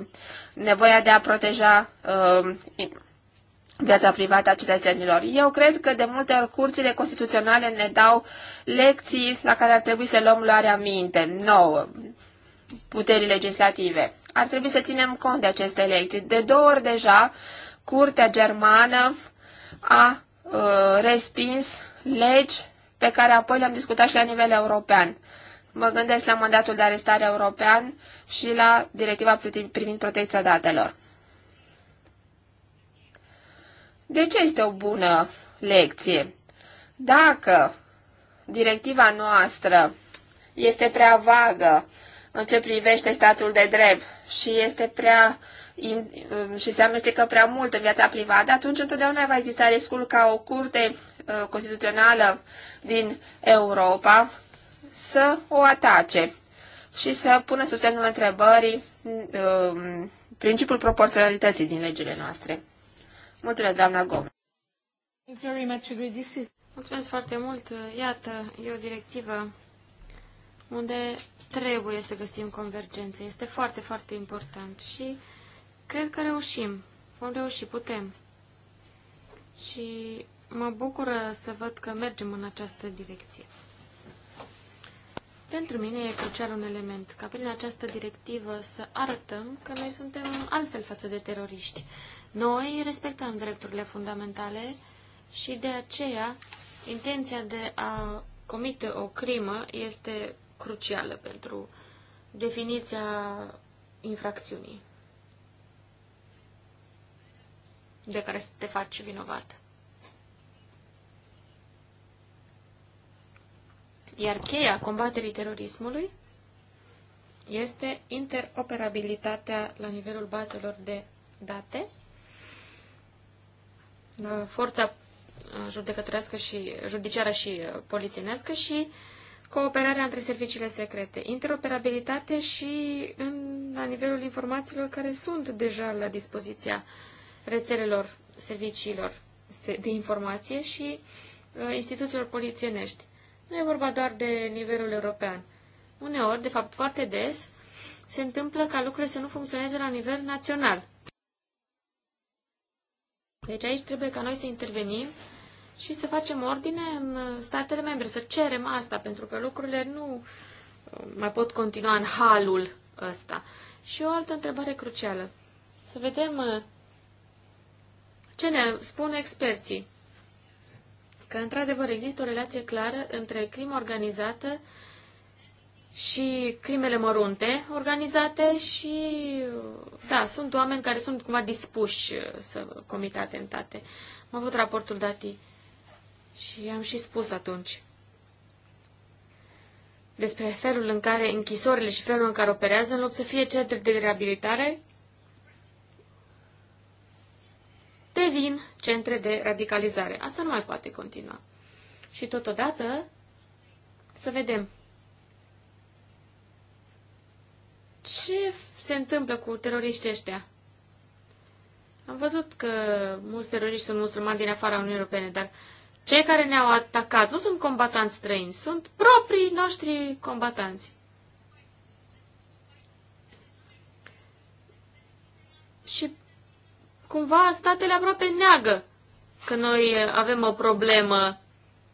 nevoia de a proteja uh, viața privată a cetățenilor. Eu cred că de multe ori curțile constituționale ne dau lecții la care ar trebui să luăm luarea minte, nouă, puteri legislative. Ar trebui să ținem cont de aceste lecții. De două ori deja, Curtea Germană a uh, respins legi pe care apoi le-am discutat și la nivel european. Mă gândesc la mandatul de arestare european și la directiva privind protecția datelor. De ce este o bună lecție? Dacă directiva noastră este prea vagă în ce privește statul de drept și este prea și se amestecă prea mult în viața privată, atunci întotdeauna va exista riscul ca o curte uh, constituțională din Europa să o atace și să pună sub semnul întrebării um, principiul proporționalității din legile noastre. Mulțumesc, doamna Gomes. Mulțumesc foarte mult. Iată, e o directivă unde trebuie să găsim convergență, Este foarte, foarte important și cred că reușim. Vom reuși, putem. Și mă bucură să văd că mergem în această direcție. Pentru mine e crucial un element, ca prin această directivă să arătăm că noi suntem altfel față de teroriști. Noi respectăm drepturile fundamentale și de aceea intenția de a comite o crimă este crucială pentru definiția infracțiunii de care te faci vinovat. Iar cheia combaterii terorismului este interoperabilitatea la nivelul bazelor de date, da, forța uh, judecătorească și judiciară și uh, polițienească și cooperarea între serviciile secrete, interoperabilitate și în, la nivelul informațiilor care sunt deja la dispoziția rețelelor serviciilor de informație și uh, instituțiilor polițienești. Nu e vorba doar de nivelul european. Uneori, de fapt foarte des, se întâmplă ca lucrurile să nu funcționeze la nivel național. Deci aici trebuie ca noi să intervenim și să facem ordine în statele membre, să cerem asta, pentru că lucrurile nu uh, mai pot continua în halul ăsta. Și o altă întrebare crucială. Să vedem uh, ce ne spun experții că într-adevăr există o relație clară între crimă organizată și crimele mărunte organizate și, da, sunt oameni care sunt cumva dispuși uh, să comită atentate. Am avut raportul dati și am și spus atunci despre felul în care închisorile și felul în care operează, în loc să fie centre de reabilitare, devin centre de radicalizare. Asta nu mai poate continua. Și totodată, să vedem ce se întâmplă cu teroriștii ăștia. Am văzut că mulți teroriști sunt musulmani din afara Uniunii Europene, dar cei care ne-au atacat nu sunt combatanți străini, sunt proprii noștri combatanți. Și cumva statele aproape neagă că noi avem o problemă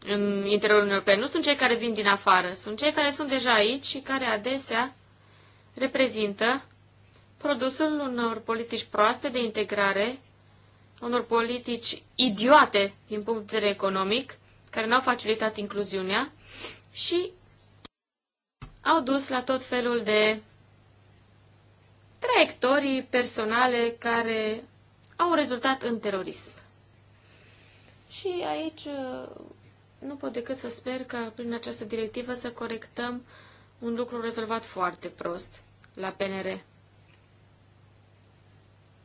în interiorul european. Nu sunt cei care vin din afară, sunt cei care sunt deja aici și care adesea reprezintă produsul unor politici proaste de integrare, unor politici idiote din punct de vedere economic, care n-au facilitat incluziunea și au dus la tot felul de traiectorii personale care au rezultat în terorism. Și aici uh, nu pot decât să sper că prin această directivă să corectăm un lucru rezolvat foarte prost la PNR.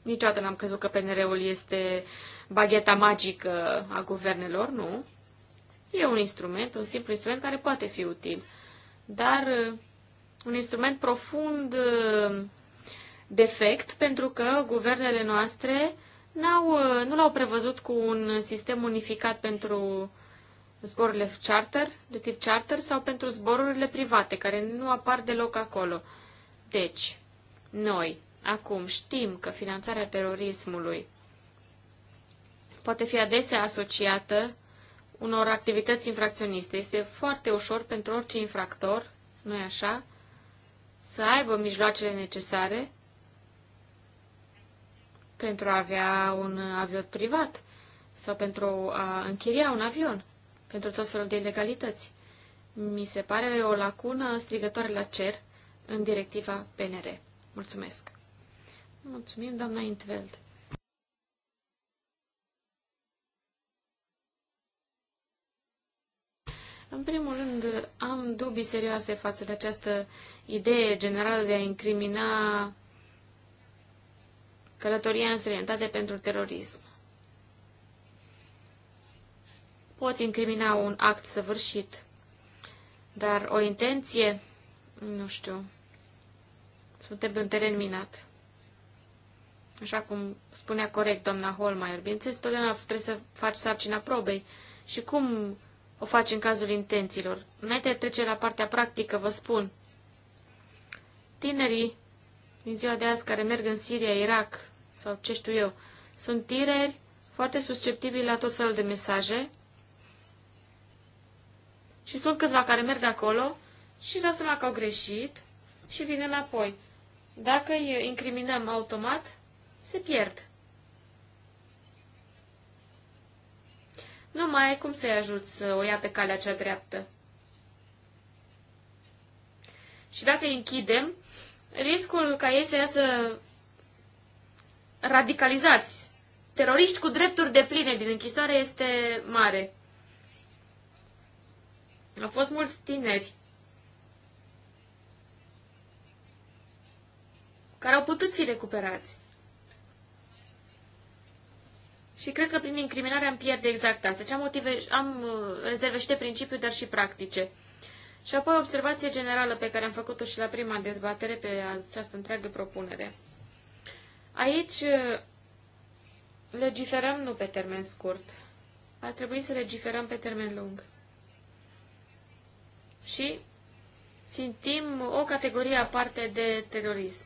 Niciodată n-am crezut că PNR-ul este bagheta magică a guvernelor, nu. E un instrument, un simplu instrument care poate fi util, dar uh, un instrument profund uh, defect pentru că guvernele noastre n-au, uh, nu l-au prevăzut cu un sistem unificat pentru zborurile charter, de tip charter sau pentru zborurile private, care nu apar deloc acolo. Deci, noi acum știm că finanțarea terorismului poate fi adesea asociată unor activități infracționiste. Este foarte ușor pentru orice infractor, nu-i așa, să aibă mijloacele necesare pentru a avea un avion privat sau pentru a închiria un avion, pentru tot felul de ilegalități. Mi se pare o lacună strigătoare la cer în directiva PNR. Mulțumesc. Mulțumim, doamna Intveld. În primul rând, am dubii serioase față de această idee generală de a incrimina călătoria străinătate pentru terorism. Poți incrimina un act săvârșit, dar o intenție, nu știu, suntem pe un teren minat. Așa cum spunea corect doamna Holmeier, bineînțeles, totdeauna trebuie să faci sarcina probei. Și cum o faci în cazul intențiilor? Înainte de trece la partea practică, vă spun. Tinerii din ziua de azi care merg în Siria, Irak, sau ce știu eu, sunt tineri foarte susceptibili la tot felul de mesaje și sunt câțiva care merg acolo și își dau seama că au greșit și vin înapoi. Dacă îi incriminăm automat, se pierd. Nu mai ai cum să-i ajut să o ia pe calea cea dreaptă. Și dacă îi închidem, riscul ca ei să iasă radicalizați, teroriști cu drepturi de pline din închisoare este mare. Au fost mulți tineri care au putut fi recuperați. Și cred că prin incriminare am pierde exact asta. Deci am, motive, am uh, rezerve și de principiu, dar și practice. Și apoi observație generală pe care am făcut-o și la prima dezbatere pe această întreagă propunere. Aici uh, legiferăm nu pe termen scurt. Ar trebui să legiferăm pe termen lung. Și țintim o categorie aparte de terorism.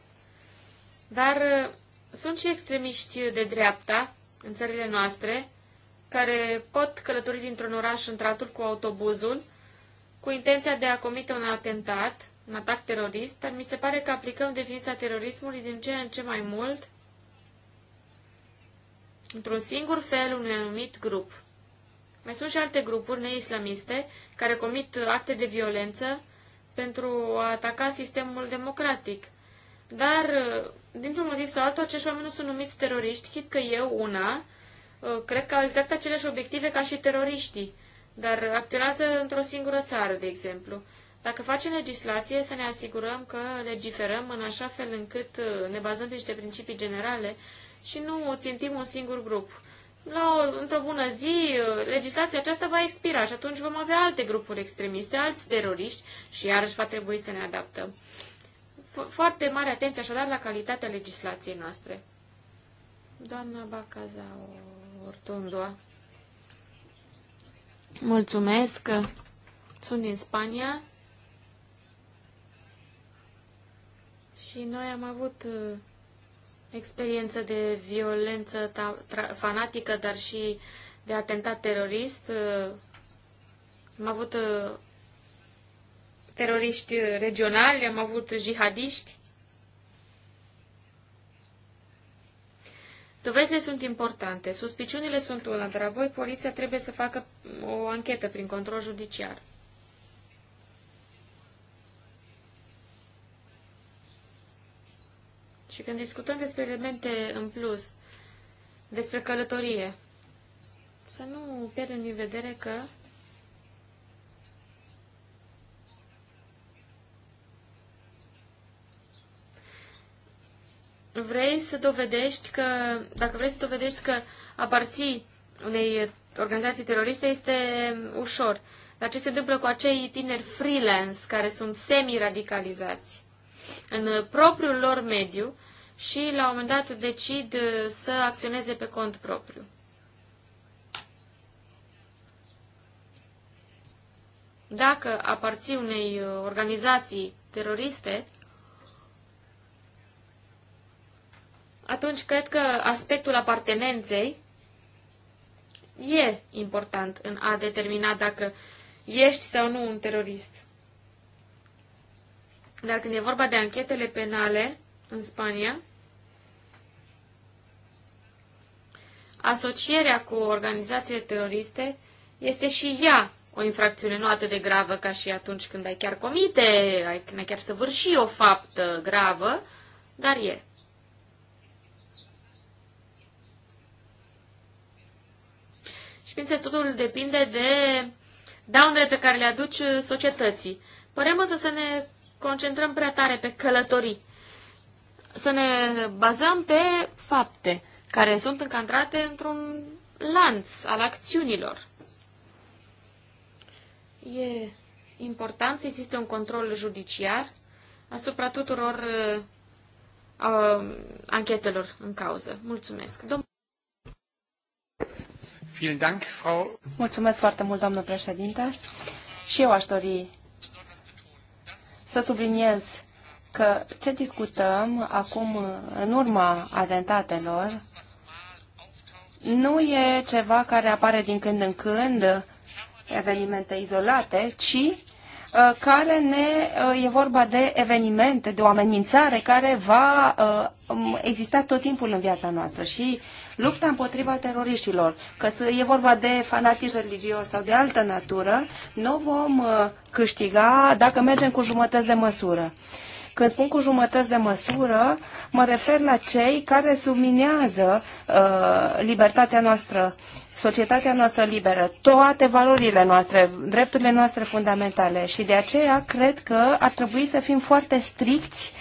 Dar uh, sunt și extremiști de dreapta în țările noastre, care pot călători dintr-un oraș într-altul cu autobuzul, cu intenția de a comite un atentat, un atac terorist, dar mi se pare că aplicăm definiția terorismului din ce în ce mai mult într-un singur fel un anumit grup. Mai sunt și alte grupuri neislamiste care comit acte de violență pentru a ataca sistemul democratic. Dar, dintr-un motiv sau altul, acești oameni nu sunt numiți teroriști, chit că eu, una, uh, cred că au exact aceleași obiective ca și teroriștii, dar acționează într-o singură țară, de exemplu. Dacă facem legislație, să ne asigurăm că legiferăm în așa fel încât uh, ne bazăm pe niște principii generale și nu țintim un singur grup. La o, într-o bună zi, legislația aceasta va expira și atunci vom avea alte grupuri extremiste, alți teroriști și iarăși va trebui să ne adaptăm. Foarte mare atenție așadar la calitatea legislației noastre. Doamna Bacaza Ortundua. Mulțumesc. Sunt din Spania. Și noi am avut experiență de violență fanatică, dar și de atentat terorist. Am avut uh, teroriști regionali, am avut jihadiști. Dovezile sunt importante, suspiciunile sunt una, dar apoi poliția trebuie să facă o anchetă prin control judiciar. Și când discutăm despre elemente în plus, despre călătorie, să nu pierdem din vedere că vrei să dovedești că, dacă vrei să dovedești că aparții unei organizații teroriste, este ușor. Dar ce se întâmplă cu acei tineri freelance care sunt semi-radicalizați? În propriul lor mediu, și la un moment dat decid uh, să acționeze pe cont propriu. Dacă aparții unei uh, organizații teroriste, atunci cred că aspectul apartenenței e important în a determina dacă ești sau nu un terorist. Dar când e vorba de anchetele penale, în Spania, asocierea cu organizațiile teroriste este și ea o infracțiune nu atât de gravă ca și atunci când ai chiar comite, ai, când ai chiar săvârși o faptă gravă, dar e. Și bineînțeles, totul depinde de daunele pe care le aduci societății. Părem însă să ne concentrăm prea tare pe călătorii să ne bazăm pe fapte care sunt încadrate într-un lanț al acțiunilor. E important să existe un control judiciar asupra tuturor uh, um, anchetelor în cauză. Mulțumesc. Domn Mulțumesc foarte mult, doamnă președinte. Și eu aș dori să subliniez că ce discutăm acum în urma atentatelor nu e ceva care apare din când în când, evenimente izolate, ci uh, care ne uh, e vorba de evenimente, de o amenințare care va uh, exista tot timpul în viața noastră și lupta împotriva teroriștilor, că e vorba de fanatism religios sau de altă natură, nu vom câștiga dacă mergem cu jumătăți de măsură. Când spun cu jumătăți de măsură, mă refer la cei care subminează uh, libertatea noastră, societatea noastră liberă, toate valorile noastre, drepturile noastre fundamentale. Și de aceea cred că ar trebui să fim foarte stricți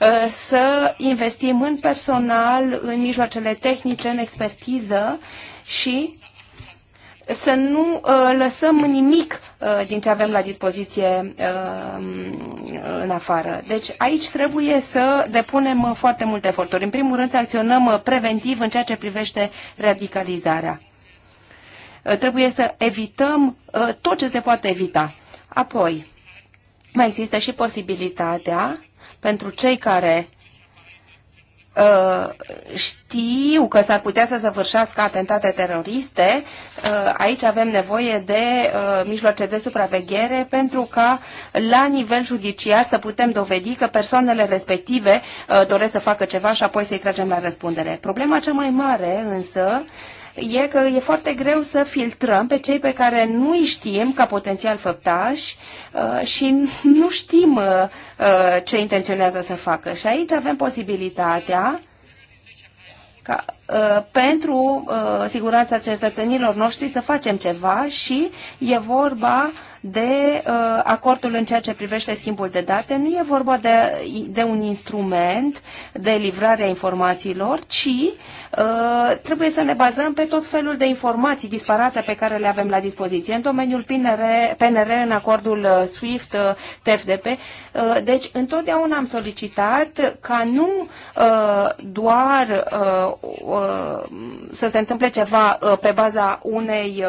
uh, să investim în personal, în mijloacele tehnice, în expertiză și să nu uh, lăsăm nimic uh, din ce avem la dispoziție uh, în afară. Deci aici trebuie să depunem uh, foarte multe eforturi. În primul rând să acționăm uh, preventiv în ceea ce privește radicalizarea. Uh, trebuie să evităm tot ce se poate evita. Apoi, mai există și posibilitatea pentru cei care Uh, știu că s-ar putea să săvârșească atentate teroriste, uh, aici avem nevoie de uh, mijloace de supraveghere pentru ca la nivel judiciar să putem dovedi că persoanele respective doresc să facă ceva și apoi să-i tragem la răspundere. Problema cea mai mare însă e că e foarte greu să filtrăm pe cei pe care nu îi știm ca potențial făptași uh, și <laughs> nu știm uh, uh, ce intenționează să facă. Și aici avem posibilitatea ca, pentru siguranța cetățenilor noștri să facem ceva și e vorba de uh, acordul în ceea ce privește schimbul de date, nu e vorba de, de un instrument de livrare a informațiilor, ci Uh, trebuie să ne bazăm pe tot felul de informații disparate pe care le avem la dispoziție în domeniul PNR, PNR în acordul uh, SWIFT, uh, TFDP. Deci, întotdeauna am solicitat ca nu doar să se întâmple ceva pe baza unei,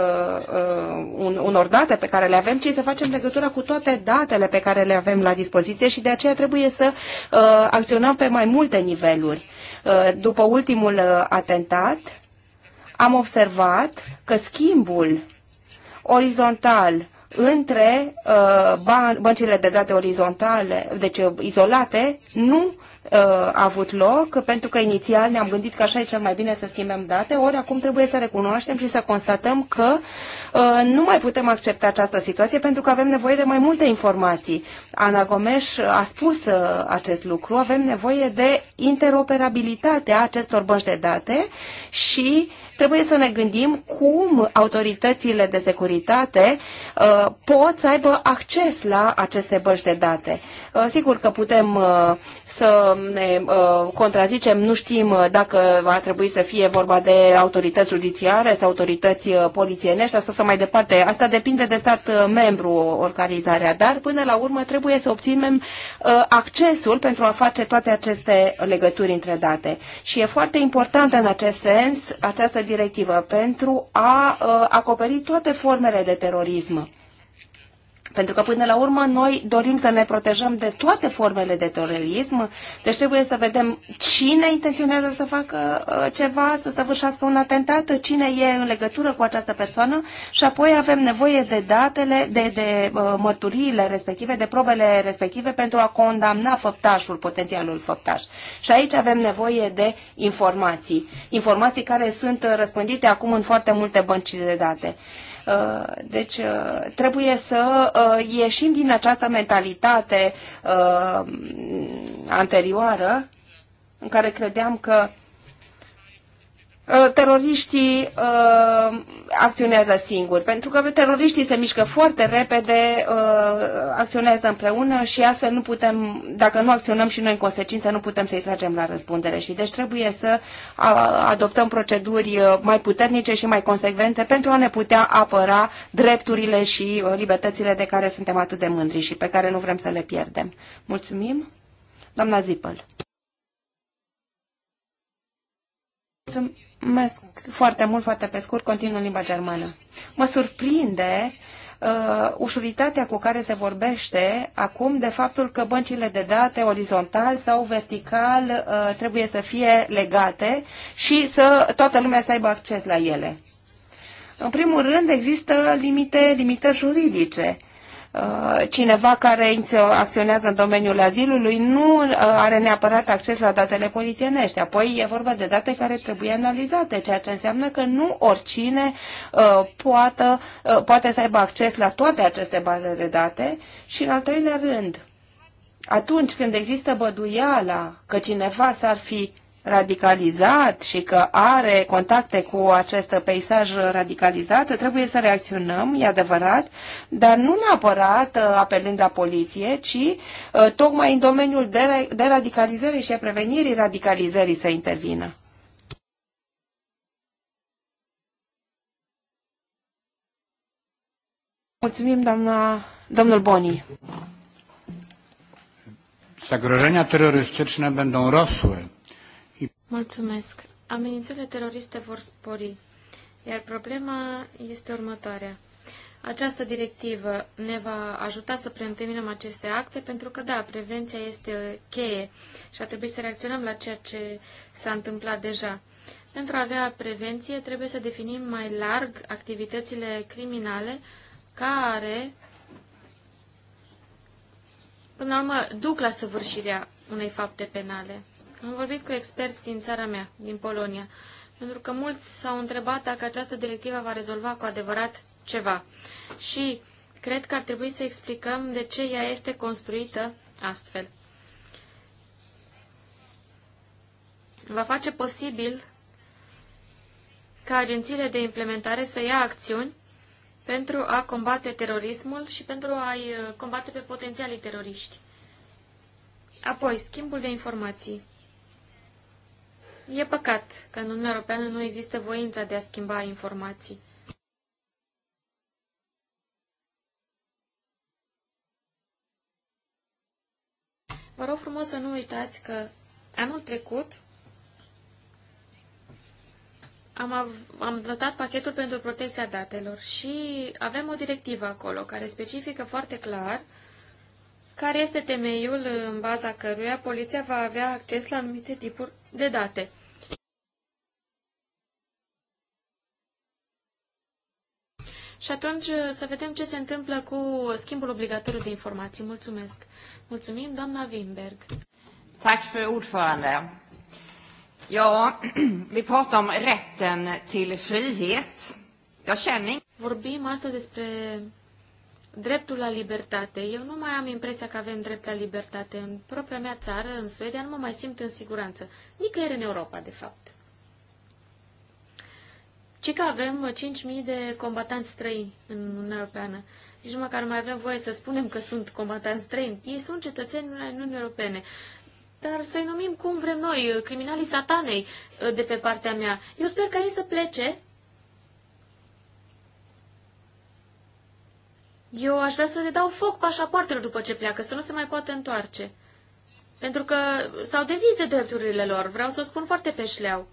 unor date pe care le avem, ci să facem legătura cu toate datele pe care le avem la dispoziție și de aceea trebuie să acționăm pe mai multe niveluri. Uh, după ultimul uh, atentat, am observat că schimbul orizontal între uh, băncile de date orizontale, deci izolate, nu uh, avut loc, pentru că inițial ne-am gândit că așa e cel mai bine să schimbăm date, ori acum trebuie să recunoaștem și să constatăm că uh, nu mai putem accepta această situație pentru că avem nevoie de mai multe informații. Ana Gomes a spus uh, acest lucru, avem nevoie de interoperabilitatea acestor bănci de date și trebuie să ne gândim cum autoritățile de securitate uh, pot să aibă acces la aceste bănci de date. Uh, sigur că putem uh, să ne uh, contrazicem, nu știm uh, dacă va trebui să fie vorba de autorități judiciare sau autorități uh, polițienești, asta să mai departe. Asta depinde de stat membru organizarea, dar până la urmă trebuie să obținem accesul pentru a face toate aceste legături între date. Și e foarte importantă în acest sens această directivă pentru a acoperi toate formele de terorism pentru că, până la urmă, noi dorim să ne protejăm de toate formele de terorism, deci trebuie să vedem cine intenționează să facă uh, ceva, să săvârșească un atentat, cine e în legătură cu această persoană și apoi avem nevoie de datele, de, de uh, mărturiile respective, de probele respective pentru a condamna făptașul, potențialul făptaș. Și aici avem nevoie de informații, informații care sunt uh, răspândite acum în foarte multe bănci de date. Uh, deci uh, trebuie să uh, ieșim din această mentalitate anterioară în care credeam că Uh, teroriștii uh, acționează singuri, pentru că teroriștii se mișcă foarte repede, uh, acționează împreună și astfel nu putem, dacă nu acționăm și noi în consecință, nu putem să-i tragem la răspundere. Și deci trebuie să a, uh, adoptăm proceduri uh, mai puternice și mai consecvente pentru a ne putea apăra drepturile și libertățile de care suntem atât de mândri și pe care nu vrem să le pierdem. Mulțumim. Doamna Zipăl. Mulțumesc foarte mult, foarte pe scurt, continuă limba germană. Mă surprinde uh, ușuritatea cu care se vorbește acum de faptul că băncile de date orizontal sau vertical uh, trebuie să fie legate și să toată lumea să aibă acces la ele. În primul rând, există limite, limite juridice Uh, cineva care acționează în domeniul azilului nu uh, are neapărat acces la datele polițienești. Apoi e vorba de date care trebuie analizate, ceea ce înseamnă că nu oricine uh, poate, poate să aibă acces la toate aceste baze de date și, în al treilea rând, atunci când există băduiala că cineva s-ar fi radicalizat și că are contacte cu acest peisaj radicalizat, trebuie să reacționăm, e adevărat, dar nu neapărat uh, apelând la poliție, ci uh, tocmai în domeniul de, radicalizare și a prevenirii radicalizării să intervină. Mulțumim, doamna, domnul Boni. Zagrożenia terrorystyczne będą rosły. Mulțumesc. Amenințările teroriste vor spori, iar problema este următoarea. Această directivă ne va ajuta să preîntâmpinăm aceste acte, pentru că, da, prevenția este cheie și a trebuit să reacționăm la ceea ce s-a întâmplat deja. Pentru a avea prevenție, trebuie să definim mai larg activitățile criminale care, până la urmă, duc la săvârșirea unei fapte penale. Am vorbit cu experți din țara mea, din Polonia, pentru că mulți s-au întrebat dacă această directivă va rezolva cu adevărat ceva. Și cred că ar trebui să explicăm de ce ea este construită astfel. Va face posibil ca agențiile de implementare să ia acțiuni pentru a combate terorismul și pentru a-i uh, combate pe potențialii teroriști. Apoi, schimbul de informații. E păcat că în Uniunea Europeană nu există voința de a schimba informații. Vă rog frumos să nu uitați că anul trecut am, av- am dotat pachetul pentru protecția datelor și avem o directivă acolo care specifică foarte clar care este temeiul în baza căruia poliția va avea acces la anumite tipuri de date. Și atunci uh, să vedem ce se întâmplă cu schimbul obligatoriu de informații. Mulțumesc. Mulțumim, doamna Wimberg. Tack för ordförande. Ja, <clears throat> vi pratar om rätten till frihet. Jag känner Vorbim astăzi despre dreptul la libertate. Eu nu mai am impresia că avem drept la libertate. În propria mea țară, în Suedia, nu mă mai simt în siguranță. Nicăieri în Europa, de fapt. Ce că avem 5.000 de combatanți străini în Uniunea Europeană. Nici deci, măcar nu mai avem voie să spunem că sunt combatanți străini. Ei sunt cetățeni în Uniunea Europene. Dar să-i numim cum vrem noi, criminalii satanei de pe partea mea. Eu sper ca ei să plece. Eu aș vrea să le dau foc pașapoartelor după ce pleacă, să nu se mai poată întoarce. Pentru că s-au dezis de drepturile lor, vreau să o spun foarte pe șleau.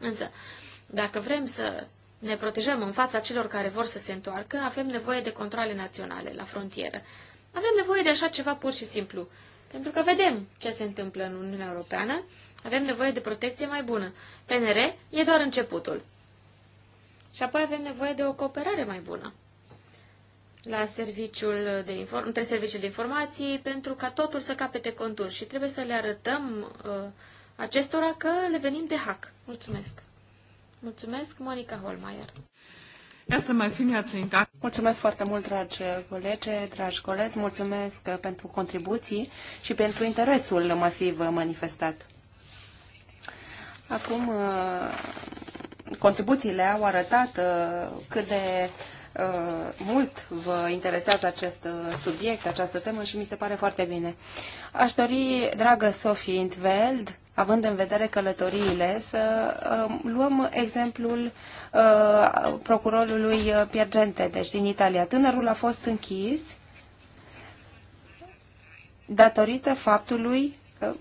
Însă, dacă vrem să ne protejăm în fața celor care vor să se întoarcă, avem nevoie de controle naționale la frontieră. Avem nevoie de așa ceva pur și simplu, pentru că vedem ce se întâmplă în Uniunea Europeană, avem nevoie de protecție mai bună. PNR e doar începutul. Și apoi avem nevoie de o cooperare mai bună la serviciul de inform- între serviciul de informații pentru ca totul să capete contur și trebuie să le arătăm uh, acestora că le venim de hack. Mulțumesc! Mulțumesc, Monica Holmeier. Mulțumesc foarte mult, dragi colegi, dragi colegi, mulțumesc pentru contribuții și pentru interesul masiv manifestat. Acum, uh, contribuțiile au arătat uh, cât de uh, mult vă interesează acest subiect, această temă și mi se pare foarte bine. Aș dori, dragă Sofie Intveld, având în vedere călătoriile, să um, luăm exemplul uh, procurorului uh, Piergente, deci din Italia. Tânărul a fost închis datorită faptului, uh,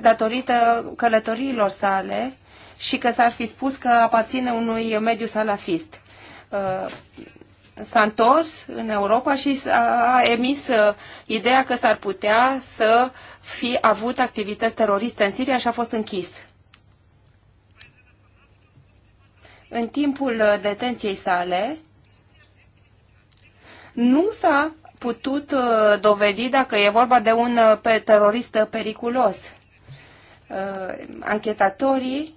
datorită călătoriilor sale și că s-ar fi spus că aparține unui mediu salafist s-a întors în Europa și a emis uh, ideea că s-ar putea să fi avut activități teroriste în Siria și a fost închis. În timpul uh, detenției sale, nu s-a putut uh, dovedi dacă e vorba de un terorist periculos. Anchetatorii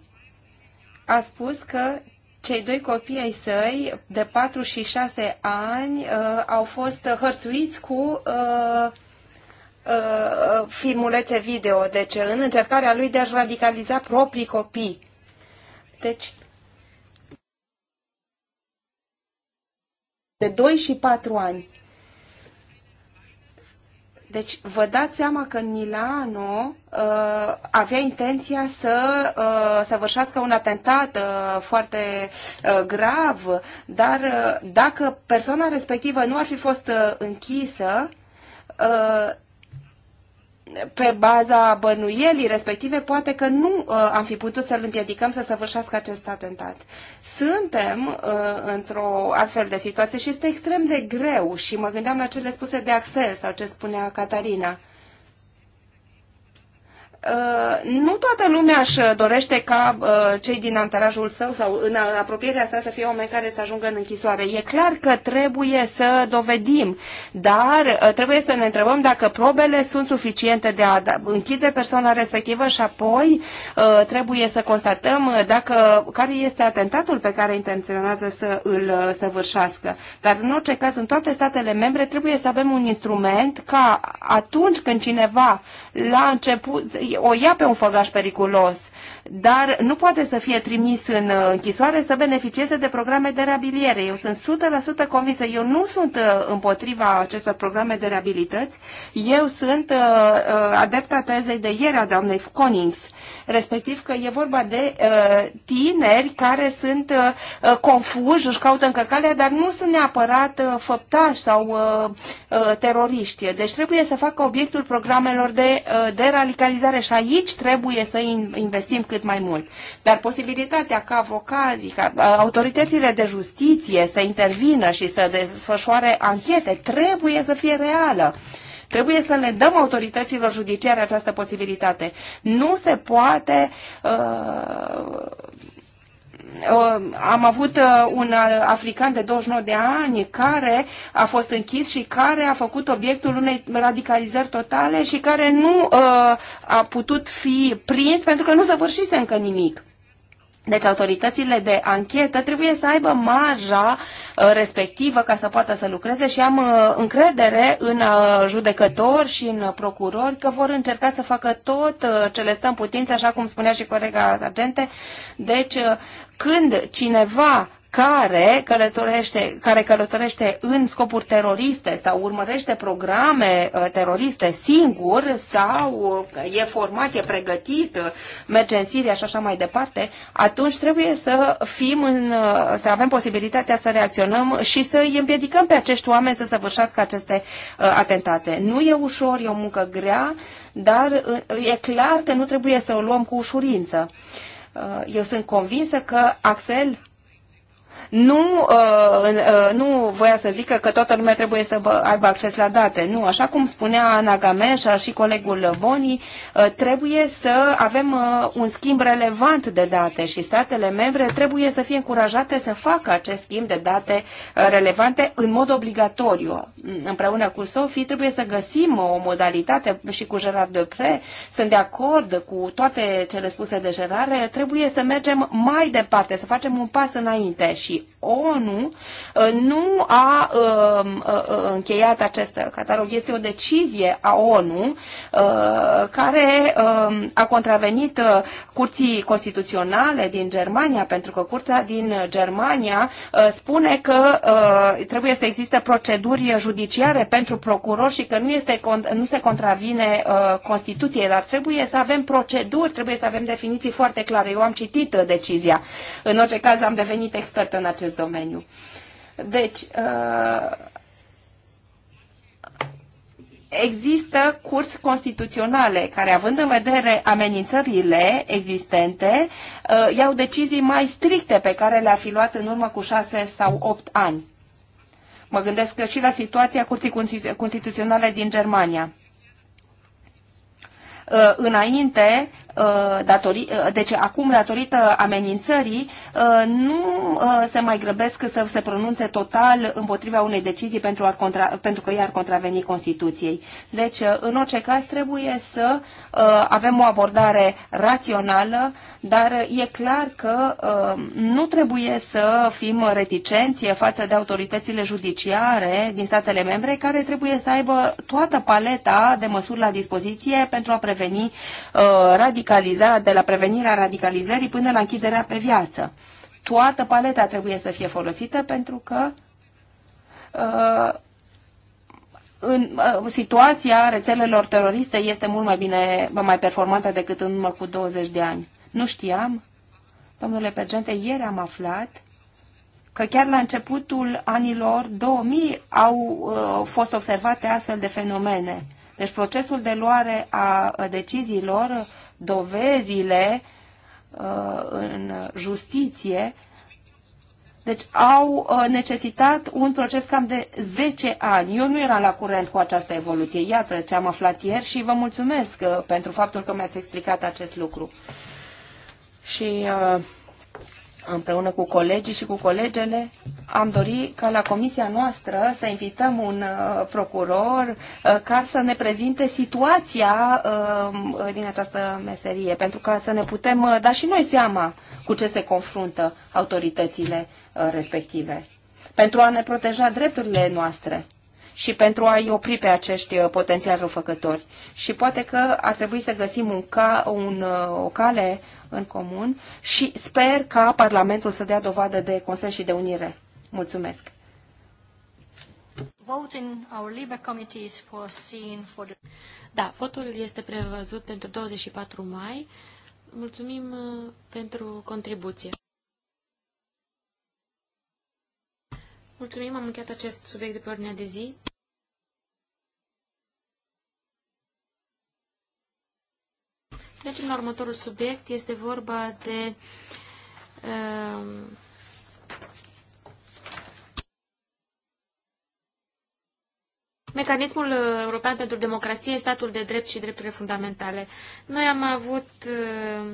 a spus că cei doi copii ai săi, de 4 și 6 ani, uh, au fost hărțuiți cu uh, uh, filmulețe video, deci în încercarea lui de a-și radicaliza proprii copii. Deci, de 2 și 4 ani. Deci vă dați seama că Milano uh, avea intenția să uh, săvârșească un atentat uh, foarte uh, grav, dar uh, dacă persoana respectivă nu ar fi fost uh, închisă, uh, pe baza bănuielii respective, poate că nu uh, am fi putut să-l împiedicăm să săvârșească acest atentat. Suntem uh, într-o astfel de situație și este extrem de greu și mă gândeam la cele spuse de Axel sau ce spunea Catarina. Uh, Uh, nu toată lumea își uh, dorește ca uh, cei din antarajul său sau în apropierea sa să fie oameni care să ajungă în închisoare. E clar că trebuie să dovedim, dar trebuie să ne întrebăm dacă probele sunt suficiente de a da, închide persoana respectivă și apoi trebuie să constatăm dacă care este atentatul pe care intenționează să îl săvârșească. Dar în orice caz, în toate statele membre trebuie să avem un instrument ca atunci când cineva la început, o ia pe un făgaș periculos dar nu poate să fie trimis în uh, închisoare să beneficieze de programe de reabiliere. Eu sunt 100% convinsă, eu nu sunt uh, împotriva acestor programe de reabilități, eu sunt uh, adepta tezei de ieri a doamnei Conings, respectiv că e vorba de tineri care sunt confuși, își caută încă calea, dar nu sunt neapărat făptași sau teroriști. Deci trebuie să facă obiectul programelor de radicalizare și aici trebuie să investim cât cât mai mult. Dar posibilitatea ca avocazii, ca uh, autoritățile de justiție să intervină și să desfășoare anchete trebuie să fie reală. Trebuie să le dăm autorităților judiciare această posibilitate. Nu se poate uh, Uh, am avut uh, un uh, african de 29 de ani care a fost închis și care a făcut obiectul unei radicalizări totale și care nu a putut fi prins pentru că nu săvârșise încă nimic. Deci autoritățile de anchetă trebuie să aibă marja respectivă ca să poată să lucreze și am încredere în judecători și în procurori că vor încerca să facă tot ce le stă în putință, așa cum spunea și colega Sargente. Deci când cineva care călătorește, care călătorește în scopuri teroriste sau urmărește programe uh, teroriste singur sau uh, e format, e pregătit, uh, merge în Siria și așa mai departe, atunci trebuie să fim în, să avem posibilitatea să reacționăm și să îi împiedicăm pe acești oameni să săvârșească aceste atentate. Nu e ușor, e o muncă grea, dar e clar că nu trebuie să o luăm cu ușurință eu sunt convinsă că Axel nu, uh, uh, nu voia să zică că toată lumea trebuie să aibă acces la date. Nu, așa cum spunea Ana Gameșa și colegul Boni, uh, trebuie să avem un schimb relevant de date și statele membre trebuie să fie încurajate să facă acest schimb de date relevante în mod obligatoriu. Împreună cu Sofie trebuie să găsim o modalitate și cu Gerard Depre sunt de acord cu toate cele spuse de Gerard, trebuie să mergem mai departe, să facem un pas înainte și ONU uh, nu a um, uh, uh, încheiat acest catalog. Este o decizie a ONU care um, a contravenit curții constituționale din Germania, pentru că curtea din Germania spune că trebuie să existe proceduri judiciare pentru procurori și că nu, este, nu se contravine Constituției, dar trebuie să avem proceduri, trebuie să avem definiții foarte clare. Eu am citit decizia. În orice caz am devenit expert în acest domeniu. Deci, uh, există curți constituționale care, având în vedere amenințările existente, uh, iau decizii mai stricte pe care le-a fi luat în urmă cu șase sau opt ani. Mă gândesc că și la situația Curții Constituționale din Germania. Uh, înainte, Uh, datori, uh, deci acum datorită amenințării uh, nu se mai grăbesc să se pronunțe total împotriva unei decizii pentru, ar contra, pentru că i-ar contraveni Constituției. Deci, în orice caz, trebuie să avem o abordare rațională, dar e clar că nu trebuie să fim reticenți față de autoritățile judiciare din statele membre, care trebuie să aibă toată paleta de măsuri la dispoziție pentru a preveni radicalizarea radicalizarea, de la prevenirea radicalizării până la închiderea pe viață. Toată paleta trebuie să fie folosită pentru că uh, în uh, situația rețelelor teroriste este mult mai bine, mai performantă decât în urmă cu 20 de ani. Nu știam, domnule Pergente, ieri am aflat că chiar la începutul anilor 2000 au uh, fost observate astfel de fenomene. Deci procesul de luare a deciziilor, dovezile uh, în justiție, deci au uh, necesitat un proces cam de 10 ani. Eu nu eram la curent cu această evoluție. Iată ce am aflat ieri și vă mulțumesc uh, pentru faptul că mi-ați explicat acest lucru. Și împreună cu colegii și cu colegele, am dorit ca la comisia noastră să invităm un uh, procuror uh, ca să ne prezinte situația uh, din această meserie, pentru ca să ne putem da și noi seama cu ce se confruntă autoritățile respective, pentru a ne proteja drepturile noastre și pentru a-i opri pe acești potențial răufăcători. Și poate că ar trebui să găsim un ca, un, o cale în comun și sper ca Parlamentul să dea dovadă de consens și de unire. Mulțumesc! Da, votul este prevăzut pentru 24 mai. Mulțumim uh, pentru contribuție. Mulțumim, am încheiat acest subiect de pe ordinea de zi. Trecem la următorul subiect. Este vorba de uh, Mecanismul European pentru Democrație, Statul de Drept și Drepturile Fundamentale. Noi am avut uh,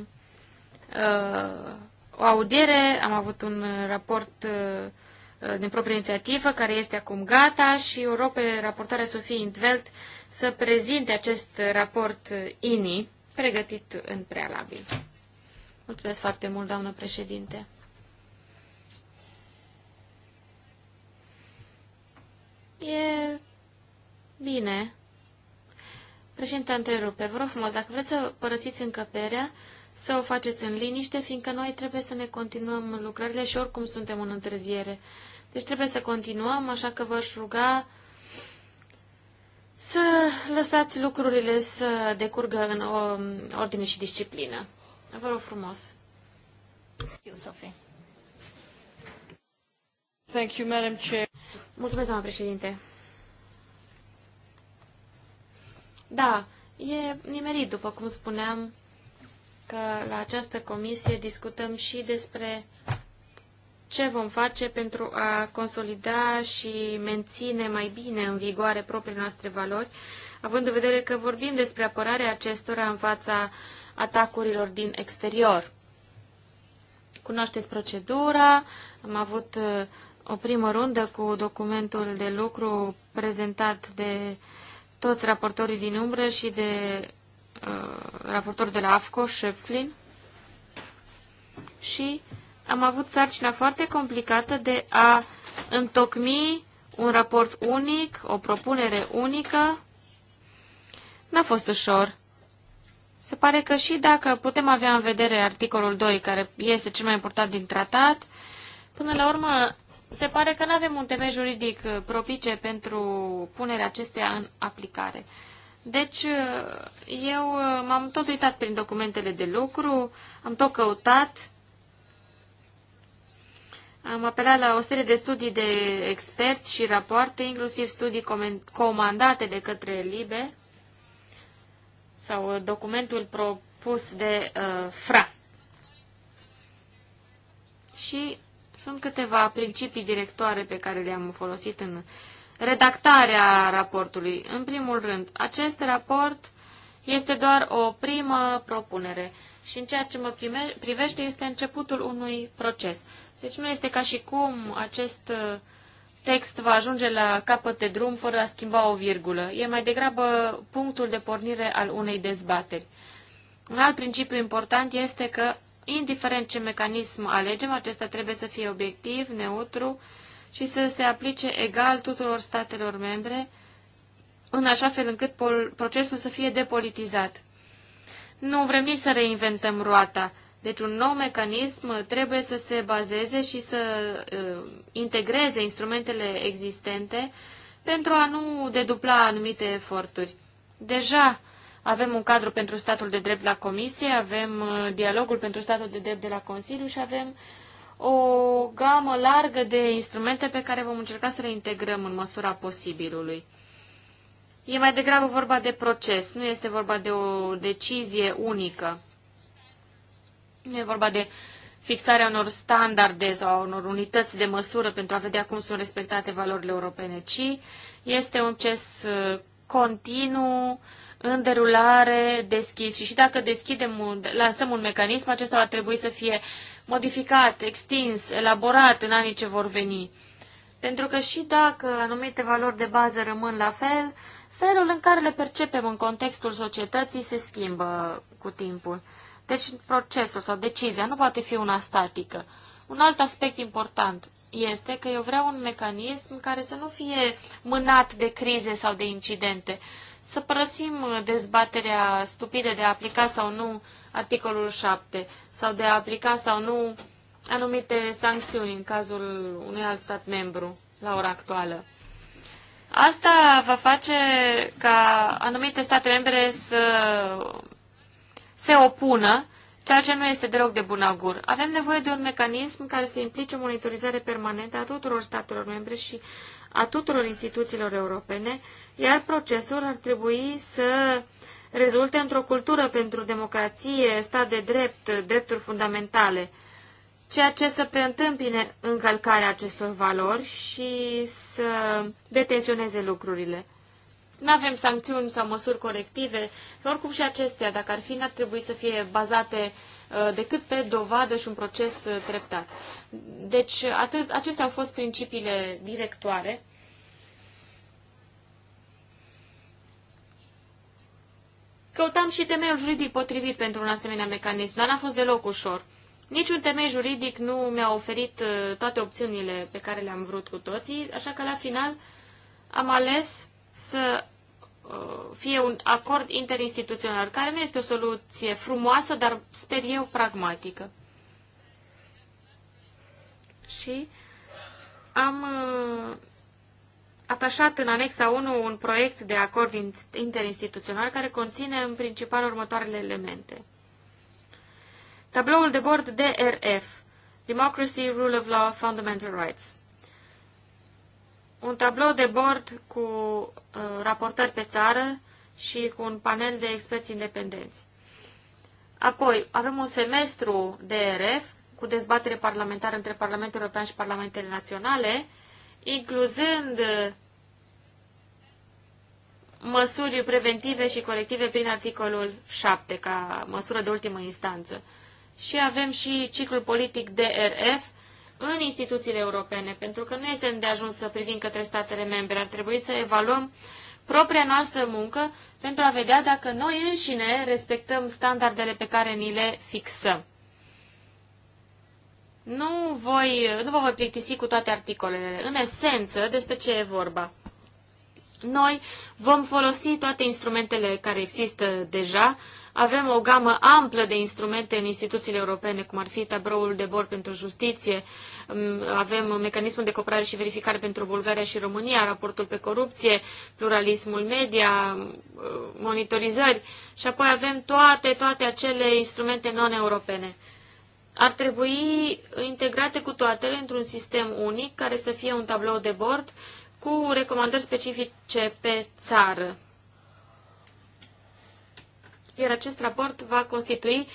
uh, o audiere, am avut un raport uh, din proprie inițiativă, care este acum gata și o rog pe raportoarea Sofie Intvelt să prezinte acest raport uh, INI pregătit în prealabil. Mulțumesc foarte mult, doamnă președinte. E bine. Președinte, întrerupe. Vă rog frumos, dacă vreți să părăsiți încăperea, să o faceți în liniște, fiindcă noi trebuie să ne continuăm lucrările și oricum suntem în întârziere. Deci trebuie să continuăm, așa că vă aș ruga să lăsați lucrurile să decurgă în ordine și disciplină. Vă rog frumos. Eu, Sofie. Thank you, Madam Chair. Mulțumesc, doamna președinte. Da, e nimerit, după cum spuneam, că la această comisie discutăm și despre ce vom face pentru a consolida și menține mai bine în vigoare propriile noastre valori, având în vedere că vorbim despre apărarea acestora în fața atacurilor din exterior. Cunoașteți procedura, am avut uh, o primă rundă cu documentul de lucru prezentat de toți raportorii din umbră și de uh, raportorul de la AFCO, Șepflin. Și am avut sarcina foarte complicată de a întocmi un raport unic, o propunere unică. N-a fost ușor. Se pare că și dacă putem avea în vedere articolul 2, care este cel mai important din tratat, până la urmă se pare că nu avem un temei juridic uh, propice pentru punerea acesteia în aplicare. Deci, uh, eu uh, m-am tot uitat prin documentele de lucru, am tot căutat am apelat la o serie de studii de experți și rapoarte, inclusiv studii comandate de către LIBE sau uh, documentul propus de uh, FRA. Și sunt câteva principii directoare pe care le-am folosit în redactarea raportului. În primul rând, acest raport este doar o primă propunere și în ceea ce mă privește este începutul unui proces. Deci nu este ca și cum acest uh, text va ajunge la capăt de drum fără a schimba o virgulă. E mai degrabă punctul de pornire al unei dezbateri. Un alt principiu important este că, indiferent ce mecanism alegem, acesta trebuie să fie obiectiv, neutru și să se aplice egal tuturor statelor membre, în așa fel încât procesul să fie depolitizat. Nu vrem nici să reinventăm roata, deci un nou mecanism trebuie să se bazeze și să uh, integreze instrumentele existente pentru a nu dedupla anumite eforturi. Deja avem un cadru pentru statul de drept la Comisie, avem uh, dialogul pentru statul de drept de la Consiliu și avem o gamă largă de instrumente pe care vom încerca să le integrăm în măsura posibilului. E mai degrabă vorba de proces, nu este vorba de o decizie unică. Nu e vorba de fixarea unor standarde sau unor unități de măsură pentru a vedea cum sunt respectate valorile europene, ci este un ces uh, continuu, în derulare, deschis. Și și dacă deschidem, un, lansăm un mecanism, acesta va trebui să fie modificat, extins, elaborat în anii ce vor veni. Pentru că și dacă anumite valori de bază rămân la fel, felul în care le percepem în contextul societății se schimbă cu timpul. Deci procesul sau decizia nu poate fi una statică. Un alt aspect important este că eu vreau un mecanism care să nu fie mânat de crize sau de incidente. Să părăsim dezbaterea stupidă de a aplica sau nu articolul 7 sau de a aplica sau nu anumite sancțiuni în cazul unui alt stat membru la ora actuală. Asta va face ca anumite state membre să se opună, ceea ce nu este deloc de bun augur. Avem nevoie de un mecanism care să implice o monitorizare permanentă a tuturor statelor membre și a tuturor instituțiilor europene, iar procesul ar trebui să rezulte într-o cultură pentru democrație, stat de drept, drepturi fundamentale, ceea ce să preîntâmpine încălcarea acestor valori și să detensioneze lucrurile nu avem sancțiuni sau măsuri corective, oricum și acestea, dacă ar fi, n-ar trebui să fie bazate uh, decât pe dovadă și un proces uh, treptat. Deci, atât, acestea au fost principiile directoare. Căutam și temeiul juridic potrivit pentru un asemenea mecanism, dar n-a fost deloc ușor. Niciun temei juridic nu mi-a oferit uh, toate opțiunile pe care le-am vrut cu toții, așa că la final am ales să Uh, fie un acord interinstituțional, care nu este o soluție frumoasă, dar sper eu pragmatică. Și am uh, atașat în anexa 1 un proiect de acord interinstituțional care conține în principal următoarele elemente. Tabloul de bord DRF, Democracy, Rule of Law, Fundamental Rights – un tablou de bord cu uh, raportări pe țară și cu un panel de experți independenți. Apoi, avem un semestru DRF cu dezbatere parlamentară între Parlamentul European și Parlamentele Naționale, incluzând uh, măsuri preventive și corective prin articolul 7, ca măsură de ultimă instanță. Și avem și ciclul politic DRF, în instituțiile europene, pentru că nu este ajuns să privim către statele membre. Ar trebui să evaluăm propria noastră muncă pentru a vedea dacă noi înșine respectăm standardele pe care ni le fixăm. Nu, voi, nu vă voi plictisi cu toate articolele. În esență, despre ce e vorba? Noi vom folosi toate instrumentele care există deja. Avem o gamă amplă de instrumente în instituțiile europene, cum ar fi tabroul de bord pentru justiție, Mm, avem mecanismul de cooperare și verificare pentru Bulgaria și România, raportul pe corupție, pluralismul media, mm, monitorizări și apoi avem toate, toate acele instrumente non-europene. Ar trebui integrate cu toatele într-un sistem unic care să fie un tablou de bord cu recomandări specifice pe țară. Iar acest raport va constitui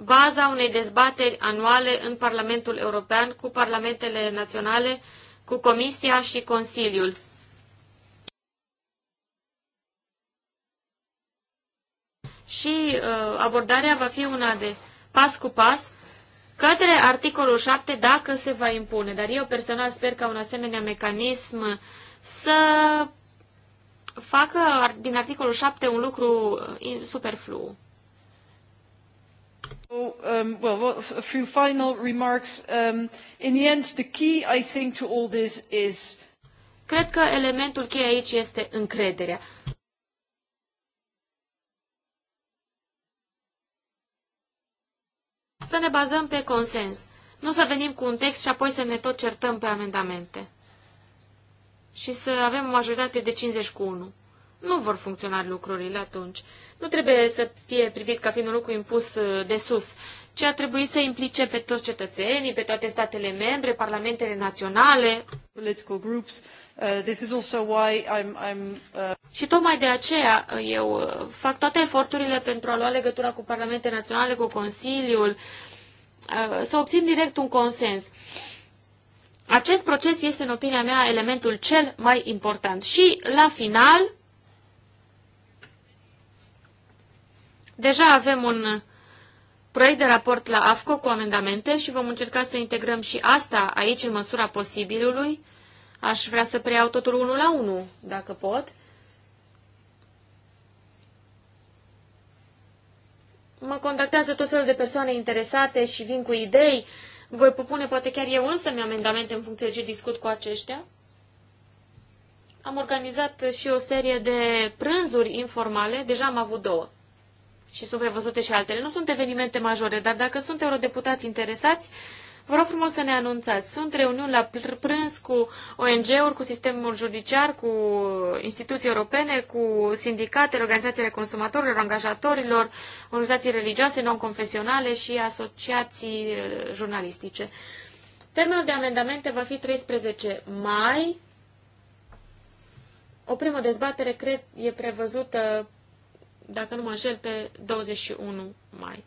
baza unei dezbateri anuale în Parlamentul European cu parlamentele naționale, cu Comisia și Consiliul. Și uh, abordarea va fi una de pas cu pas către articolul 7 dacă se va impune. Dar eu personal sper ca un asemenea mecanism să facă din articolul 7 un lucru uh, superflu. So, um, well, a few final remarks. Um, in the end, the key, I think, to all this is... Cred că elementul cheie aici este încrederea. Să ne bazăm pe consens, nu să venim cu un text și apoi să ne tot certăm pe amendamente. Și să avem o majoritate de 50 cu 1. Nu vor funcționa lucrurile atunci nu trebuie să fie privit ca fiind un lucru impus uh, de sus, ci ar trebui să implice pe toți cetățenii, pe toate statele membre, parlamentele naționale. Uh, uh, Și tocmai de aceea eu fac toate eforturile pentru a lua legătura cu parlamentele naționale, cu Consiliul, să obțin direct un consens. Acest proces este, în opinia mea, elementul cel mai important. Și, la final, Deja avem un proiect de raport la AFCO cu amendamente și vom încerca să integrăm și asta aici în măsura posibilului. Aș vrea să preiau totul unul la unul, dacă pot. Mă contactează tot felul de persoane interesate și vin cu idei. Voi propune poate chiar eu însă mi amendamente în funcție de ce discut cu aceștia. Am organizat și o serie de prânzuri informale, deja am avut două și sunt prevăzute și altele. Nu sunt evenimente majore, dar dacă sunt eurodeputați interesați, vă rog frumos să ne anunțați. Sunt reuniuni la prânz cu ONG-uri, cu sistemul judiciar, cu instituții europene, cu sindicatele, organizațiile consumatorilor, angajatorilor, organizații religioase, non-confesionale și asociații eh, jurnalistice. Termenul de amendamente va fi 13 mai. O primă dezbatere, cred, e prevăzută dacă nu mă înșel, pe 21 mai.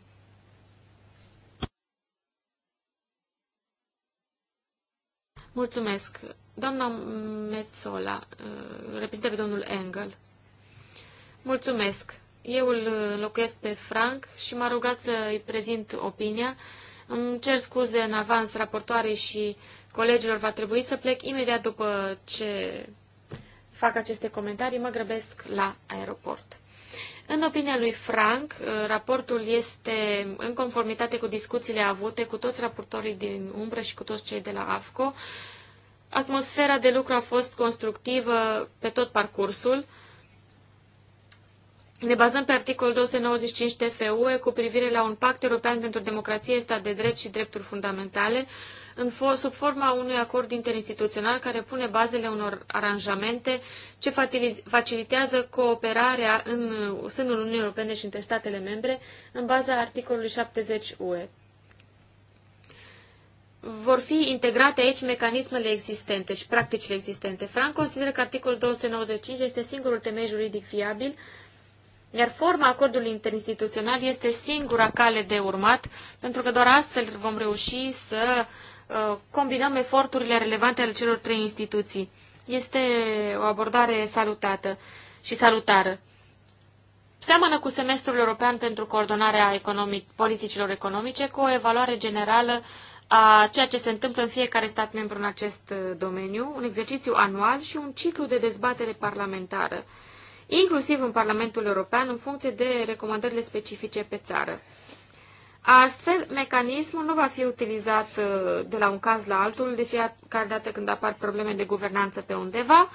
Mulțumesc. Doamna Metzola, uh, reprezintă pe domnul Engel. Mulțumesc. Eu îl locuiesc pe Frank și m-a rugat să îi prezint opinia. Îmi cer scuze în avans raportoarei și colegilor, va trebui să plec imediat după ce fac aceste comentarii, mă grăbesc la aeroport. În opinia lui Frank, uh, raportul este în conformitate cu discuțiile avute cu toți raportorii din umbră și cu toți cei de la AFCO. Atmosfera de lucru a fost constructivă pe tot parcursul. Ne bazăm pe articolul 295 TFUE cu privire la un pact european pentru democrație, stat de drept și drepturi fundamentale, în fo- sub forma unui acord interinstituțional care pune bazele unor aranjamente ce facilitează cooperarea în sânul Uniunii Europene și între statele membre în baza articolului 70 UE. Vor fi integrate aici mecanismele existente și practicile existente. Frank consideră că articolul 295 este singurul temei juridic viabil iar forma acordului interinstituțional este singura cale de urmat, pentru că doar astfel vom reuși să Uh, combinăm eforturile relevante ale celor trei instituții. Este o abordare salutată și salutară. Seamănă cu semestrul european pentru coordonarea economic, politicilor economice, cu o evaluare generală a ceea ce se întâmplă în fiecare stat membru în acest uh, domeniu, un exercițiu anual și un ciclu de dezbatere parlamentară, inclusiv în Parlamentul European, în funcție de recomandările specifice pe țară. Astfel, mecanismul nu va fi utilizat uh, de la un caz la altul, de fiecare dată când apar probleme de guvernanță pe undeva,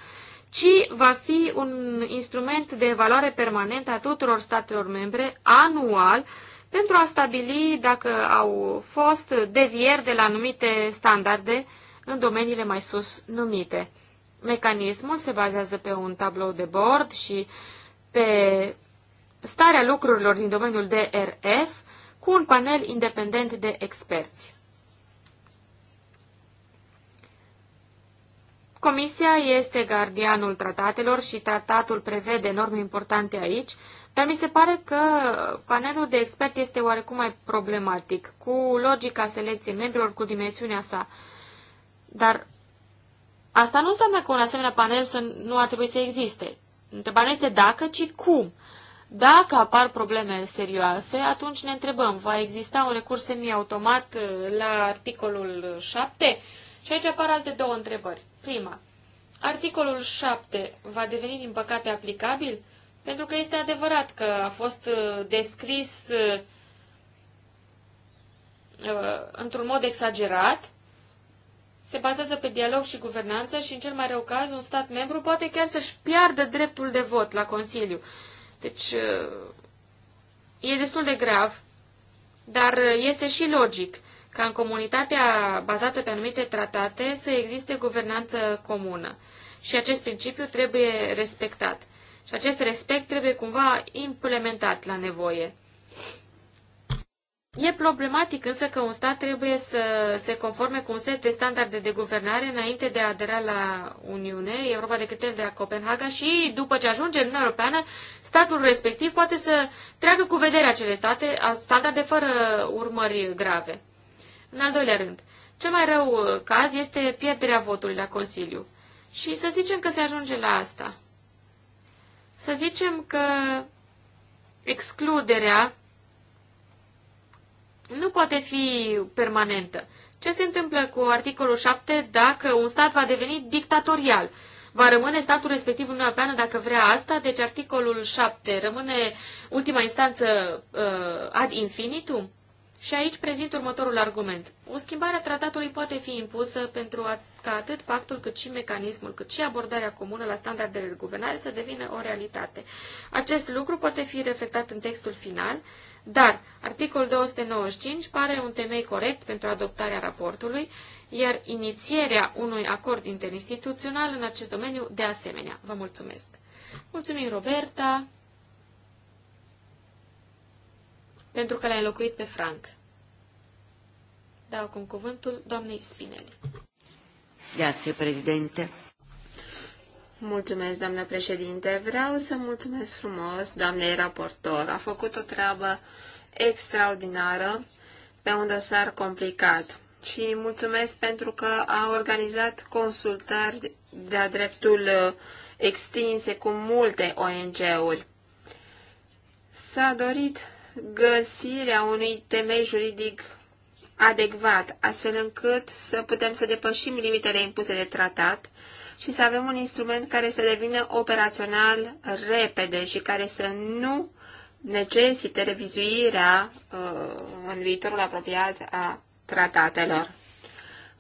ci va fi un instrument de evaluare permanentă a tuturor statelor membre, anual, pentru a stabili dacă au fost devieri de la anumite standarde în domeniile mai sus numite. Mecanismul se bazează pe un tablou de bord și pe starea lucrurilor din domeniul DRF, cu un panel independent de experți. Comisia este gardianul tratatelor și tratatul prevede norme importante aici, dar mi se pare că panelul de expert este oarecum mai problematic, cu logica selecției membrilor, cu dimensiunea sa. Dar asta nu înseamnă că un asemenea panel să nu ar trebui să existe. Întrebarea nu este dacă, ci cum. Dacă apar probleme serioase, atunci ne întrebăm, va exista un recurs semi-automat uh, la articolul 7? Și aici apar alte două întrebări. Prima, articolul 7 va deveni din păcate aplicabil? Pentru că este adevărat că a fost uh, descris uh, într-un mod exagerat, se bazează pe dialog și guvernanță și, în cel mai rău caz, un stat membru poate chiar să-și piardă dreptul de vot la Consiliu. Deci, uh, e destul de grav, dar este și logic ca în comunitatea bazată pe anumite tratate să existe guvernanță comună. Și acest principiu trebuie respectat. Și acest respect trebuie cumva implementat la nevoie. E problematic însă că un stat trebuie să se conforme cu un set de standarde de guvernare înainte de a adera la Uniune, e vorba de criteriul de la Copenhaga și după ce ajunge în Uniunea Europeană, statul respectiv poate să treacă cu vederea acele state, standarde fără urmări grave. În al doilea rând, cel mai rău caz este pierderea votului la Consiliu. Și să zicem că se ajunge la asta. Să zicem că excluderea nu poate fi permanentă. Ce se întâmplă cu articolul 7 dacă un stat va deveni dictatorial? Va rămâne statul respectiv în Uniunea Europeană dacă vrea asta? Deci articolul 7 rămâne ultima instanță uh, ad infinitum? Și aici prezint următorul argument. O schimbare a tratatului poate fi impusă pentru a, ca atât pactul cât și mecanismul, cât și abordarea comună la standardele de guvernare să devină o realitate. Acest lucru poate fi reflectat în textul final, uh, dar articolul 295 pare un temei corect pentru adoptarea raportului, iar inițierea unui acord interinstituțional în acest domeniu de asemenea. Vă mulțumesc! Mulțumim, Roberta, pentru că l-ai înlocuit pe Frank. Dau acum cuvântul doamnei Spinelli. Grazie, președinte. Mulțumesc, doamnă președinte. Vreau să mulțumesc frumos doamnei raportor. A făcut o treabă extraordinară pe un dosar complicat și mulțumesc pentru că a organizat consultări de-a dreptul uh, extinse cu multe ONG-uri. S-a dorit găsirea unui temei juridic adecvat, astfel încât să putem să depășim limitele impuse de tratat și să avem un instrument care să devină operațional repede și care să nu necesite revizuirea uh, în viitorul apropiat a tratatelor.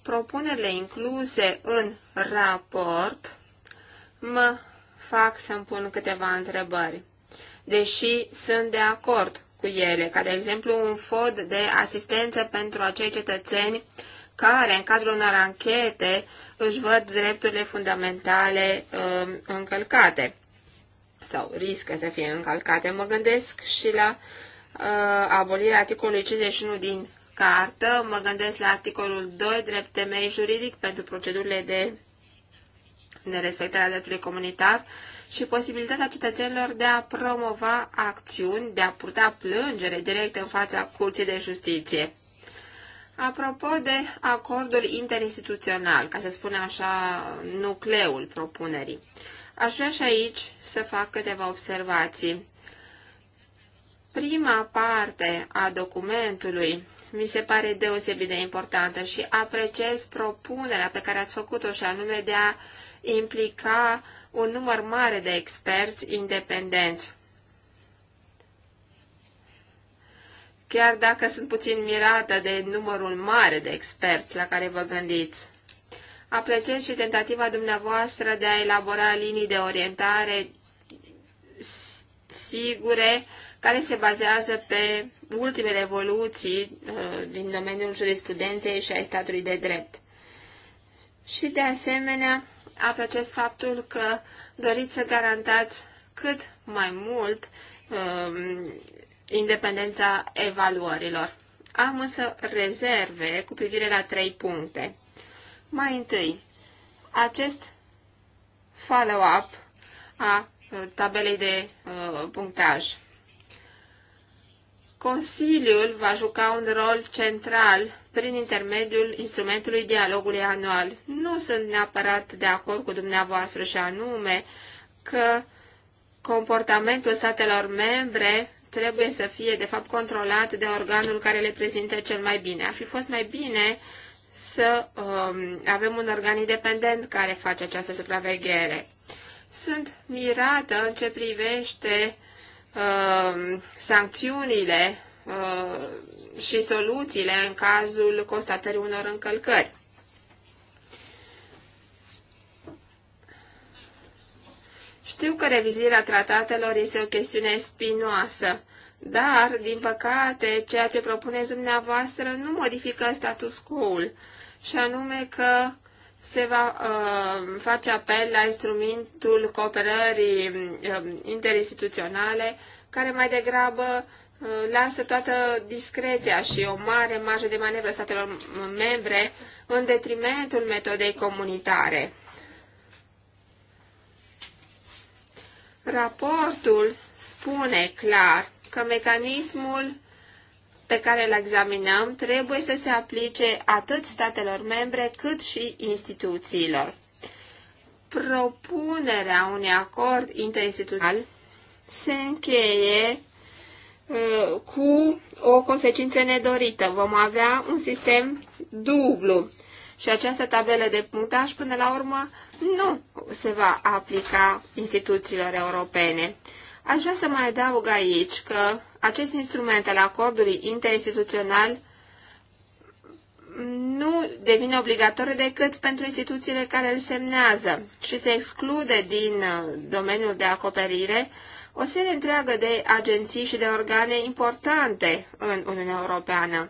Propunerile incluse în raport mă fac să-mi pun câteva întrebări, deși sunt de acord cu ele, ca de exemplu un fond de asistență pentru acei cetățeni care, în cadrul unor anchete, își văd drepturile fundamentale uh, încălcate sau riscă să fie încălcate. Mă gândesc și la uh, abolirea articolului 51 din cartă, mă gândesc la articolul 2, drept temei juridic pentru procedurile de a dreptului comunitar și posibilitatea cetățenilor de a promova acțiuni, de a purta plângere directă în fața Curții de Justiție. Apropo de acordul interinstituțional, ca să spune așa, nucleul propunerii, aș vrea și aici să fac câteva observații. Prima parte a documentului mi se pare deosebit de importantă și apreciez propunerea pe care ați făcut-o și anume de a implica un număr mare de experți independenți. chiar dacă sunt puțin mirată de numărul mare de experți la care vă gândiți. Apreciez și tentativa dumneavoastră de a elabora linii de orientare sigure care se bazează pe ultimele evoluții uh, din domeniul jurisprudenței și ai statului de drept. Și de asemenea, apreciez faptul că doriți să garantați cât mai mult um, independența evaluărilor. Am însă rezerve cu privire la trei puncte. Mai întâi, acest follow-up a uh, tabelei de uh, punctaj. Consiliul va juca un rol central prin intermediul instrumentului dialogului anual. Nu sunt neapărat de acord cu dumneavoastră și anume că comportamentul statelor membre trebuie să fie, de fapt, controlat de organul care le prezintă cel mai bine. Ar fi fost mai bine să um, avem un organ independent care face această supraveghere. Sunt mirată în ce privește um, sancțiunile um, și soluțiile în cazul constatării unor încălcări. Știu că revizuirea tratatelor este o chestiune spinoasă, dar, din păcate, ceea ce propuneți dumneavoastră nu modifică status quo-ul, și anume că se va uh, face apel la instrumentul cooperării uh, interinstituționale, care mai degrabă uh, lasă toată discreția și o mare marjă de manevră statelor membre în detrimentul metodei comunitare. Raportul spune clar că mecanismul pe care îl examinăm trebuie să se aplice atât statelor membre cât și instituțiilor. Propunerea unui acord interinstituțional se încheie uh, cu o consecință nedorită. Vom avea un sistem dublu și această tabelă de punctaj până la urmă nu se va aplica instituțiilor europene. Aș vrea să mai adaug aici că acest instrument al acordului interinstituțional nu devine obligatoriu decât pentru instituțiile care îl semnează și se exclude din uh, domeniul de acoperire o serie întreagă de agenții și de organe importante în Uniunea Europeană.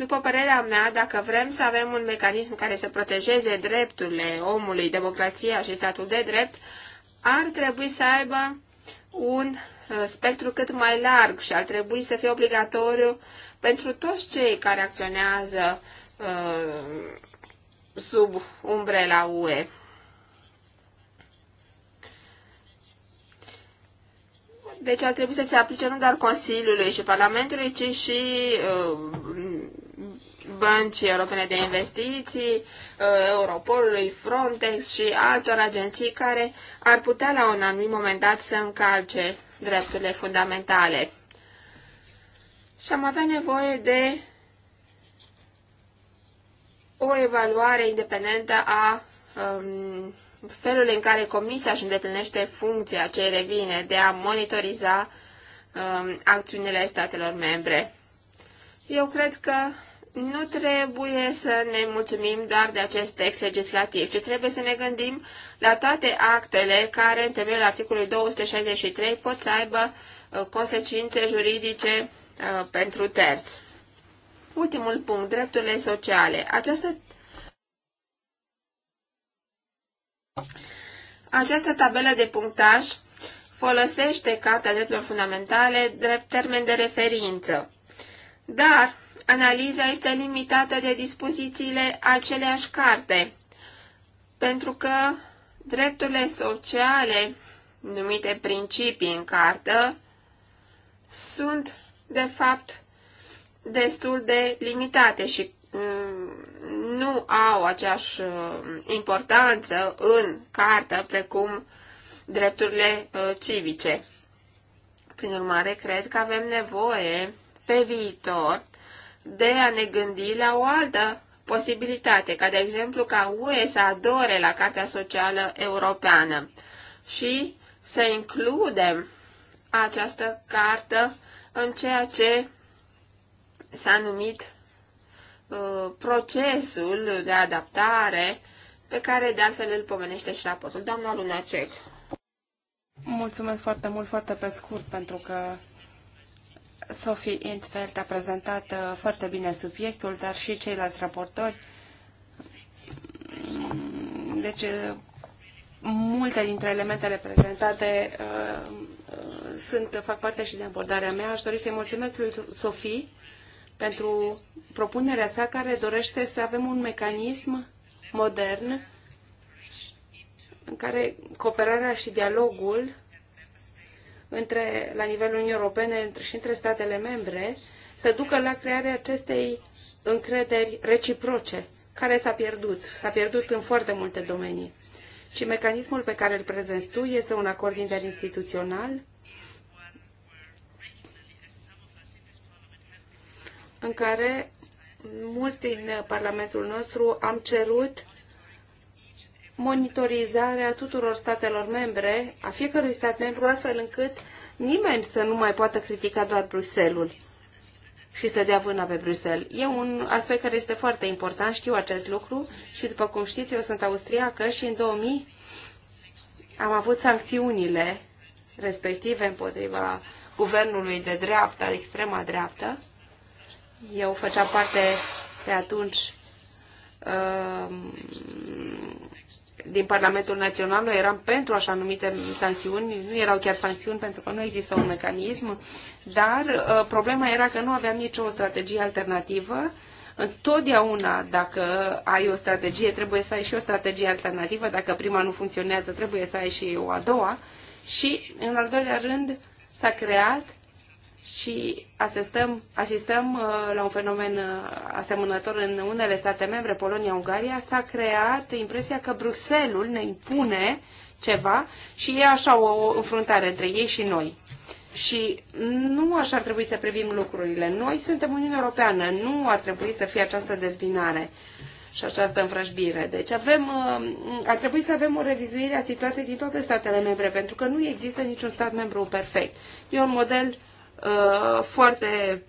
După părerea mea, dacă vrem să avem un mecanism care să protejeze drepturile omului, democrația și statul de drept, ar trebui să aibă un uh, spectru cât mai larg și ar trebui să fie obligatoriu pentru toți cei care acționează uh, sub umbrela UE. Deci ar trebui să se aplice nu doar Consiliului și Parlamentului, ci și uh, Băncii Europene de Investiții, uh, Europolului, Frontex și altor agenții care ar putea la un anumit moment dat să încalce drepturile fundamentale. Și am avea nevoie de o evaluare independentă a um, felului în care Comisia își îndeplinește funcția ce revine de a monitoriza um, acțiunile statelor membre. Eu cred că nu trebuie să ne mulțumim doar de acest text legislativ, ci trebuie să ne gândim la toate actele care, în temeiul articolului 263, pot să aibă uh, consecințe juridice uh, pentru terți. Ultimul punct, drepturile sociale. Această această tabelă de punctaj folosește Carta Drepturilor Fundamentale drept termen de referință. Dar analiza este limitată de dispozițiile aceleași carte, pentru că drepturile sociale, numite principii în cartă, sunt, de fapt, destul de limitate și mm, nu au aceeași uh, importanță în cartă precum drepturile uh, civice. Prin urmare, cred că avem nevoie pe viitor de a ne gândi la o altă posibilitate, ca de exemplu ca UE să adore la Cartea Socială Europeană și să includem această cartă în ceea ce s-a numit uh, procesul de adaptare pe care de altfel îl pomenește și raportul. Doamna Lunacek. Mulțumesc foarte mult, foarte pe scurt, pentru că Sophie Intfeld a prezentat uh, foarte bine subiectul, dar și ceilalți raportori. Mm, deci, uh, multe dintre elementele prezentate uh, sunt, fac parte și de abordarea mea. Aș dori să-i mulțumesc lui Sofie pentru propunerea sa care dorește să avem un mecanism modern în care cooperarea și dialogul între, la nivelul Uniunii Europene și între statele membre să ducă la crearea acestei încrederi reciproce, care s-a pierdut. S-a pierdut în foarte multe domenii. Și mecanismul pe care îl prezenți tu este un acord interinstituțional în care mulți din Parlamentul nostru am cerut monitorizarea tuturor statelor membre, a fiecărui stat membru, astfel încât nimeni să nu mai poată critica doar Bruselul și să dea vâna pe Bruxelles. E un aspect care este foarte important, știu acest lucru și după cum știți, eu sunt austriacă și în 2000 am avut sancțiunile respective împotriva guvernului de dreapta, de extrema dreaptă. Eu făceam parte pe atunci uh, din Parlamentul Național, noi eram pentru așa numite sancțiuni, nu erau chiar sancțiuni pentru că nu există un mecanism, dar uh, problema era că nu aveam nicio strategie alternativă. Întotdeauna, dacă ai o strategie, trebuie să ai și o strategie alternativă. Dacă prima nu funcționează, trebuie să ai și o a doua. Și, în al doilea rând, s-a creat și asistăm, asistăm uh, la un fenomen uh, asemănător în unele state membre, Polonia, Ungaria, s-a creat impresia că Bruxelul ne impune ceva și e așa o înfruntare între ei și noi. Și nu așa ar trebui să privim lucrurile. Noi suntem Uniunea Europeană, nu ar trebui să fie această dezbinare și această învrăjbire. Deci avem, uh, ar trebui să avem o revizuire a situației din toate statele membre, pentru că nu există niciun stat membru perfect. E un model Uh, foarte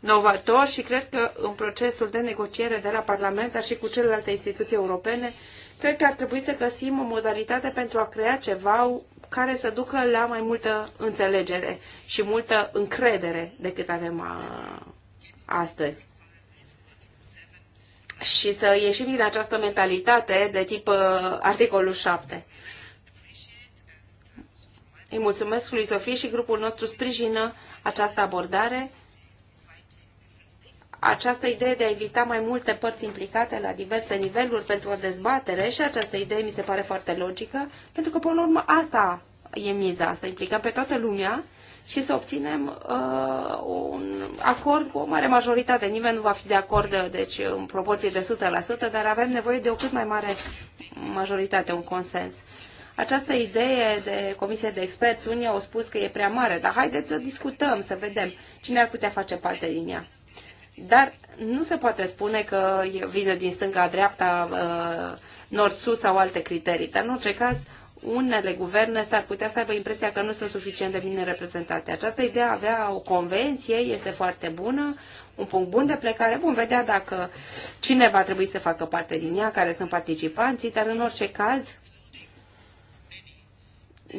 novator și cred că în procesul de negociere de la Parlament, dar și cu celelalte instituții europene, cred că ar trebui să găsim o modalitate pentru a crea ceva care să ducă la mai multă înțelegere și multă încredere decât avem a, astăzi. Și să ieșim din această mentalitate de tip uh, articolul 7. Îi mulțumesc lui Sofie și grupul nostru sprijină această abordare, această idee de a invita mai multe părți implicate la diverse niveluri pentru o dezbatere și această idee mi se pare foarte logică, pentru că, până la urmă, asta e miza, să implicăm pe toată lumea și să obținem uh, un acord cu o mare majoritate. Nimeni nu va fi de acord, uh, deci, în proporție de 100%, dar avem nevoie de o cât mai mare majoritate, un consens. Această idee de comisie de experți, unii au spus că e prea mare, dar haideți să discutăm, să vedem cine ar putea face parte din ea. Dar nu se poate spune că vine din stânga, dreapta, uh, nord-sud sau alte criterii. Dar în orice caz, unele guverne s-ar putea să aibă impresia că nu sunt suficient de bine reprezentate. Această idee a avea o convenție este foarte bună, un punct bun de plecare. Vom vedea dacă cine va trebui să facă parte din ea, care sunt participanții, dar în orice caz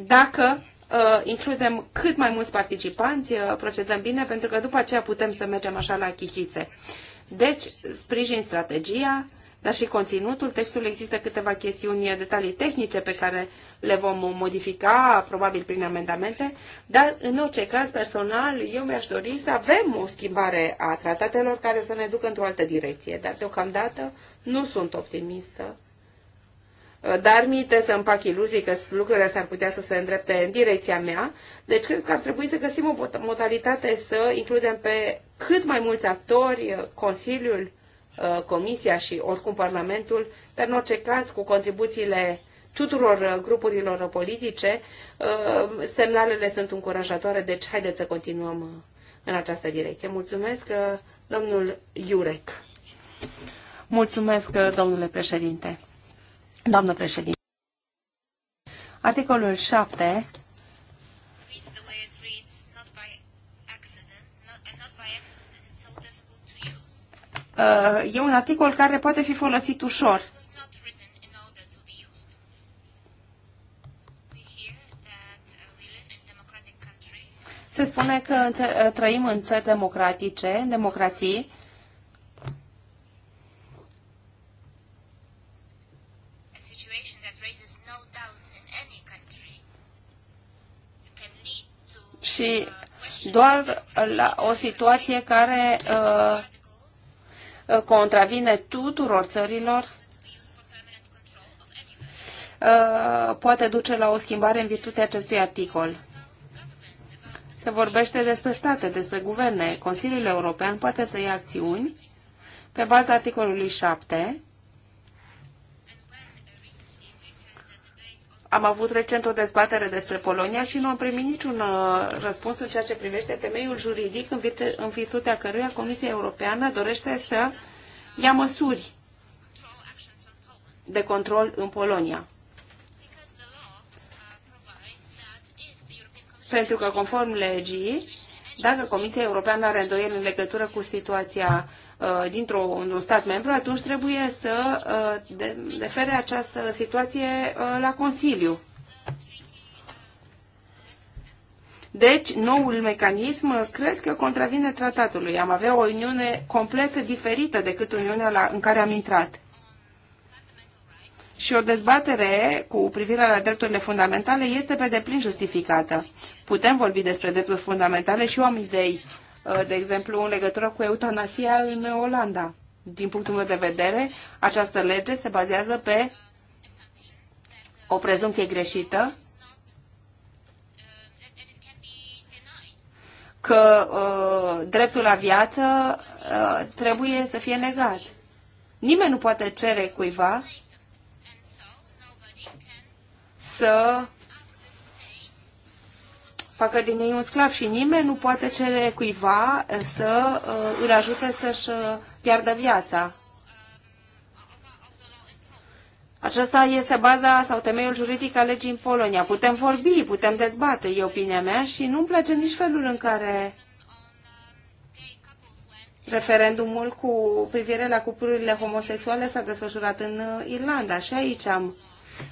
dacă uh, includem cât mai mulți participanți, uh, procedăm bine, pentru că după aceea putem să mergem așa la chichițe. Deci, sprijin strategia, dar și conținutul textului. Există câteva chestiuni, uh, detalii tehnice pe care le vom modifica, probabil prin amendamente, dar în orice caz, personal, eu mi-aș dori să avem o schimbare a tratatelor care să ne ducă într-o altă direcție, dar deocamdată nu sunt optimistă dar mi trebuie să îmi fac iluzii că lucrurile s-ar putea să se îndrepte în direcția mea. Deci cred că ar trebui să găsim o modalitate să includem pe cât mai mulți actori, Consiliul, uh, Comisia și oricum Parlamentul, dar în orice caz cu contribuțiile tuturor uh, grupurilor politice, uh, semnalele sunt încurajatoare, deci haideți să continuăm în această direcție. Mulțumesc, domnul Iurec. Mulțumesc, domnule președinte. Doamnă președinte, articolul 7 uh, e un articol care poate fi folosit ușor. Se spune că trăim în țări democratice, în democrații, și doar la o situație care uh, uh contravine tuturor țărilor uh, poate duce la o schimbare în virtutea acestui articol. Se vorbește despre state, despre guverne. Consiliul European poate să ia acțiuni pe baza articolului 7 Am avut recent o dezbatere despre Polonia și nu am primit niciun uh, răspuns în ceea ce privește temeiul juridic în, vite, în virtutea căruia Comisia Europeană dorește să ia măsuri de control în Polonia. Pentru că, conform legii, dacă Comisia Europeană are îndoieli în legătură cu situația Uh, dintr-un stat membru, atunci trebuie să uh, defere această situație uh, la Consiliu. Deci, noul mecanism cred că contravine tratatului. Am avea o uniune complet diferită decât uniunea la, în care am intrat. Și o dezbatere cu privire la drepturile fundamentale este pe deplin justificată. Putem vorbi despre drepturi fundamentale și eu am idei Uh, de exemplu, în legătură cu eutanasia în Olanda. Din punctul meu de vedere, această lege se bazează pe o prezumție greșită că uh, dreptul la viață uh, trebuie să fie negat. Nimeni nu poate cere cuiva să facă din ei un sclav și nimeni nu poate cere cuiva eh, să uh, îl ajute să-și eh, piardă viața. Aceasta este baza sau temeiul juridic al legii în Polonia. Putem vorbi, putem dezbate, e opinia mea și nu-mi place nici felul în care referendumul cu privire la cuplurile homosexuale s-a desfășurat în Irlanda și aici am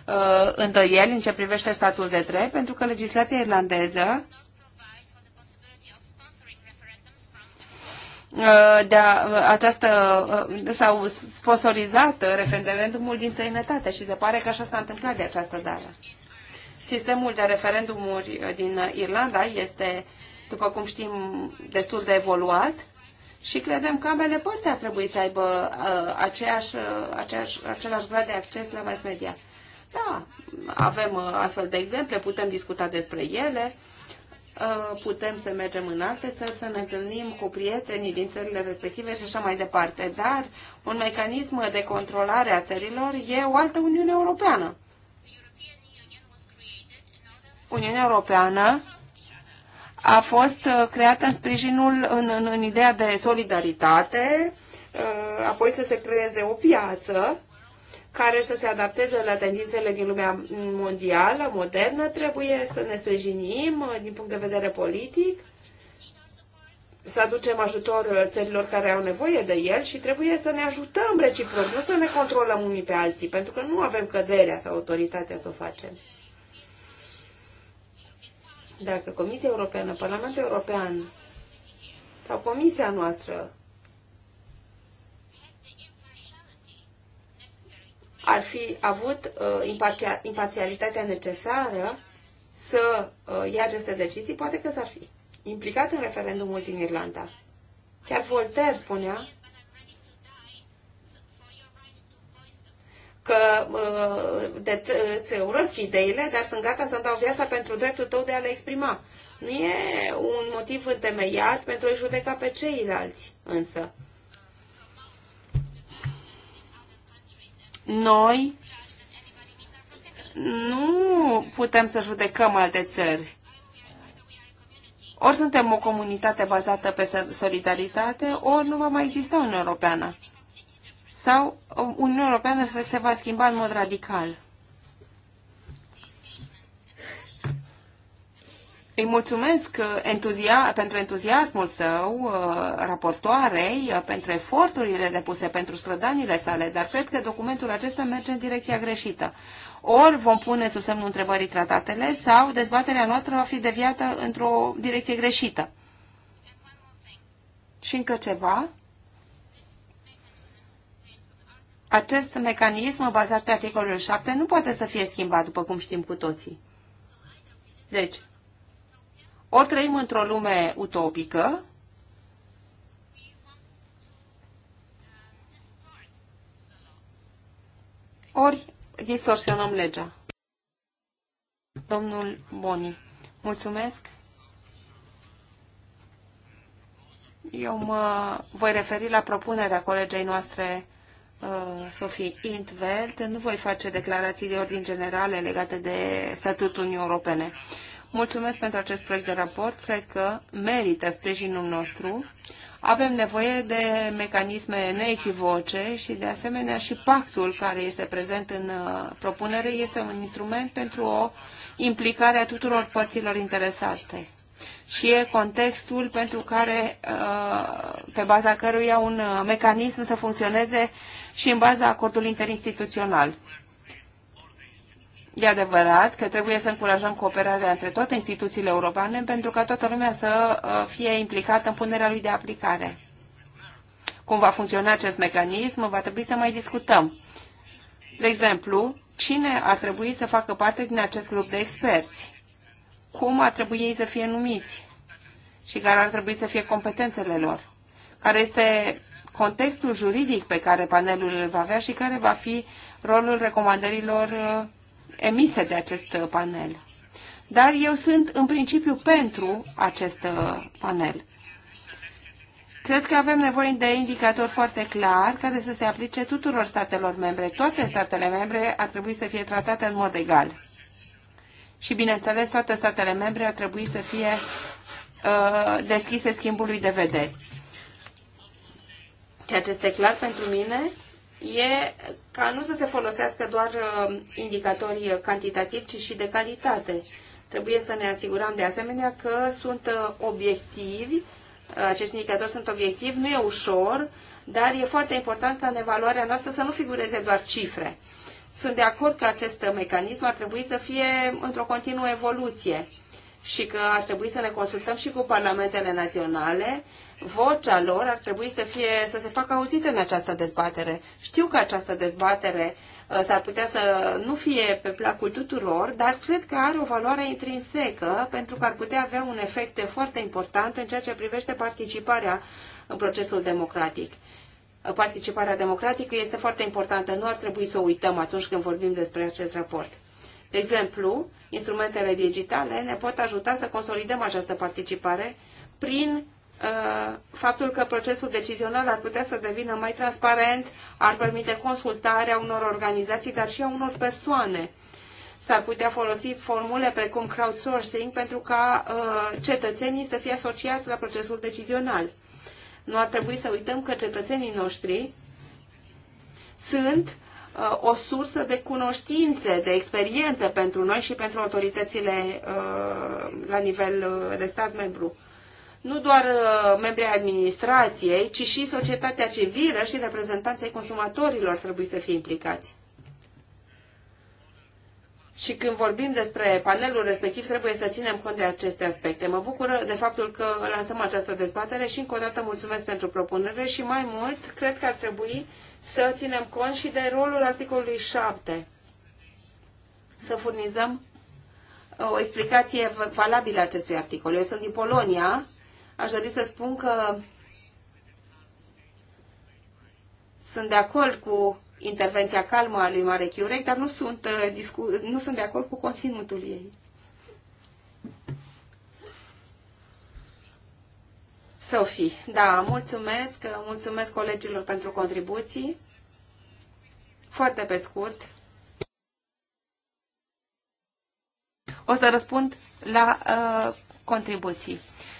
uh, îndoieli în ce privește statul de drept, pentru că legislația irlandeză uh, de a, uh, această, uh, s-au sponsorizat referendumul din sănătate și se pare că așa s-a întâmplat de această dată. Sistemul de referendumuri din Irlanda este, după cum știm, destul de evoluat și credem că ambele părți ar trebui să aibă aceeași, aceeași, același grad de acces la mass media. Da, avem uh, astfel de exemple, putem discuta despre ele, uh, putem să mergem în alte țări, să ne întâlnim cu prietenii din țările respective și așa mai departe. Dar un mecanism de controlare a țărilor e o altă Uniune Europeană. Uniunea Europeană a fost uh, creată în sprijinul, în, în, în ideea de solidaritate, apoi să se creeze o piață care să se adapteze la tendințele din lumea mondială, modernă, trebuie să ne sprijinim uh, din punct de vedere politic, să aducem ajutor uh, țărilor care au nevoie de el și trebuie să ne ajutăm reciproc, nu să ne controlăm unii pe alții, pentru că nu avem căderea sau autoritatea să o facem. Dacă Comisia Europeană, Parlamentul European sau Comisia noastră ar fi avut uh, imparțialitatea necesară să uh, ia aceste decizii, poate că s-ar fi implicat în referendumul din Irlanda. Chiar Voltaire spunea că uh, îți uh, urăsc ideile, dar sunt gata să-mi dau viața pentru dreptul tău de a le exprima. Nu e un motiv întemeiat pentru a i judeca pe ceilalți, însă. noi nu putem să judecăm alte țări. Ori suntem o comunitate bazată pe solidaritate, ori nu va mai exista Uniunea Europeană. Sau uh, Uniunea Europeană se va schimba în mod radical. Îi mulțumesc uh, entuzia- pentru entuziasmul său, uh, raportoarei, uh, pentru eforturile depuse, pentru strădanile tale dar cred că documentul acesta merge în direcția greșită. Ori vom pune sub semnul întrebării tratatele sau dezbaterea noastră va fi deviată într-o direcție greșită. Și încă ceva. Acest mecanism bazat pe articolul 7 nu poate să fie schimbat, după cum știm cu toții. Deci, ori trăim într-o lume utopică, ori distorsionăm legea. Domnul Boni, mulțumesc. Eu mă voi referi la propunerea colegei noastre uh, Sofie Intveld, nu voi face declarații de ordin generale legate de statutul Uniunii Europene. Mulțumesc pentru acest proiect de raport. Cred că merită sprijinul nostru. Avem nevoie de mecanisme neechivoce și, de asemenea, și pactul care este prezent în uh, propunere este un instrument pentru o implicare a tuturor părților interesate. Și e contextul pentru care, uh, pe baza căruia un uh, mecanism să funcționeze și în baza acordului interinstituțional. E adevărat că trebuie să încurajăm cooperarea între toate instituțiile europene pentru ca toată lumea să uh, fie implicată în punerea lui de aplicare. Cum va funcționa acest mecanism, va trebui să mai discutăm. De exemplu, cine ar trebui să facă parte din acest grup de experți? Cum ar trebui ei să fie numiți? Și care ar trebui să fie competențele lor? Care este contextul juridic pe care panelul îl va avea și care va fi rolul recomandărilor uh, emise de acest panel. Dar eu sunt în principiu pentru acest uh, panel. Cred că avem nevoie de indicatori foarte clar care să se aplice tuturor statelor membre. Toate statele membre ar trebui să fie tratate în mod egal. Și, bineînțeles, toate statele membre ar trebui să fie uh, deschise schimbului de vedere. Ceea ce este clar pentru mine e ca nu să se folosească doar uh, indicatorii cantitativi, ci și de calitate. Trebuie să ne asigurăm de asemenea că sunt uh, obiectivi, uh, acești indicatori sunt obiectivi, nu e ușor, dar e foarte important ca în evaluarea noastră să nu figureze doar cifre. Sunt de acord că acest mecanism ar trebui să fie într-o continuă evoluție și că ar trebui să ne consultăm și cu parlamentele naționale, vocea lor ar trebui să, fie, să se facă auzită în această dezbatere. Știu că această dezbatere uh, s-ar putea să nu fie pe placul tuturor, dar cred că are o valoare intrinsecă pentru că ar putea avea un efect foarte important în ceea ce privește participarea în procesul democratic. Uh, participarea democratică este foarte importantă, nu ar trebui să o uităm atunci când vorbim despre acest raport. De exemplu, instrumentele digitale ne pot ajuta să consolidăm această participare prin uh, faptul că procesul decizional ar putea să devină mai transparent, ar permite consultarea unor organizații, dar și a unor persoane. S-ar putea folosi formule precum crowdsourcing pentru ca uh, cetățenii să fie asociați la procesul decizional. Nu ar trebui să uităm că cetățenii noștri sunt uh, Uh, o sursă de cunoștințe, de experiențe pentru noi și pentru autoritățile uh, la nivel uh, de stat membru. Nu doar membrii administrației, ci și societatea civilă și reprezentanții consumatorilor trebuie să fie implicați. Și când vorbim despre panelul respectiv, trebuie să ținem cont de aceste aspecte. Mă bucur de faptul că lansăm această dezbatere și încă o dată mulțumesc pentru propunere și mai mult, cred că ar trebui să ținem cont și de rolul articolului 7. Să furnizăm uh, o explicație valabilă acestui articol. Eu sunt din Polonia. Aș dori să spun că sunt de acord cu intervenția calmă a lui Marek Iurec, dar nu sunt, uh, nu sunt de acord cu conținutul ei. Sophie, da, mulțumesc, mulțumesc colegilor pentru contribuții. Foarte pe scurt. O să răspund la uh, contribuții.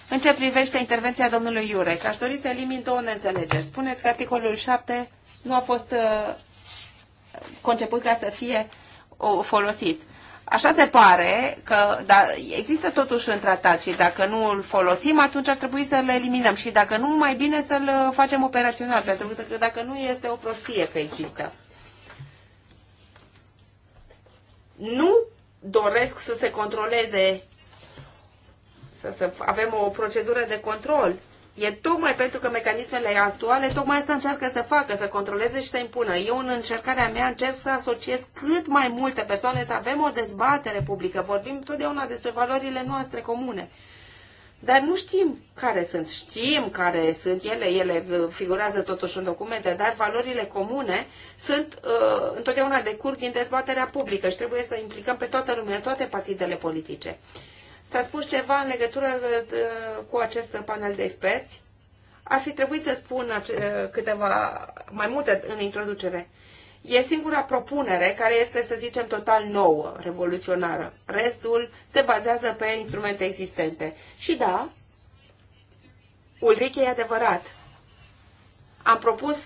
În ce privește intervenția domnului Iurec, aș dori să elimin două neînțelegeri. Spuneți că articolul 7 nu a fost uh, conceput ca să fie uh, folosit. Așa se pare că da, există totuși în tratat și dacă nu îl folosim, atunci ar trebui să-l eliminăm și dacă nu, mai bine să-l facem operațional, pentru că dacă nu este o prostie că există. Nu doresc să se controleze, să, să avem o procedură de control E tocmai pentru că mecanismele actuale tocmai asta încearcă să facă, să controleze și să impună. Eu în încercarea mea încerc să asociez cât mai multe persoane, să avem o dezbatere publică. Vorbim totdeauna despre valorile noastre comune. Dar nu știm care sunt. Știm care sunt ele, ele uh, figurează totuși în documente, dar valorile comune sunt uh, întotdeauna curg din dezbaterea publică și trebuie să implicăm pe toată lumea, toate partidele politice. Uh, S-a spus ceva în legătură uh, cu acest panel de experți. Ar fi trebuit să spun uh, câteva mai multe în introducere. E singura propunere care este, să zicem, total nouă, revoluționară. Restul se bazează pe instrumente existente. Și da, Ulrike e adevărat. Am propus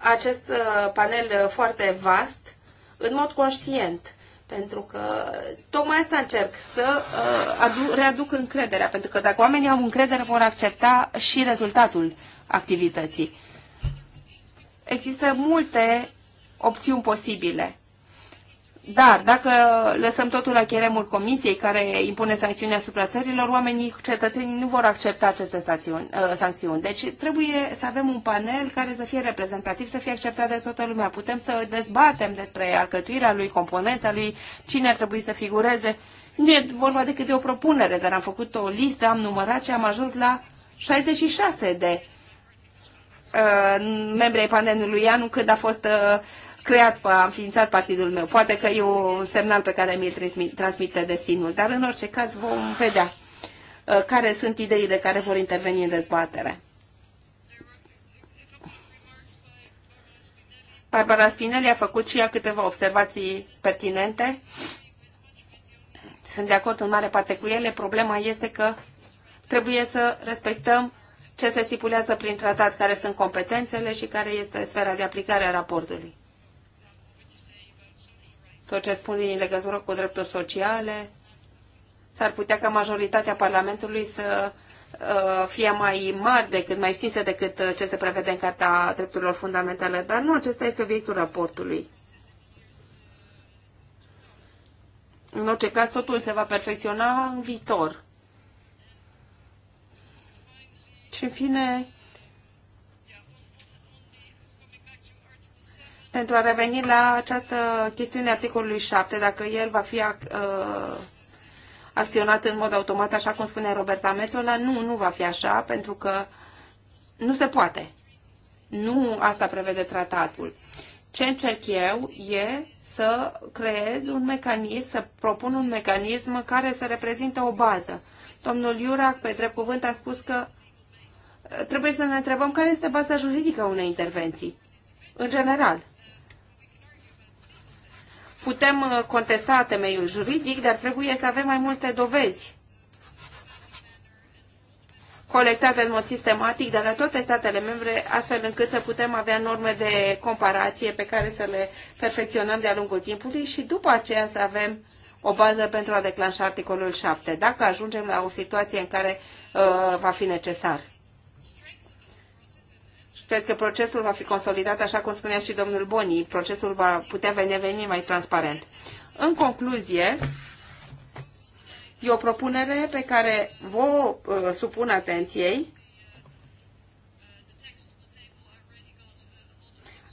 acest uh, panel foarte vast, în mod conștient, pentru că tocmai asta încerc, să uh, adu- readuc încrederea, pentru că dacă oamenii au încredere, vor accepta și rezultatul activității. Există multe opțiuni posibile. Dar dacă lăsăm totul la cheremul comisiei care impune sancțiuni asupra țărilor, oamenii, cetățenii nu vor accepta aceste uh, sancțiuni. Deci trebuie să avem un panel care să fie reprezentativ, să fie acceptat de toată lumea. Putem să dezbatem despre alcătuirea lui, componența lui, cine ar trebui să figureze. Nu e vorba decât de o propunere, dar am făcut o listă, am numărat și am ajuns la 66 de uh, membri ai panelului Anul când a fost uh, creat, a înființat partidul meu. Poate că e un semnal pe care mi-l transmite destinul, dar în orice caz vom vedea uh, care sunt ideile care vor interveni în dezbatere. Barbara Spinelli a făcut și ea câteva observații pertinente. Sunt de acord în mare parte cu ele. Problema este că trebuie să respectăm ce se stipulează prin tratat, care sunt competențele și care este sfera de aplicare a raportului tot ce spun în legătură cu drepturi sociale. S-ar putea ca majoritatea Parlamentului să uh, fie mai mari decât, mai extinse decât uh, ce se prevede în Carta Drepturilor Fundamentale, dar nu, acesta este obiectul raportului. În orice caz, totul se va perfecționa în viitor. Și, în fine, pentru a reveni la această chestiune articolului 7, dacă el va fi uh, acționat în mod automat, așa cum spune Roberta Mețola, nu, nu va fi așa, pentru că nu se poate. Nu asta prevede tratatul. Ce încerc eu e să creez un mecanism, să propun un mecanism care să reprezintă o bază. Domnul Iurac, pe drept cuvânt, a spus că uh, trebuie să ne întrebăm care este baza juridică a unei intervenții, în general. Putem uh, contesta temeiul juridic, dar trebuie să avem mai multe dovezi colectate în mod sistematic de la toate statele membre, astfel încât să putem avea norme de comparație pe care să le perfecționăm de-a lungul timpului și după aceea să avem o bază pentru a declanșa articolul 7, dacă ajungem la o situație în care uh, va fi necesar. Cred că procesul va fi consolidat, așa cum spunea și domnul Boni. Procesul va putea deveni mai transparent. În concluzie, e o propunere pe care vă uh, supun atenției.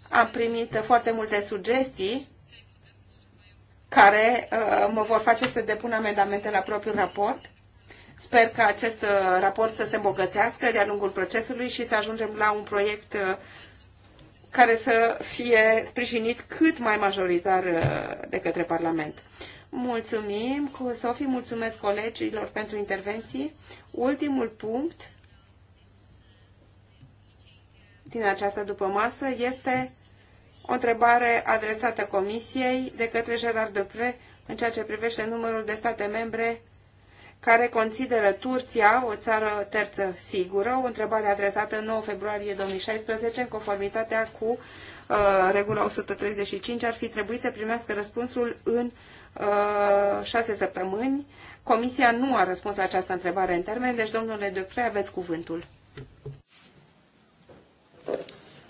Am primit foarte multe sugestii care uh, mă vor face să depun amendamente la propriul raport. Sper că acest uh, raport să se îmbogățească de-a lungul procesului și să ajungem la un proiect uh, care să fie sprijinit cât mai majoritar uh, de către Parlament. Mulțumim, Sofi, mulțumesc colegilor pentru intervenții. Ultimul punct din această dupămasă este o întrebare adresată Comisiei de către Gerard Depre în ceea ce privește numărul de state membre care consideră Turcia o țară terță sigură, o întrebare adresată în 9 februarie 2016 în conformitatea cu uh, regula 135 ar fi trebuit să primească răspunsul în uh, 6 săptămâni. Comisia nu a răspuns la această întrebare în termen, deci domnule Dupre, aveți cuvântul.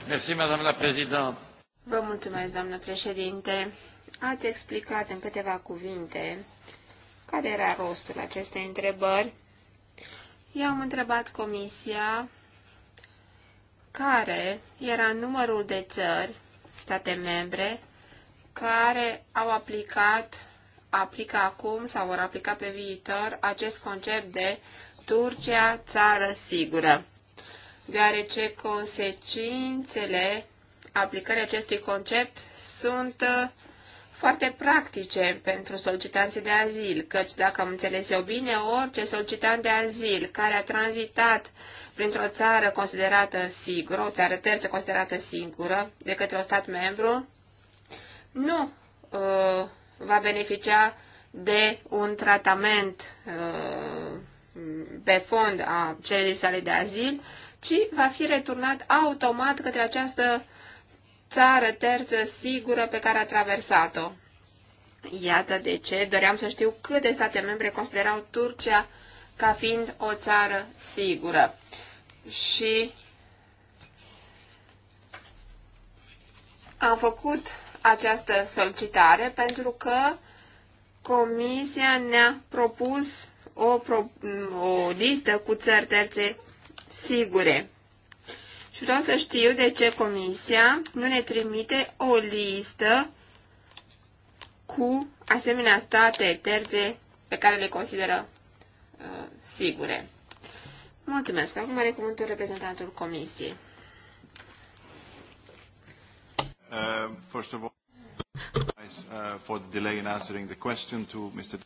Merci, madame la Vă mulțumesc, doamnă președinte. Ați explicat în câteva cuvinte care era rostul acestei întrebări. Eu am întrebat comisia care era numărul de țări, state membre, care au aplicat, aplică acum sau vor aplica pe viitor acest concept de Turcia țară sigură, deoarece consecințele aplicării acestui concept sunt foarte practice pentru solicitanții de azil, căci, dacă am înțeles eu bine, orice solicitant de azil care a tranzitat printr-o țară considerată sigură, o țară terță considerată sigură de către un stat membru, nu uh, va beneficia de un tratament uh, pe fond a cererii sale de azil, ci va fi returnat automat către această uh, țară terță sigură pe care a traversat-o. Iată de ce doream să știu câte state membre considerau Turcia ca fiind o țară sigură. Și am făcut această solicitare pentru că Comisia ne-a propus o, pro, o listă cu țări terțe sigure și vreau să știu de ce comisia nu ne trimite o listă cu asemenea state terțe pe care le consideră uh, sigure. Mulțumesc. Acum are cuvântul reprezentantul comisiei. Uh, first of all, uh, for the delay in answering the question to Mr.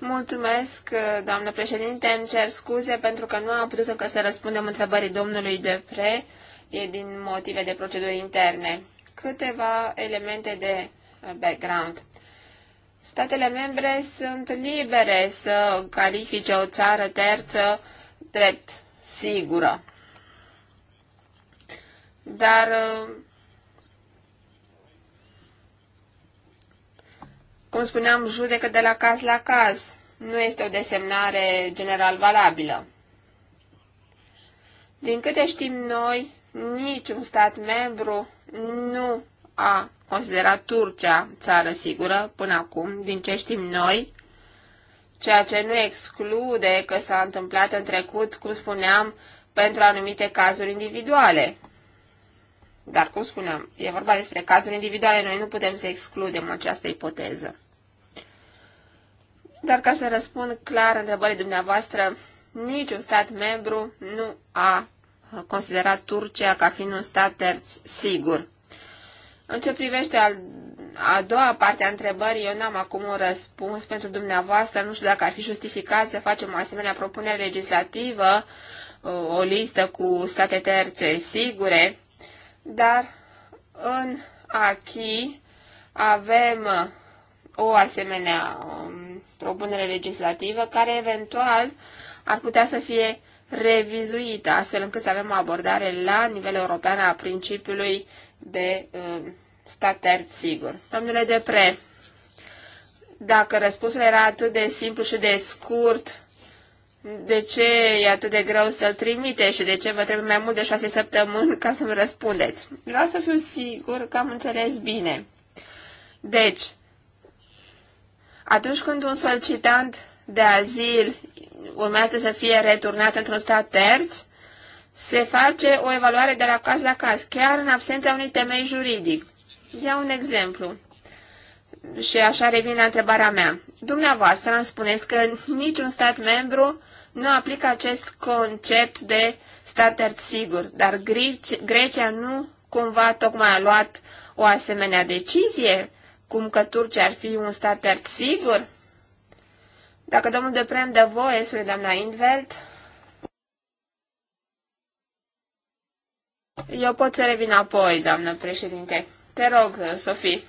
Mulțumesc, uh, doamnă președinte. Îmi cer scuze pentru că nu am putut încă să răspundem întrebării domnului Depre. E din motive de proceduri interne. Câteva elemente de uh, background. Statele membre sunt libere să califice o țară terță drept sigură. Dar uh, cum spuneam, judecă de la caz la caz. Nu este o desemnare general valabilă. Din câte știm noi, niciun stat membru nu a considerat Turcia țară sigură până acum, din ce știm noi, ceea ce nu exclude că s-a întâmplat în trecut, cum spuneam, pentru anumite cazuri individuale. Dar, cum spuneam, e vorba despre cazuri individuale, noi nu putem să excludem această ipoteză. Dar ca să răspund clar întrebării dumneavoastră, niciun stat membru nu a considerat Turcia ca fiind un stat terț sigur. În ce privește al, a doua parte a întrebării, eu n-am acum un răspuns pentru dumneavoastră. Nu știu dacă ar fi justificat să facem o asemenea propunere legislativă, o listă cu state terțe sigure dar în achi avem o asemenea um, propunere legislativă care eventual ar putea să fie revizuită, astfel încât să avem o abordare la nivel european a principiului de uh, stat terț sigur. Domnule Depre, dacă răspunsul era atât de simplu și de scurt, de ce e atât de greu să-l trimite și de ce vă trebuie mai mult de șase săptămâni ca să-mi răspundeți. Vreau să fiu sigur că am înțeles bine. Deci, atunci când un solicitant de azil urmează să fie returnat într-un stat terț, se face o evaluare de la caz la caz, chiar în absența unui temei juridic. Ia un exemplu. Și așa revin la întrebarea mea. Dumneavoastră îmi spuneți că niciun stat membru nu aplică acest concept de stat terț sigur, dar Grecia nu cumva tocmai a luat o asemenea decizie, cum că Turcia ar fi un stat terț sigur? Dacă domnul Deprem dă voie spre doamna Invelt, eu pot să revin apoi, doamnă președinte. Te rog, Sofie.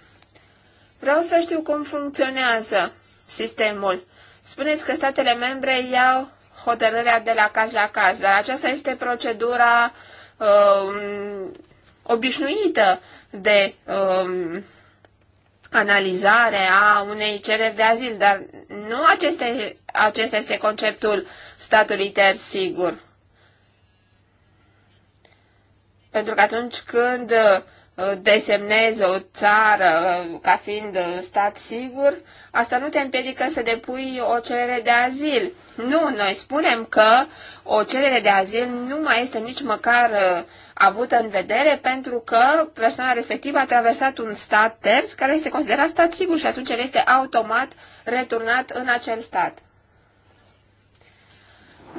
Vreau să știu cum funcționează sistemul. Spuneți că statele membre iau hotărârea de la caz la caz, dar aceasta este procedura um, obișnuită de um, analizare a unei cereri de azil, dar nu aceste, acesta este conceptul statului ter sigur. Pentru că atunci când uh, Uh, desemnezi o țară uh, ca fiind uh, stat sigur, asta nu te împiedică să depui o cerere de azil. Nu, noi spunem că o cerere de azil nu mai este nici măcar avută în vedere pentru că persoana respectivă a traversat un stat terț care este considerat stat sigur și atunci el este automat returnat în acel stat.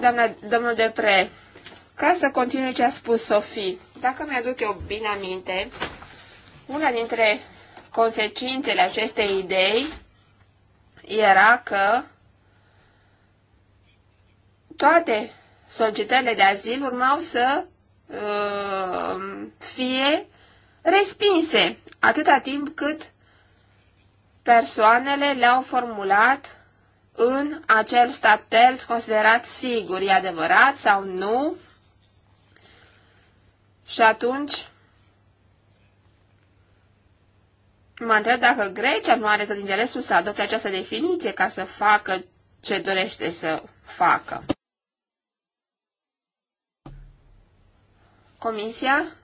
Doamna, domnul Depre, ca să continui ce a spus Sofie, dacă mi-aduc eu bine aminte, una dintre consecințele acestei idei era că toate solicitările de azil urmau să uh, fie respinse atâta timp cât persoanele le-au formulat în acel stat terț considerat sigur, e adevărat sau nu, și atunci mă întreb dacă Grecia nu are tot interesul să adopte această definiție ca să facă ce dorește să facă. Comisia?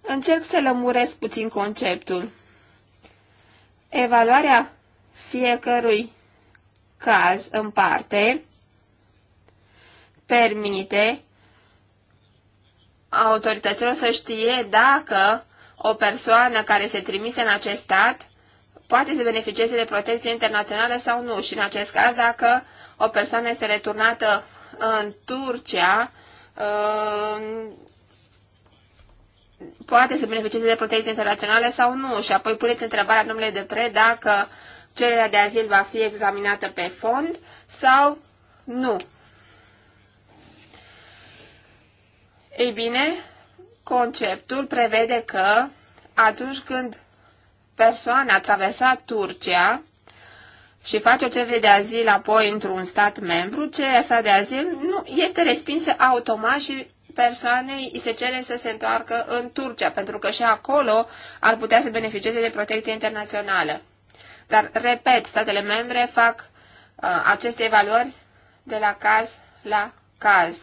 Încerc să lămuresc puțin conceptul. Evaluarea fiecărui caz în parte permite autorităților să știe dacă o persoană care se trimise în acest stat poate să beneficieze de protecție internațională sau nu și în acest caz dacă o persoană este returnată în Turcia uh, poate să beneficieze de protecție internațională sau nu și apoi puneți întrebarea domnule pre dacă cererea de azil va fi examinată pe fond sau nu. Ei bine, conceptul prevede că atunci când persoana traversa Turcia și face o cerere de azil apoi într-un stat membru, cererea sa de azil nu este respinsă automat și persoanei îi se cere să se întoarcă în Turcia, pentru că și acolo ar putea să beneficieze de protecție internațională. Dar, repet, statele membre fac uh, aceste evaluări de la caz la caz.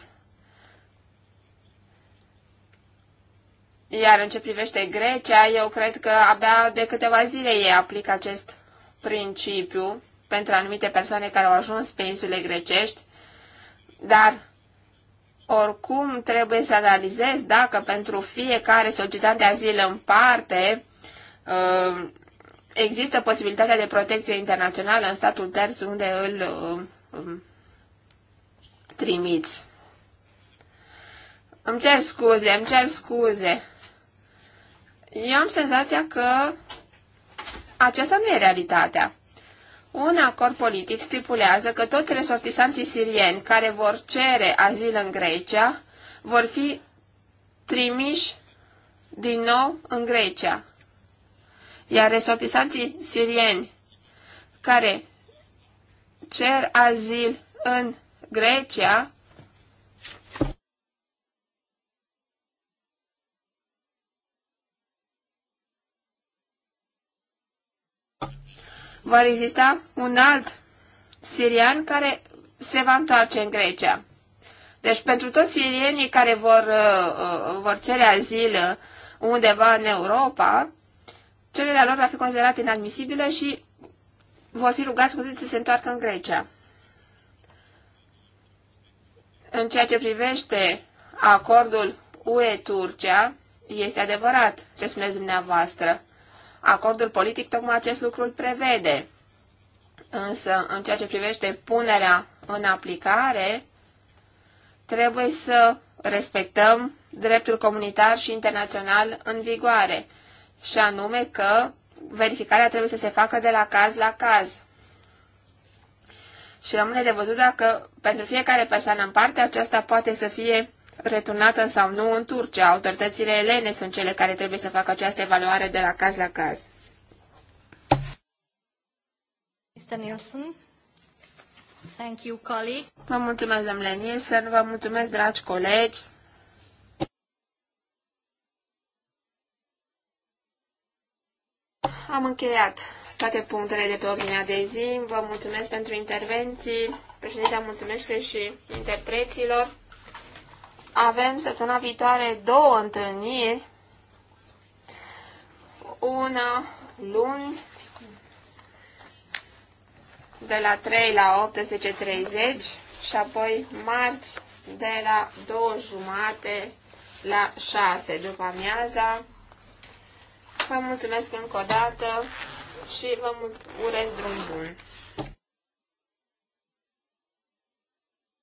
Iar în ce privește Grecia, eu cred că abia de câteva zile ei aplică acest principiu pentru anumite persoane care au ajuns pe insule grecești, dar oricum trebuie să analizez dacă pentru fiecare solicitant de azil în parte uh, există posibilitatea de protecție internațională în statul terț unde îl uh, um, trimiți. Îmi cer scuze, îmi cer scuze eu am senzația că aceasta nu e realitatea. Un acord politic stipulează că toți resortisanții sirieni care vor cere azil în Grecia vor fi trimiși din nou în Grecia. Iar resortisanții sirieni care cer azil în Grecia vor exista un alt sirian care se va întoarce în Grecia. Deci pentru toți sirienii care vor, uh, uh, vor cere azil uh, undeva în Europa, cererea lor va fi considerată inadmisibilă și vor fi rugați cu să se întoarcă în Grecia. În ceea ce privește acordul UE-Turcia, este adevărat ce spuneți dumneavoastră. Acordul politic tocmai acest lucru îl prevede. Însă, în ceea ce privește punerea în aplicare, trebuie să respectăm dreptul comunitar și internațional în vigoare, și anume că verificarea trebuie să se facă de la caz la caz. Și rămâne de văzut dacă pentru fiecare persoană în parte aceasta poate să fie returnată sau nu în Turcia. Autoritățile elene sunt cele care trebuie să facă această evaluare de la caz la caz. Mr. Nielsen. Thank you, colleague. Vă mulțumesc, domnule Nielsen, vă mulțumesc, dragi colegi. Am încheiat toate punctele de pe ordinea de zi. Vă mulțumesc pentru intervenții. Președintea mulțumește și interpreților avem săptămâna viitoare două întâlniri, una luni de la 3 la 18.30 și apoi marți de la 2 jumate la 6 după amiaza. Vă mulțumesc încă o dată și vă urez drum bun!